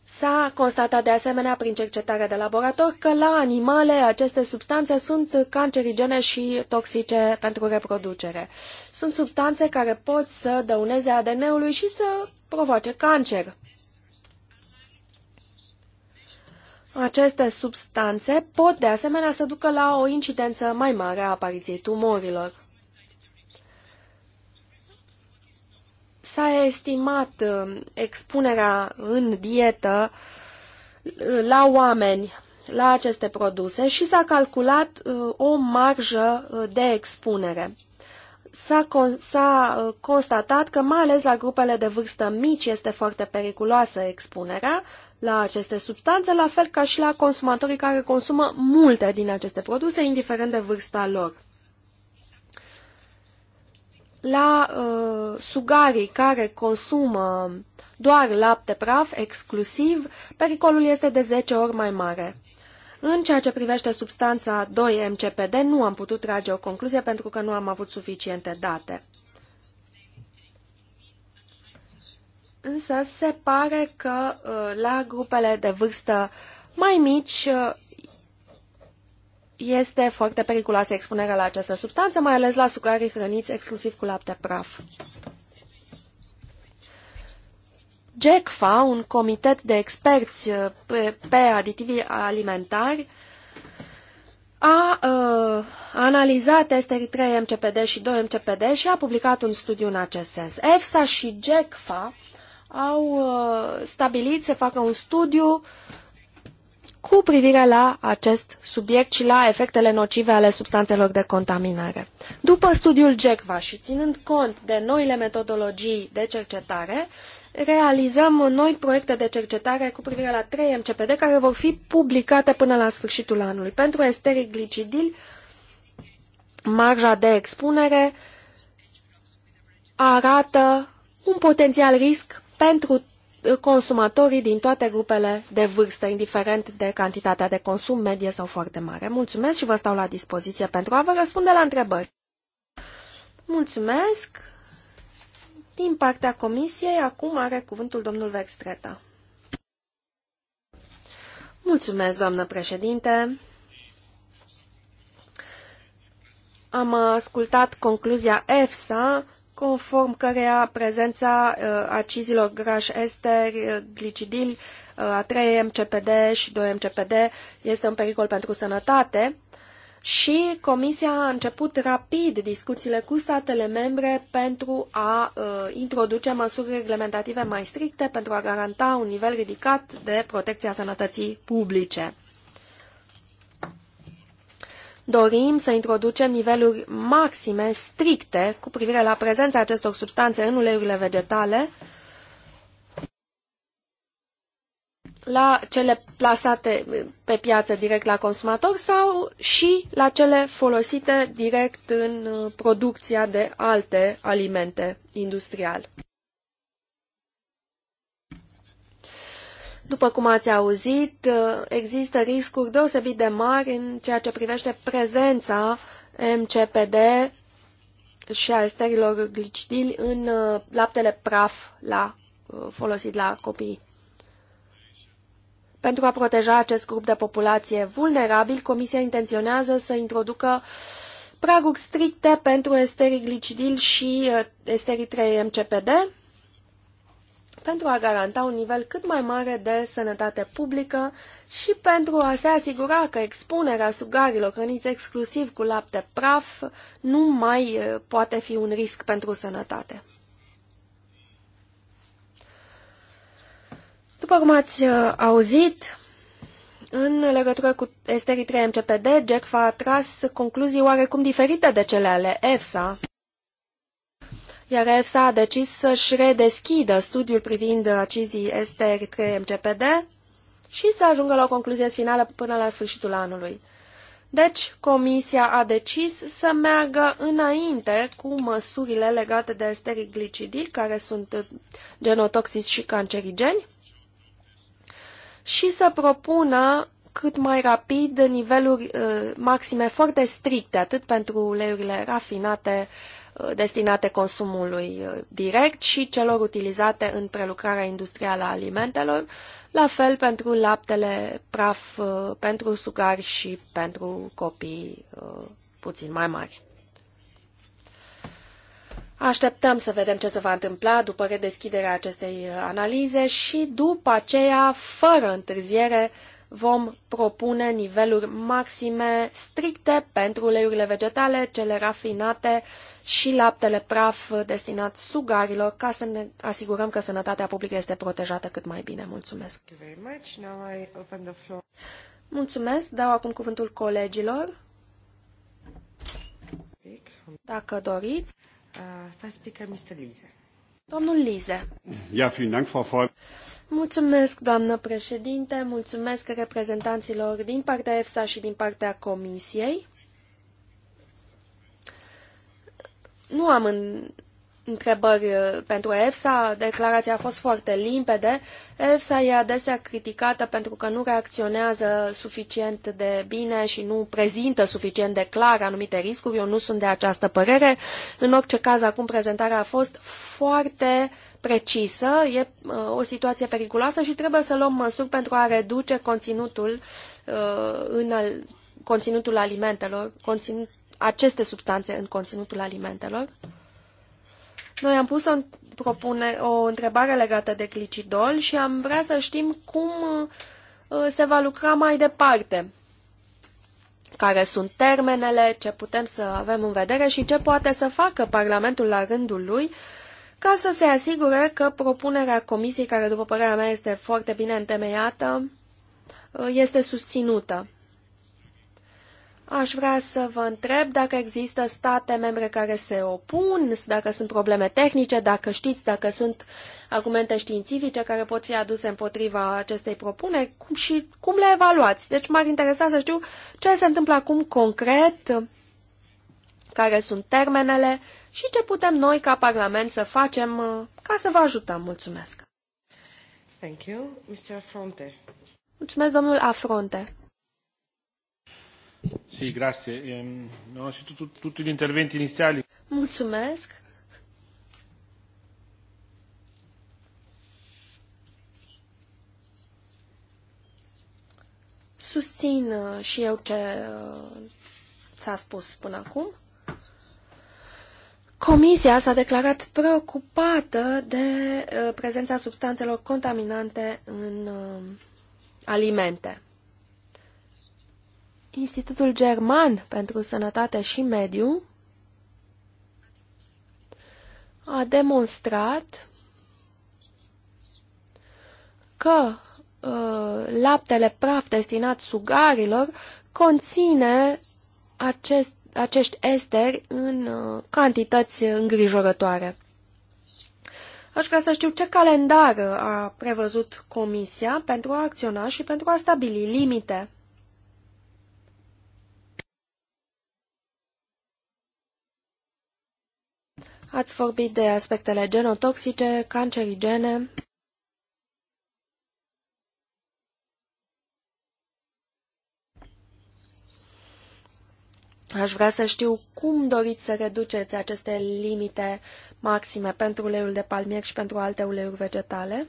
S-a constatat de asemenea prin cercetarea de laborator că la animale aceste substanțe sunt cancerigene și toxice pentru reproducere. Sunt substanțe care pot să dăuneze ADN-ului și să provoace cancer. Aceste substanțe pot de asemenea să ducă la o incidență mai mare a apariției tumorilor. S-a estimat uh, expunerea în dietă uh, la oameni la aceste produse și s-a calculat uh, o marjă de expunere s-a, constatat că mai ales la grupele de vârstă mici este foarte periculoasă expunerea, la aceste substanțe, la fel ca și la consumatorii care consumă multe din aceste produse, indiferent de vârsta lor. La uh, sugarii care consumă doar lapte praf exclusiv, pericolul este de 10 ori mai mare. În ceea ce privește substanța 2-MCPD, nu am putut trage o concluzie pentru că nu am avut suficiente date. Însă se pare că uh, la grupele de vârstă mai mici uh, este foarte periculoasă expunerea la această substanță, mai ales la sucarii hrăniți exclusiv cu lapte praf. GECFA, un comitet de experți uh, pe, pe aditivi alimentari, a uh, analizat testele 3 MCPD și 2 MCPD și a publicat un studiu în acest sens. EFSA și GECFA uh, au uh, stabilit să facă un studiu cu privire la acest subiect și la efectele nocive ale substanțelor de contaminare. După studiul GECVA și ținând cont de noile metodologii de cercetare, realizăm noi proiecte de cercetare cu privire la 3 MCPD care vor fi publicate până la sfârșitul anului. Pentru esteric glicidil, marja de expunere arată un potențial risc pentru uh, consumatorii din toate grupele de vârstă, indiferent de cantitatea de consum medie sau foarte mare. Mulțumesc și vă stau la dispoziție pentru a vă răspunde la întrebări. Mulțumesc! Din partea comisiei, acum are cuvântul domnul Verstreta. Mulțumesc, doamnă președinte! Am ascultat concluzia EFSA conform căreia prezența uh, acizilor grași esteri, uh, glicidil, uh, a 3-MCPD și 2-MCPD este un pericol pentru sănătate și Comisia a început rapid discuțiile cu statele membre pentru a uh, introduce măsuri reglementative mai stricte pentru a garanta un nivel ridicat de a sănătății publice dorim să introducem niveluri maxime, stricte, cu privire la prezența acestor substanțe în uleiurile vegetale, la cele plasate pe piață direct la consumator sau și la cele folosite direct în producția de alte alimente industriale. După cum ați auzit, există riscuri deosebit de mari în ceea ce privește prezența MCPD și a esterilor glicidili în uh, laptele praf la, uh, folosit la copii. Pentru a proteja acest grup de populație vulnerabil, Comisia intenționează să introducă praguri stricte pentru esterii glicidil și uh, esterii 3 MCPD, pentru a garanta un nivel cât mai mare de sănătate publică și pentru a se asigura că expunerea sugarilor hrăniți exclusiv cu lapte praf nu mai poate fi un risc pentru sănătate. După cum ați auzit, în legătură cu esterii 3 MCPD, Jack a tras concluzii oarecum diferite de cele ale EFSA iar EFSA a decis să-și redeschidă studiul privind acizii STR3-MCPD și să ajungă la o concluzie finală până la sfârșitul anului. Deci, Comisia a decis să meargă înainte cu măsurile legate de esteriglicidil, care sunt genotoxici și cancerigeni, și să propună cât mai rapid niveluri uh, maxime foarte stricte, atât pentru uleiurile rafinate destinate consumului uh, direct și celor utilizate în prelucrarea industrială a alimentelor, la fel pentru laptele praf, uh, pentru sugari și pentru copii uh, puțin mai mari. Așteptăm să vedem ce se va întâmpla după redeschiderea acestei analize și după aceea, fără întârziere, vom propune niveluri maxime stricte pentru uleiurile vegetale, cele rafinate și laptele praf destinat sugarilor ca să ne asigurăm că sănătatea publică este protejată cât mai bine. Mulțumesc! Mulțumesc! Dau acum cuvântul colegilor. Dacă doriți. Uh, first speaker, Mr. Lise. Domnul Lize. Ja, vielen Dank, Frau Voll. Mulțumesc, doamnă președinte, mulțumesc reprezentanților din partea EFSA și din partea Comisiei. Nu am în întrebări uh, pentru EFSA. Declarația a fost foarte limpede. EFSA e adesea criticată pentru că nu reacționează suficient de bine și nu prezintă suficient de clar anumite riscuri. Eu nu sunt de această părere. În orice caz, acum prezentarea a fost foarte precisă, e uh, o situație periculoasă și trebuie să luăm măsuri pentru a reduce conținutul, uh, în conținutul alimentelor, conținut, aceste substanțe în conținutul alimentelor. Noi am pus o, propune, o întrebare legată de clicidol și am vrea să știm cum uh, se va lucra mai departe, care sunt termenele, ce putem să avem în vedere și ce poate să facă Parlamentul la rândul lui ca să se asigure că propunerea comisiei, care după părerea mea este foarte bine întemeiată, uh, este susținută. Aș vrea să vă întreb dacă există state membre care se opun, dacă sunt probleme tehnice, dacă știți, dacă sunt argumente științifice care pot fi aduse împotriva acestei propuneri cum și cum le evaluați. Deci m-ar interesa să știu ce se întâmplă acum concret, care sunt termenele și ce putem noi ca Parlament să facem ca să vă ajutăm. Mulțumesc! Thank you, Mr. Afronte. Mulțumesc, domnul Afronte. Sì, grazie. Ehm, non ho sentito tutti gli interventi iniziali. Mulțumesc. Susțin uh, și eu ce uh, s-a spus până acum. Comisia s-a declarat preocupată de uh, prezența substanțelor contaminante în alimente. Institutul German pentru Sănătate și Mediu a demonstrat că uh, laptele praf destinat sugarilor conține acest, acești esteri în uh, cantități îngrijorătoare. Aș vrea să știu ce calendar a prevăzut Comisia pentru a acționa și pentru a stabili limite. Ați vorbit de aspectele genotoxice, cancerigene. Aș vrea să știu cum doriți să reduceți aceste limite maxime pentru uleiul de palmier și pentru alte uleiuri vegetale.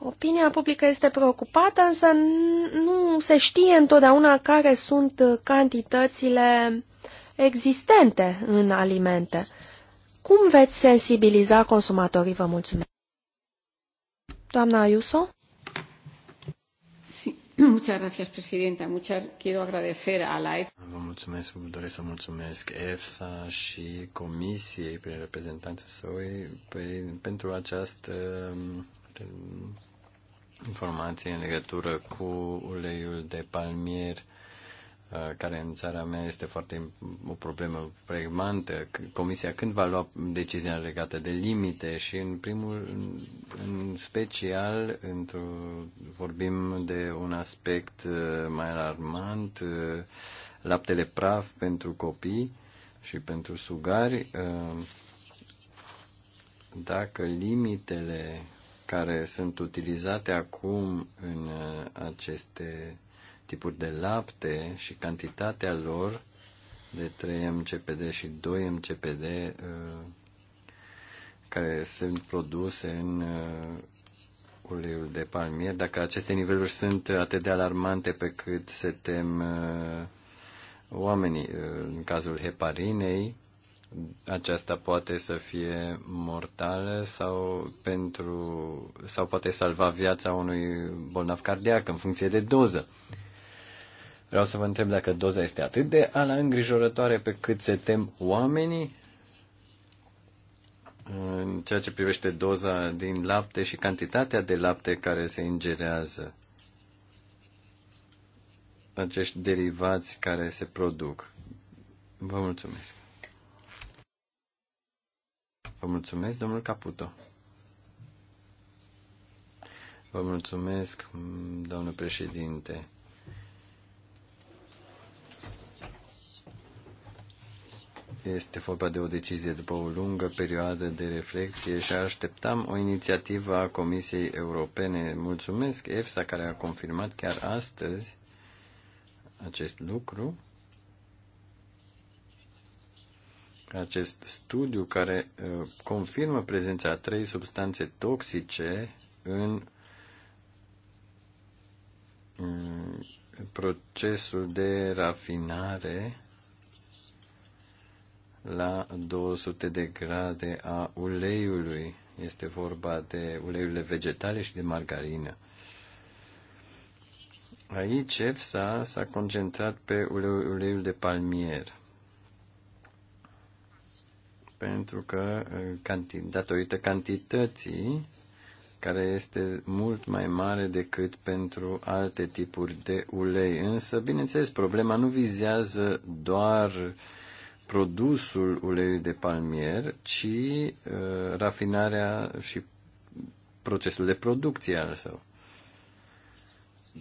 Opinia publică este preocupată, însă nu se știe întotdeauna care sunt cantitățile existente în alimente. Cum veți sensibiliza consumatorii? Vă mulțumesc. Doamna Ayuso? Muchas gracias, presidenta. Muchas quiero agradecer a Vă mulțumesc, doresc să mulțumesc EFSA și Comisiei prin reprezentanții săi pe, păi, pentru această mm, informație în legătură cu uleiul de palmier. Uh, care în țara mea este foarte o problemă pregmantă. Comisia când va lua decizia legată de limite și în primul, în special, într vorbim de un aspect uh, mai alarmant, uh, laptele praf pentru copii și pentru sugari. Dacă limitele care sunt utilizate acum în aceste tipuri de lapte și cantitatea lor de 3 MCPD și 2 MCPD uh, care sunt produse în uh, uleiul de palmier, dacă aceste niveluri sunt atât de alarmante pe cât se tem uh, oamenii. În cazul heparinei, aceasta poate să fie mortală sau pentru sau poate salva viața unui bolnav cardiac în funcție de doză. Vreau să vă întreb dacă doza este atât de ala îngrijorătoare pe cât se tem oamenii în ceea ce privește doza din lapte și cantitatea de lapte care se ingerează acești derivați care se produc. Vă mulțumesc. Vă mulțumesc, domnul Caputo. Vă mulțumesc, domnul președinte. Este vorba de o decizie după o lungă perioadă de reflexie și așteptam o inițiativă a Comisiei Europene. Mulțumesc EFSA care a confirmat chiar astăzi acest lucru. Acest studiu care uh, confirmă prezența a trei substanțe toxice în uh, procesul de rafinare la 200 de grade a uleiului. Este vorba de uleiurile vegetale și de margarină. Aici EFSA s-a concentrat pe uleiul de palmier. Pentru că, uh, datorită cantității, care este mult mai mare decât pentru alte tipuri de ulei. Însă, bineînțeles, problema nu vizează doar produsul uleiului de palmier, ci uh, rafinarea și procesul de producție al său.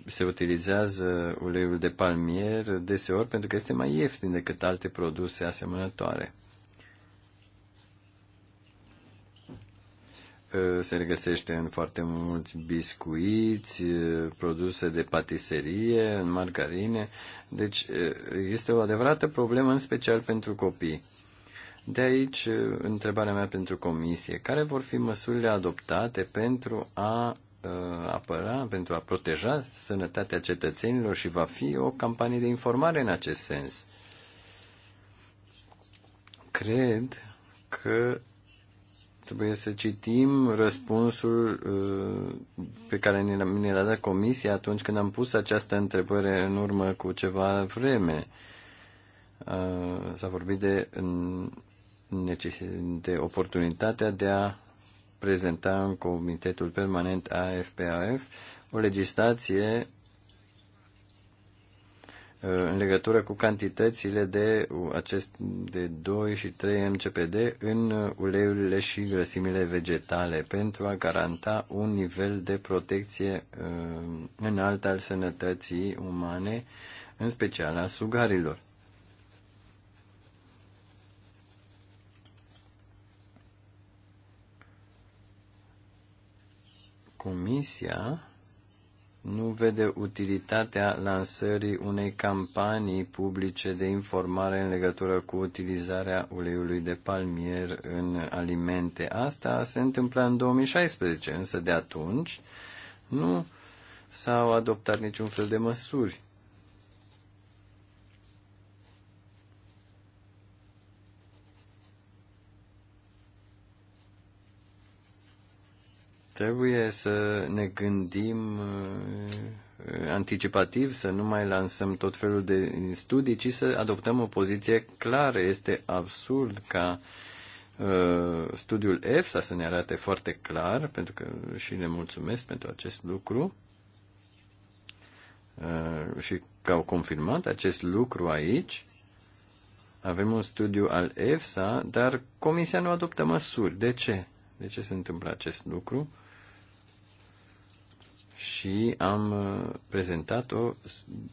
Se utilizează uleiul de palmier deseori pentru că este mai ieftin decât alte produse asemănătoare. Eh, se regăsește în foarte mulți biscuiți, eh, produse de patiserie, în margarine. Deci eh, este o adevărată problemă, în special pentru copii. De aici întrebarea mea pentru comisie. Care vor fi măsurile adoptate pentru a apăra, pentru a proteja sănătatea cetățenilor și va fi o campanie de informare în acest sens? Cred că Trebuie să citim răspunsul uh, pe care ne l-a dat comisia atunci când am pus această întrebare în urmă cu ceva vreme. Uh, s-a vorbit de, de oportunitatea de a prezenta în Comitetul Permanent AFPAF o legislație Uh, în legătură cu cantitățile de, uh, acest, de 2 și 3 MCPD în uh, uleiurile și grăsimile vegetale pentru a garanta un nivel de protecție înalt al sănătății umane, în special a sugarilor. Comisia nu vede utilitatea lansării unei campanii publice de informare în legătură cu utilizarea uleiului de palmier în alimente. Asta se întâmplă în 2016, însă de atunci nu s-au adoptat niciun fel de măsuri. Trebuie să ne gândim uh, uh, anticipativ, să nu mai lansăm tot felul de studii, ci să adoptăm o poziție clară. Este absurd ca uh, studiul EFSA să ne arate foarte clar, pentru că și le mulțumesc pentru acest lucru uh, și că au confirmat acest lucru aici. Avem un studiu al EFSA, dar Comisia nu adoptă măsuri. De ce? De ce se întâmplă acest lucru? și am uh, prezentat o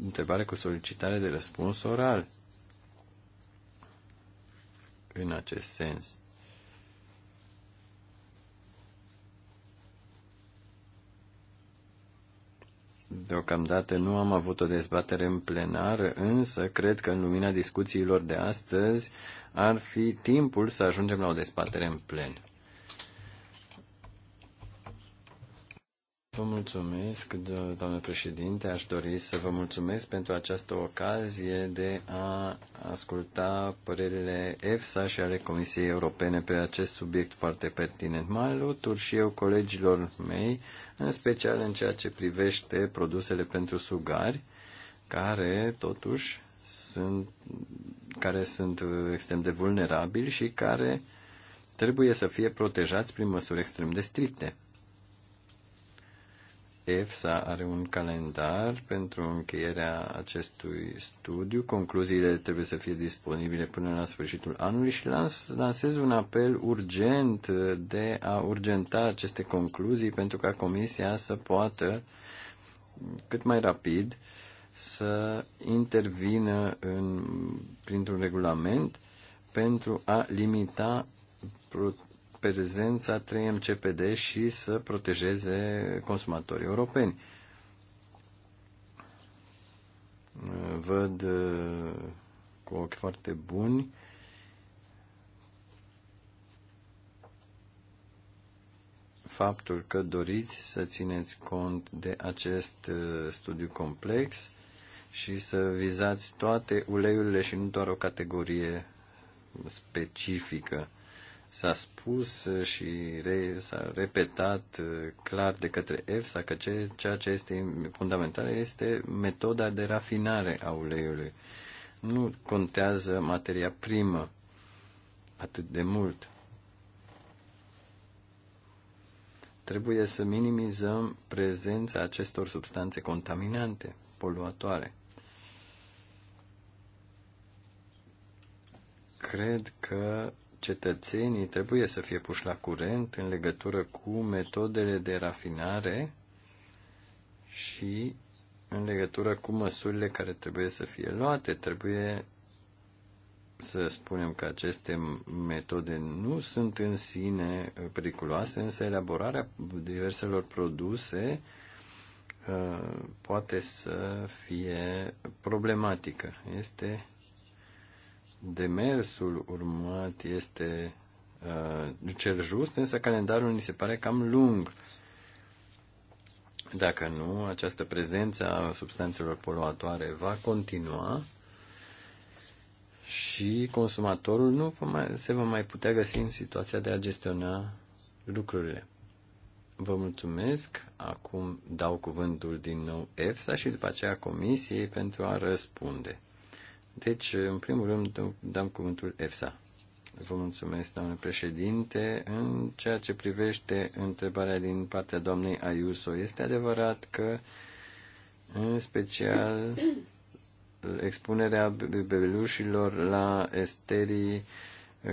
întrebare cu solicitare de răspuns oral în acest sens. Deocamdată nu am avut o dezbatere în plenară, însă cred că în lumina discuțiilor de astăzi ar fi timpul să ajungem la o dezbatere în plen. Vă mulțumesc, doamnă președinte. Aș dori să vă mulțumesc pentru această ocazie de a asculta părerile EFSA și ale Comisiei Europene pe acest subiect foarte pertinent. Mă alătur și eu colegilor mei, în special în ceea ce privește produsele pentru sugari, care totuși sunt, care sunt extrem de vulnerabili și care trebuie să fie protejați prin măsuri extrem de stricte. EFSA are un calendar pentru încheierea acestui studiu. Concluziile trebuie să fie disponibile până la sfârșitul anului și lansez un apel urgent de a urgenta aceste concluzii pentru ca Comisia să poată cât mai rapid să intervină în, printr-un regulament pentru a limita prezența 3MCPD și să protejeze consumatorii europeni. Văd uh, cu ochi foarte buni faptul că doriți să țineți cont de acest uh, studiu complex și să vizați toate uleiurile și nu doar o categorie specifică. S-a spus și re, s-a repetat uh, clar de către EFSA că ce, ceea ce este fundamental este metoda de rafinare a uleiului. Nu contează materia primă atât de mult. Trebuie să minimizăm prezența acestor substanțe contaminante, poluatoare. Cred că cetățenii trebuie să fie puși la curent în legătură cu metodele de rafinare și în legătură cu măsurile care trebuie să fie luate. Trebuie să spunem că aceste metode nu sunt în sine periculoase, însă elaborarea diverselor produse uh, poate să fie problematică. Este demersul urmat este uh, cel just, însă calendarul ni se pare cam lung. Dacă nu, această prezență a substanțelor poluatoare va continua și consumatorul nu va mai, se va mai putea găsi în situația de a gestiona lucrurile. Vă mulțumesc. Acum dau cuvântul din nou EFSA și după aceea Comisiei pentru a răspunde. Deci, în primul rând, dăm cuvântul EFSA. Vă mulțumesc, doamne președinte. În ceea ce privește întrebarea din partea doamnei Ayuso, este adevărat că, în special, expunerea bebelușilor la esterii, ă,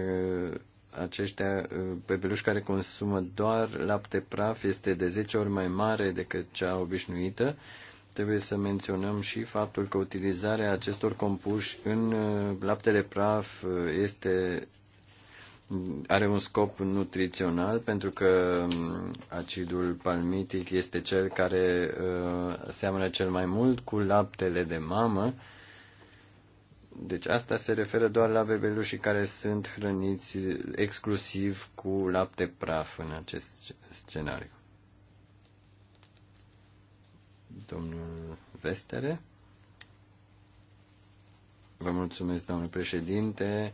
aceștia, ă, bebeluși care consumă doar lapte praf, este de 10 ori mai mare decât cea obișnuită Trebuie să menționăm și faptul că utilizarea acestor compuși în uh, laptele praf uh, este mm, are un scop nutrițional pentru că mm, acidul palmitic este cel care uh, seamănă cel mai mult cu laptele de mamă. Deci asta se referă doar la bebelușii care sunt hrăniți exclusiv cu lapte praf în acest scenariu domnul Vestere. Vă mulțumesc, domnul președinte.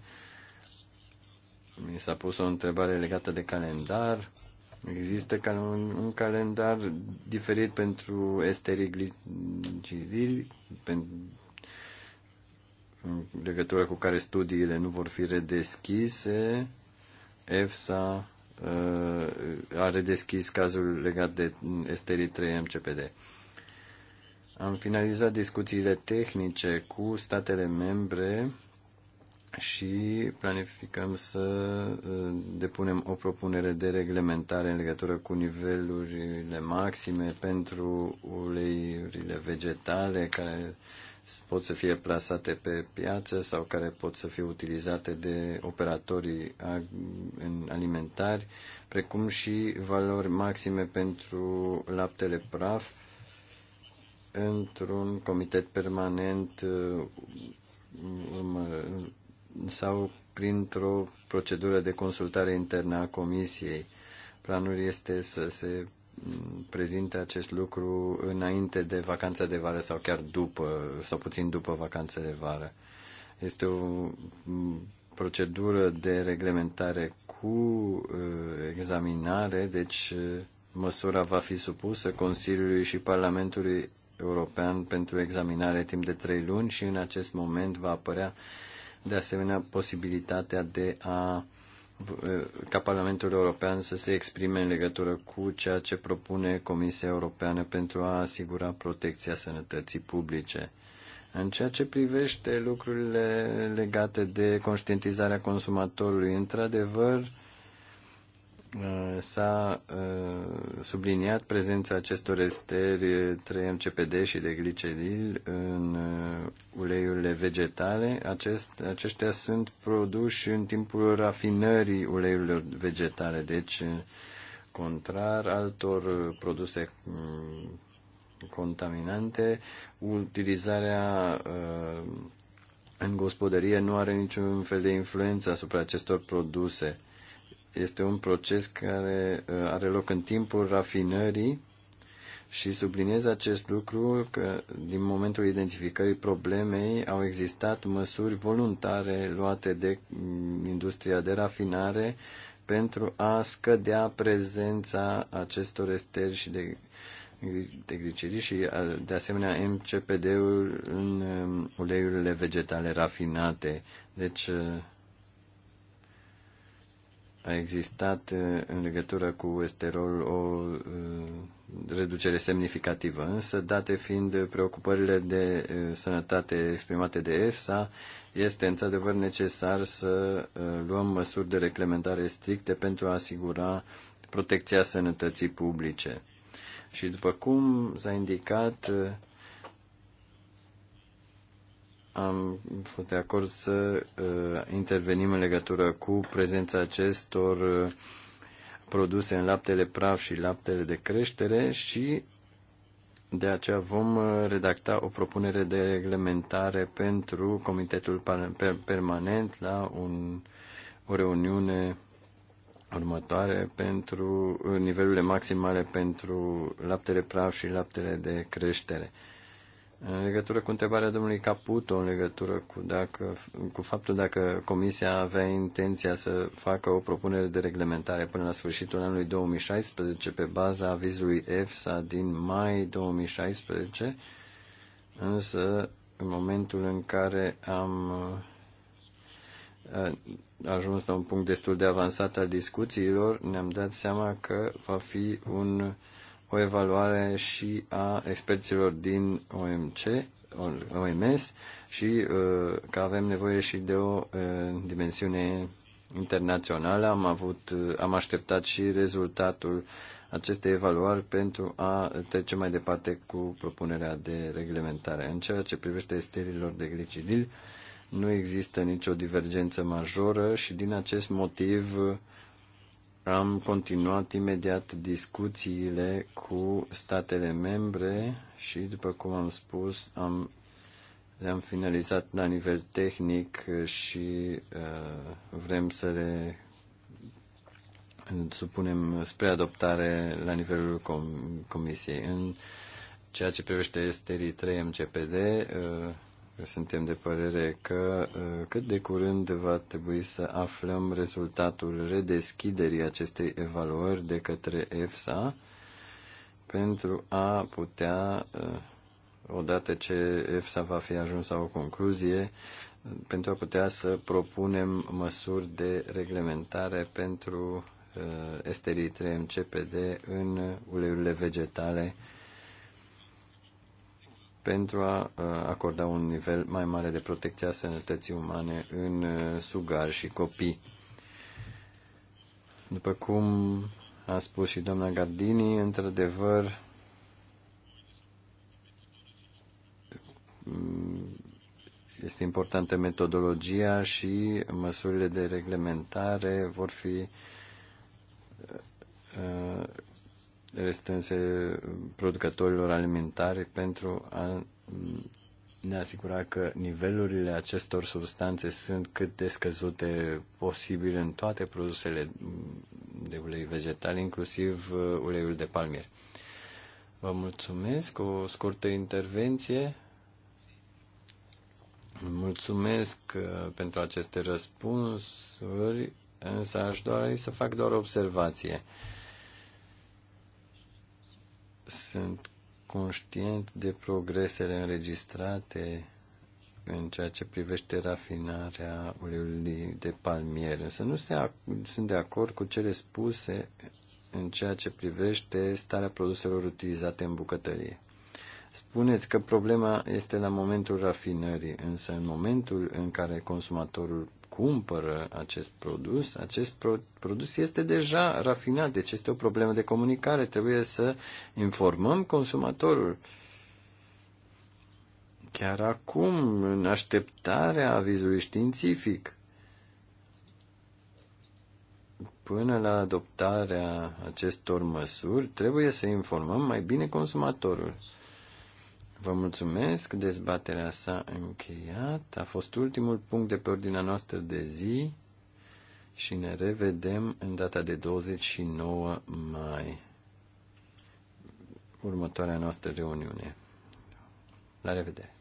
Mi s-a pus o întrebare legată de calendar. Există un, un calendar diferit pentru esterigliciril, în legătură cu care studiile nu vor fi redeschise. EFSA uh, a redeschis cazul legat de esterii 3 MCPD. Am finalizat discuțiile tehnice cu statele membre și planificăm să uh, depunem o propunere de reglementare în legătură cu nivelurile maxime pentru uleiurile vegetale care pot să fie plasate pe piață sau care pot să fie utilizate de operatorii alimentari, precum și valori maxime pentru laptele praf într-un comitet permanent uh, uh, sau printr-o procedură de consultare internă a comisiei. Planul este să se mm, prezinte acest lucru înainte de vacanța de vară sau chiar după, sau puțin după vacanța de vară. Este o mm, procedură de reglementare cu uh, examinare, deci măsura va fi supusă Consiliului și Parlamentului european pentru examinare timp de trei luni și în acest moment va apărea de asemenea posibilitatea de a eh, ca Parlamentul European să se exprime în legătură cu ceea ce propune Comisia Europeană pentru a asigura protecția sănătății publice. În ceea ce privește lucrurile legate de conștientizarea consumatorului, într-adevăr, Uh, s-a uh, subliniat prezența acestor esteri 3-MCPD și de gliceril în uh, uleiurile vegetale. Acest, aceștia sunt produși în timpul rafinării uleiurilor vegetale, deci contrar altor produse mm, contaminante, utilizarea în gospodărie nu are niciun fel de influență asupra acestor produse este un proces care uh, are loc în timpul rafinării și subliniez acest lucru că din momentul identificării problemei au existat măsuri voluntare luate de mm, industria de rafinare pentru a scădea prezența acestor esteri și de, de glicerii și uh, de asemenea MCPD-ul în um, uleiurile vegetale rafinate. Deci uh, a existat în legătură cu esterol o reducere semnificativă, însă date fiind preocupările de sănătate exprimate de EFSA, este într-adevăr necesar să luăm măsuri de reglementare stricte pentru a asigura protecția sănătății publice. Și după cum s-a indicat, am fost de acord să uh, intervenim în legătură cu prezența acestor uh, produse în laptele praf și laptele de creștere și de aceea vom uh, redacta o propunere de reglementare pentru Comitetul Permanent la un, o reuniune următoare pentru uh, nivelurile maximale pentru laptele praf și laptele de creștere. În legătură cu întrebarea domnului Caputo, în legătură cu, dacă, cu faptul dacă Comisia avea intenția să facă o propunere de reglementare până la sfârșitul anului 2016 pe baza avizului EFSA din mai 2016, însă în momentul în care am ajuns la un punct destul de avansat al discuțiilor, ne-am dat seama că va fi un uh, o evaluare și a experților din OMC, OMS și uh, că avem nevoie și de o uh, dimensiune internațională. Am, avut, uh, am așteptat și rezultatul acestei evaluări pentru a trece mai departe cu propunerea de reglementare. În ceea ce privește esterilor de glicidil, nu există nicio divergență majoră și din acest motiv am continuat imediat discuțiile cu statele membre și, după cum am spus, am, le-am finalizat la nivel tehnic și uh, vrem să le supunem spre adoptare la nivelul com- Comisiei. În ceea ce privește STRI 3 MCPD, uh, suntem de părere că uh, cât de curând va trebui să aflăm rezultatul redeschiderii acestei evaluări de către EFSA pentru a putea, uh, odată ce EFSA va fi ajuns la o concluzie, pentru a putea să propunem măsuri de reglementare pentru uh, esterii 3 MCPD în uleiurile vegetale pentru a acorda un nivel mai mare de protecție a sănătății umane în sugari și copii. După cum a spus și doamna Gardini, într-adevăr, este importantă metodologia și măsurile de reglementare vor fi restrânse producătorilor alimentare pentru a ne asigura că nivelurile acestor substanțe sunt cât de scăzute posibil în toate produsele de ulei vegetal, inclusiv uh, uleiul de palmier. Vă mulțumesc, o scurtă intervenție. Mulțumesc uh, pentru aceste răspunsuri, însă aș dori să fac doar o observație. Uh, sunt conștient de progresele înregistrate în ceea ce privește rafinarea uleiului de palmier, însă nu se, sunt de acord cu cele spuse în ceea ce privește starea produselor utilizate în bucătărie. Spuneți că problema este la momentul rafinării, însă în momentul în care consumatorul cumpără acest produs, acest pro- produs este deja rafinat, deci este o problemă de comunicare. Trebuie să informăm consumatorul. Chiar acum, în așteptarea avizului științific, până la adoptarea acestor măsuri, trebuie să informăm mai bine consumatorul. Vă mulțumesc, dezbaterea s-a încheiat. A fost ultimul punct de pe ordinea noastră de zi și ne revedem în data de 29 mai, următoarea noastră reuniune. La revedere!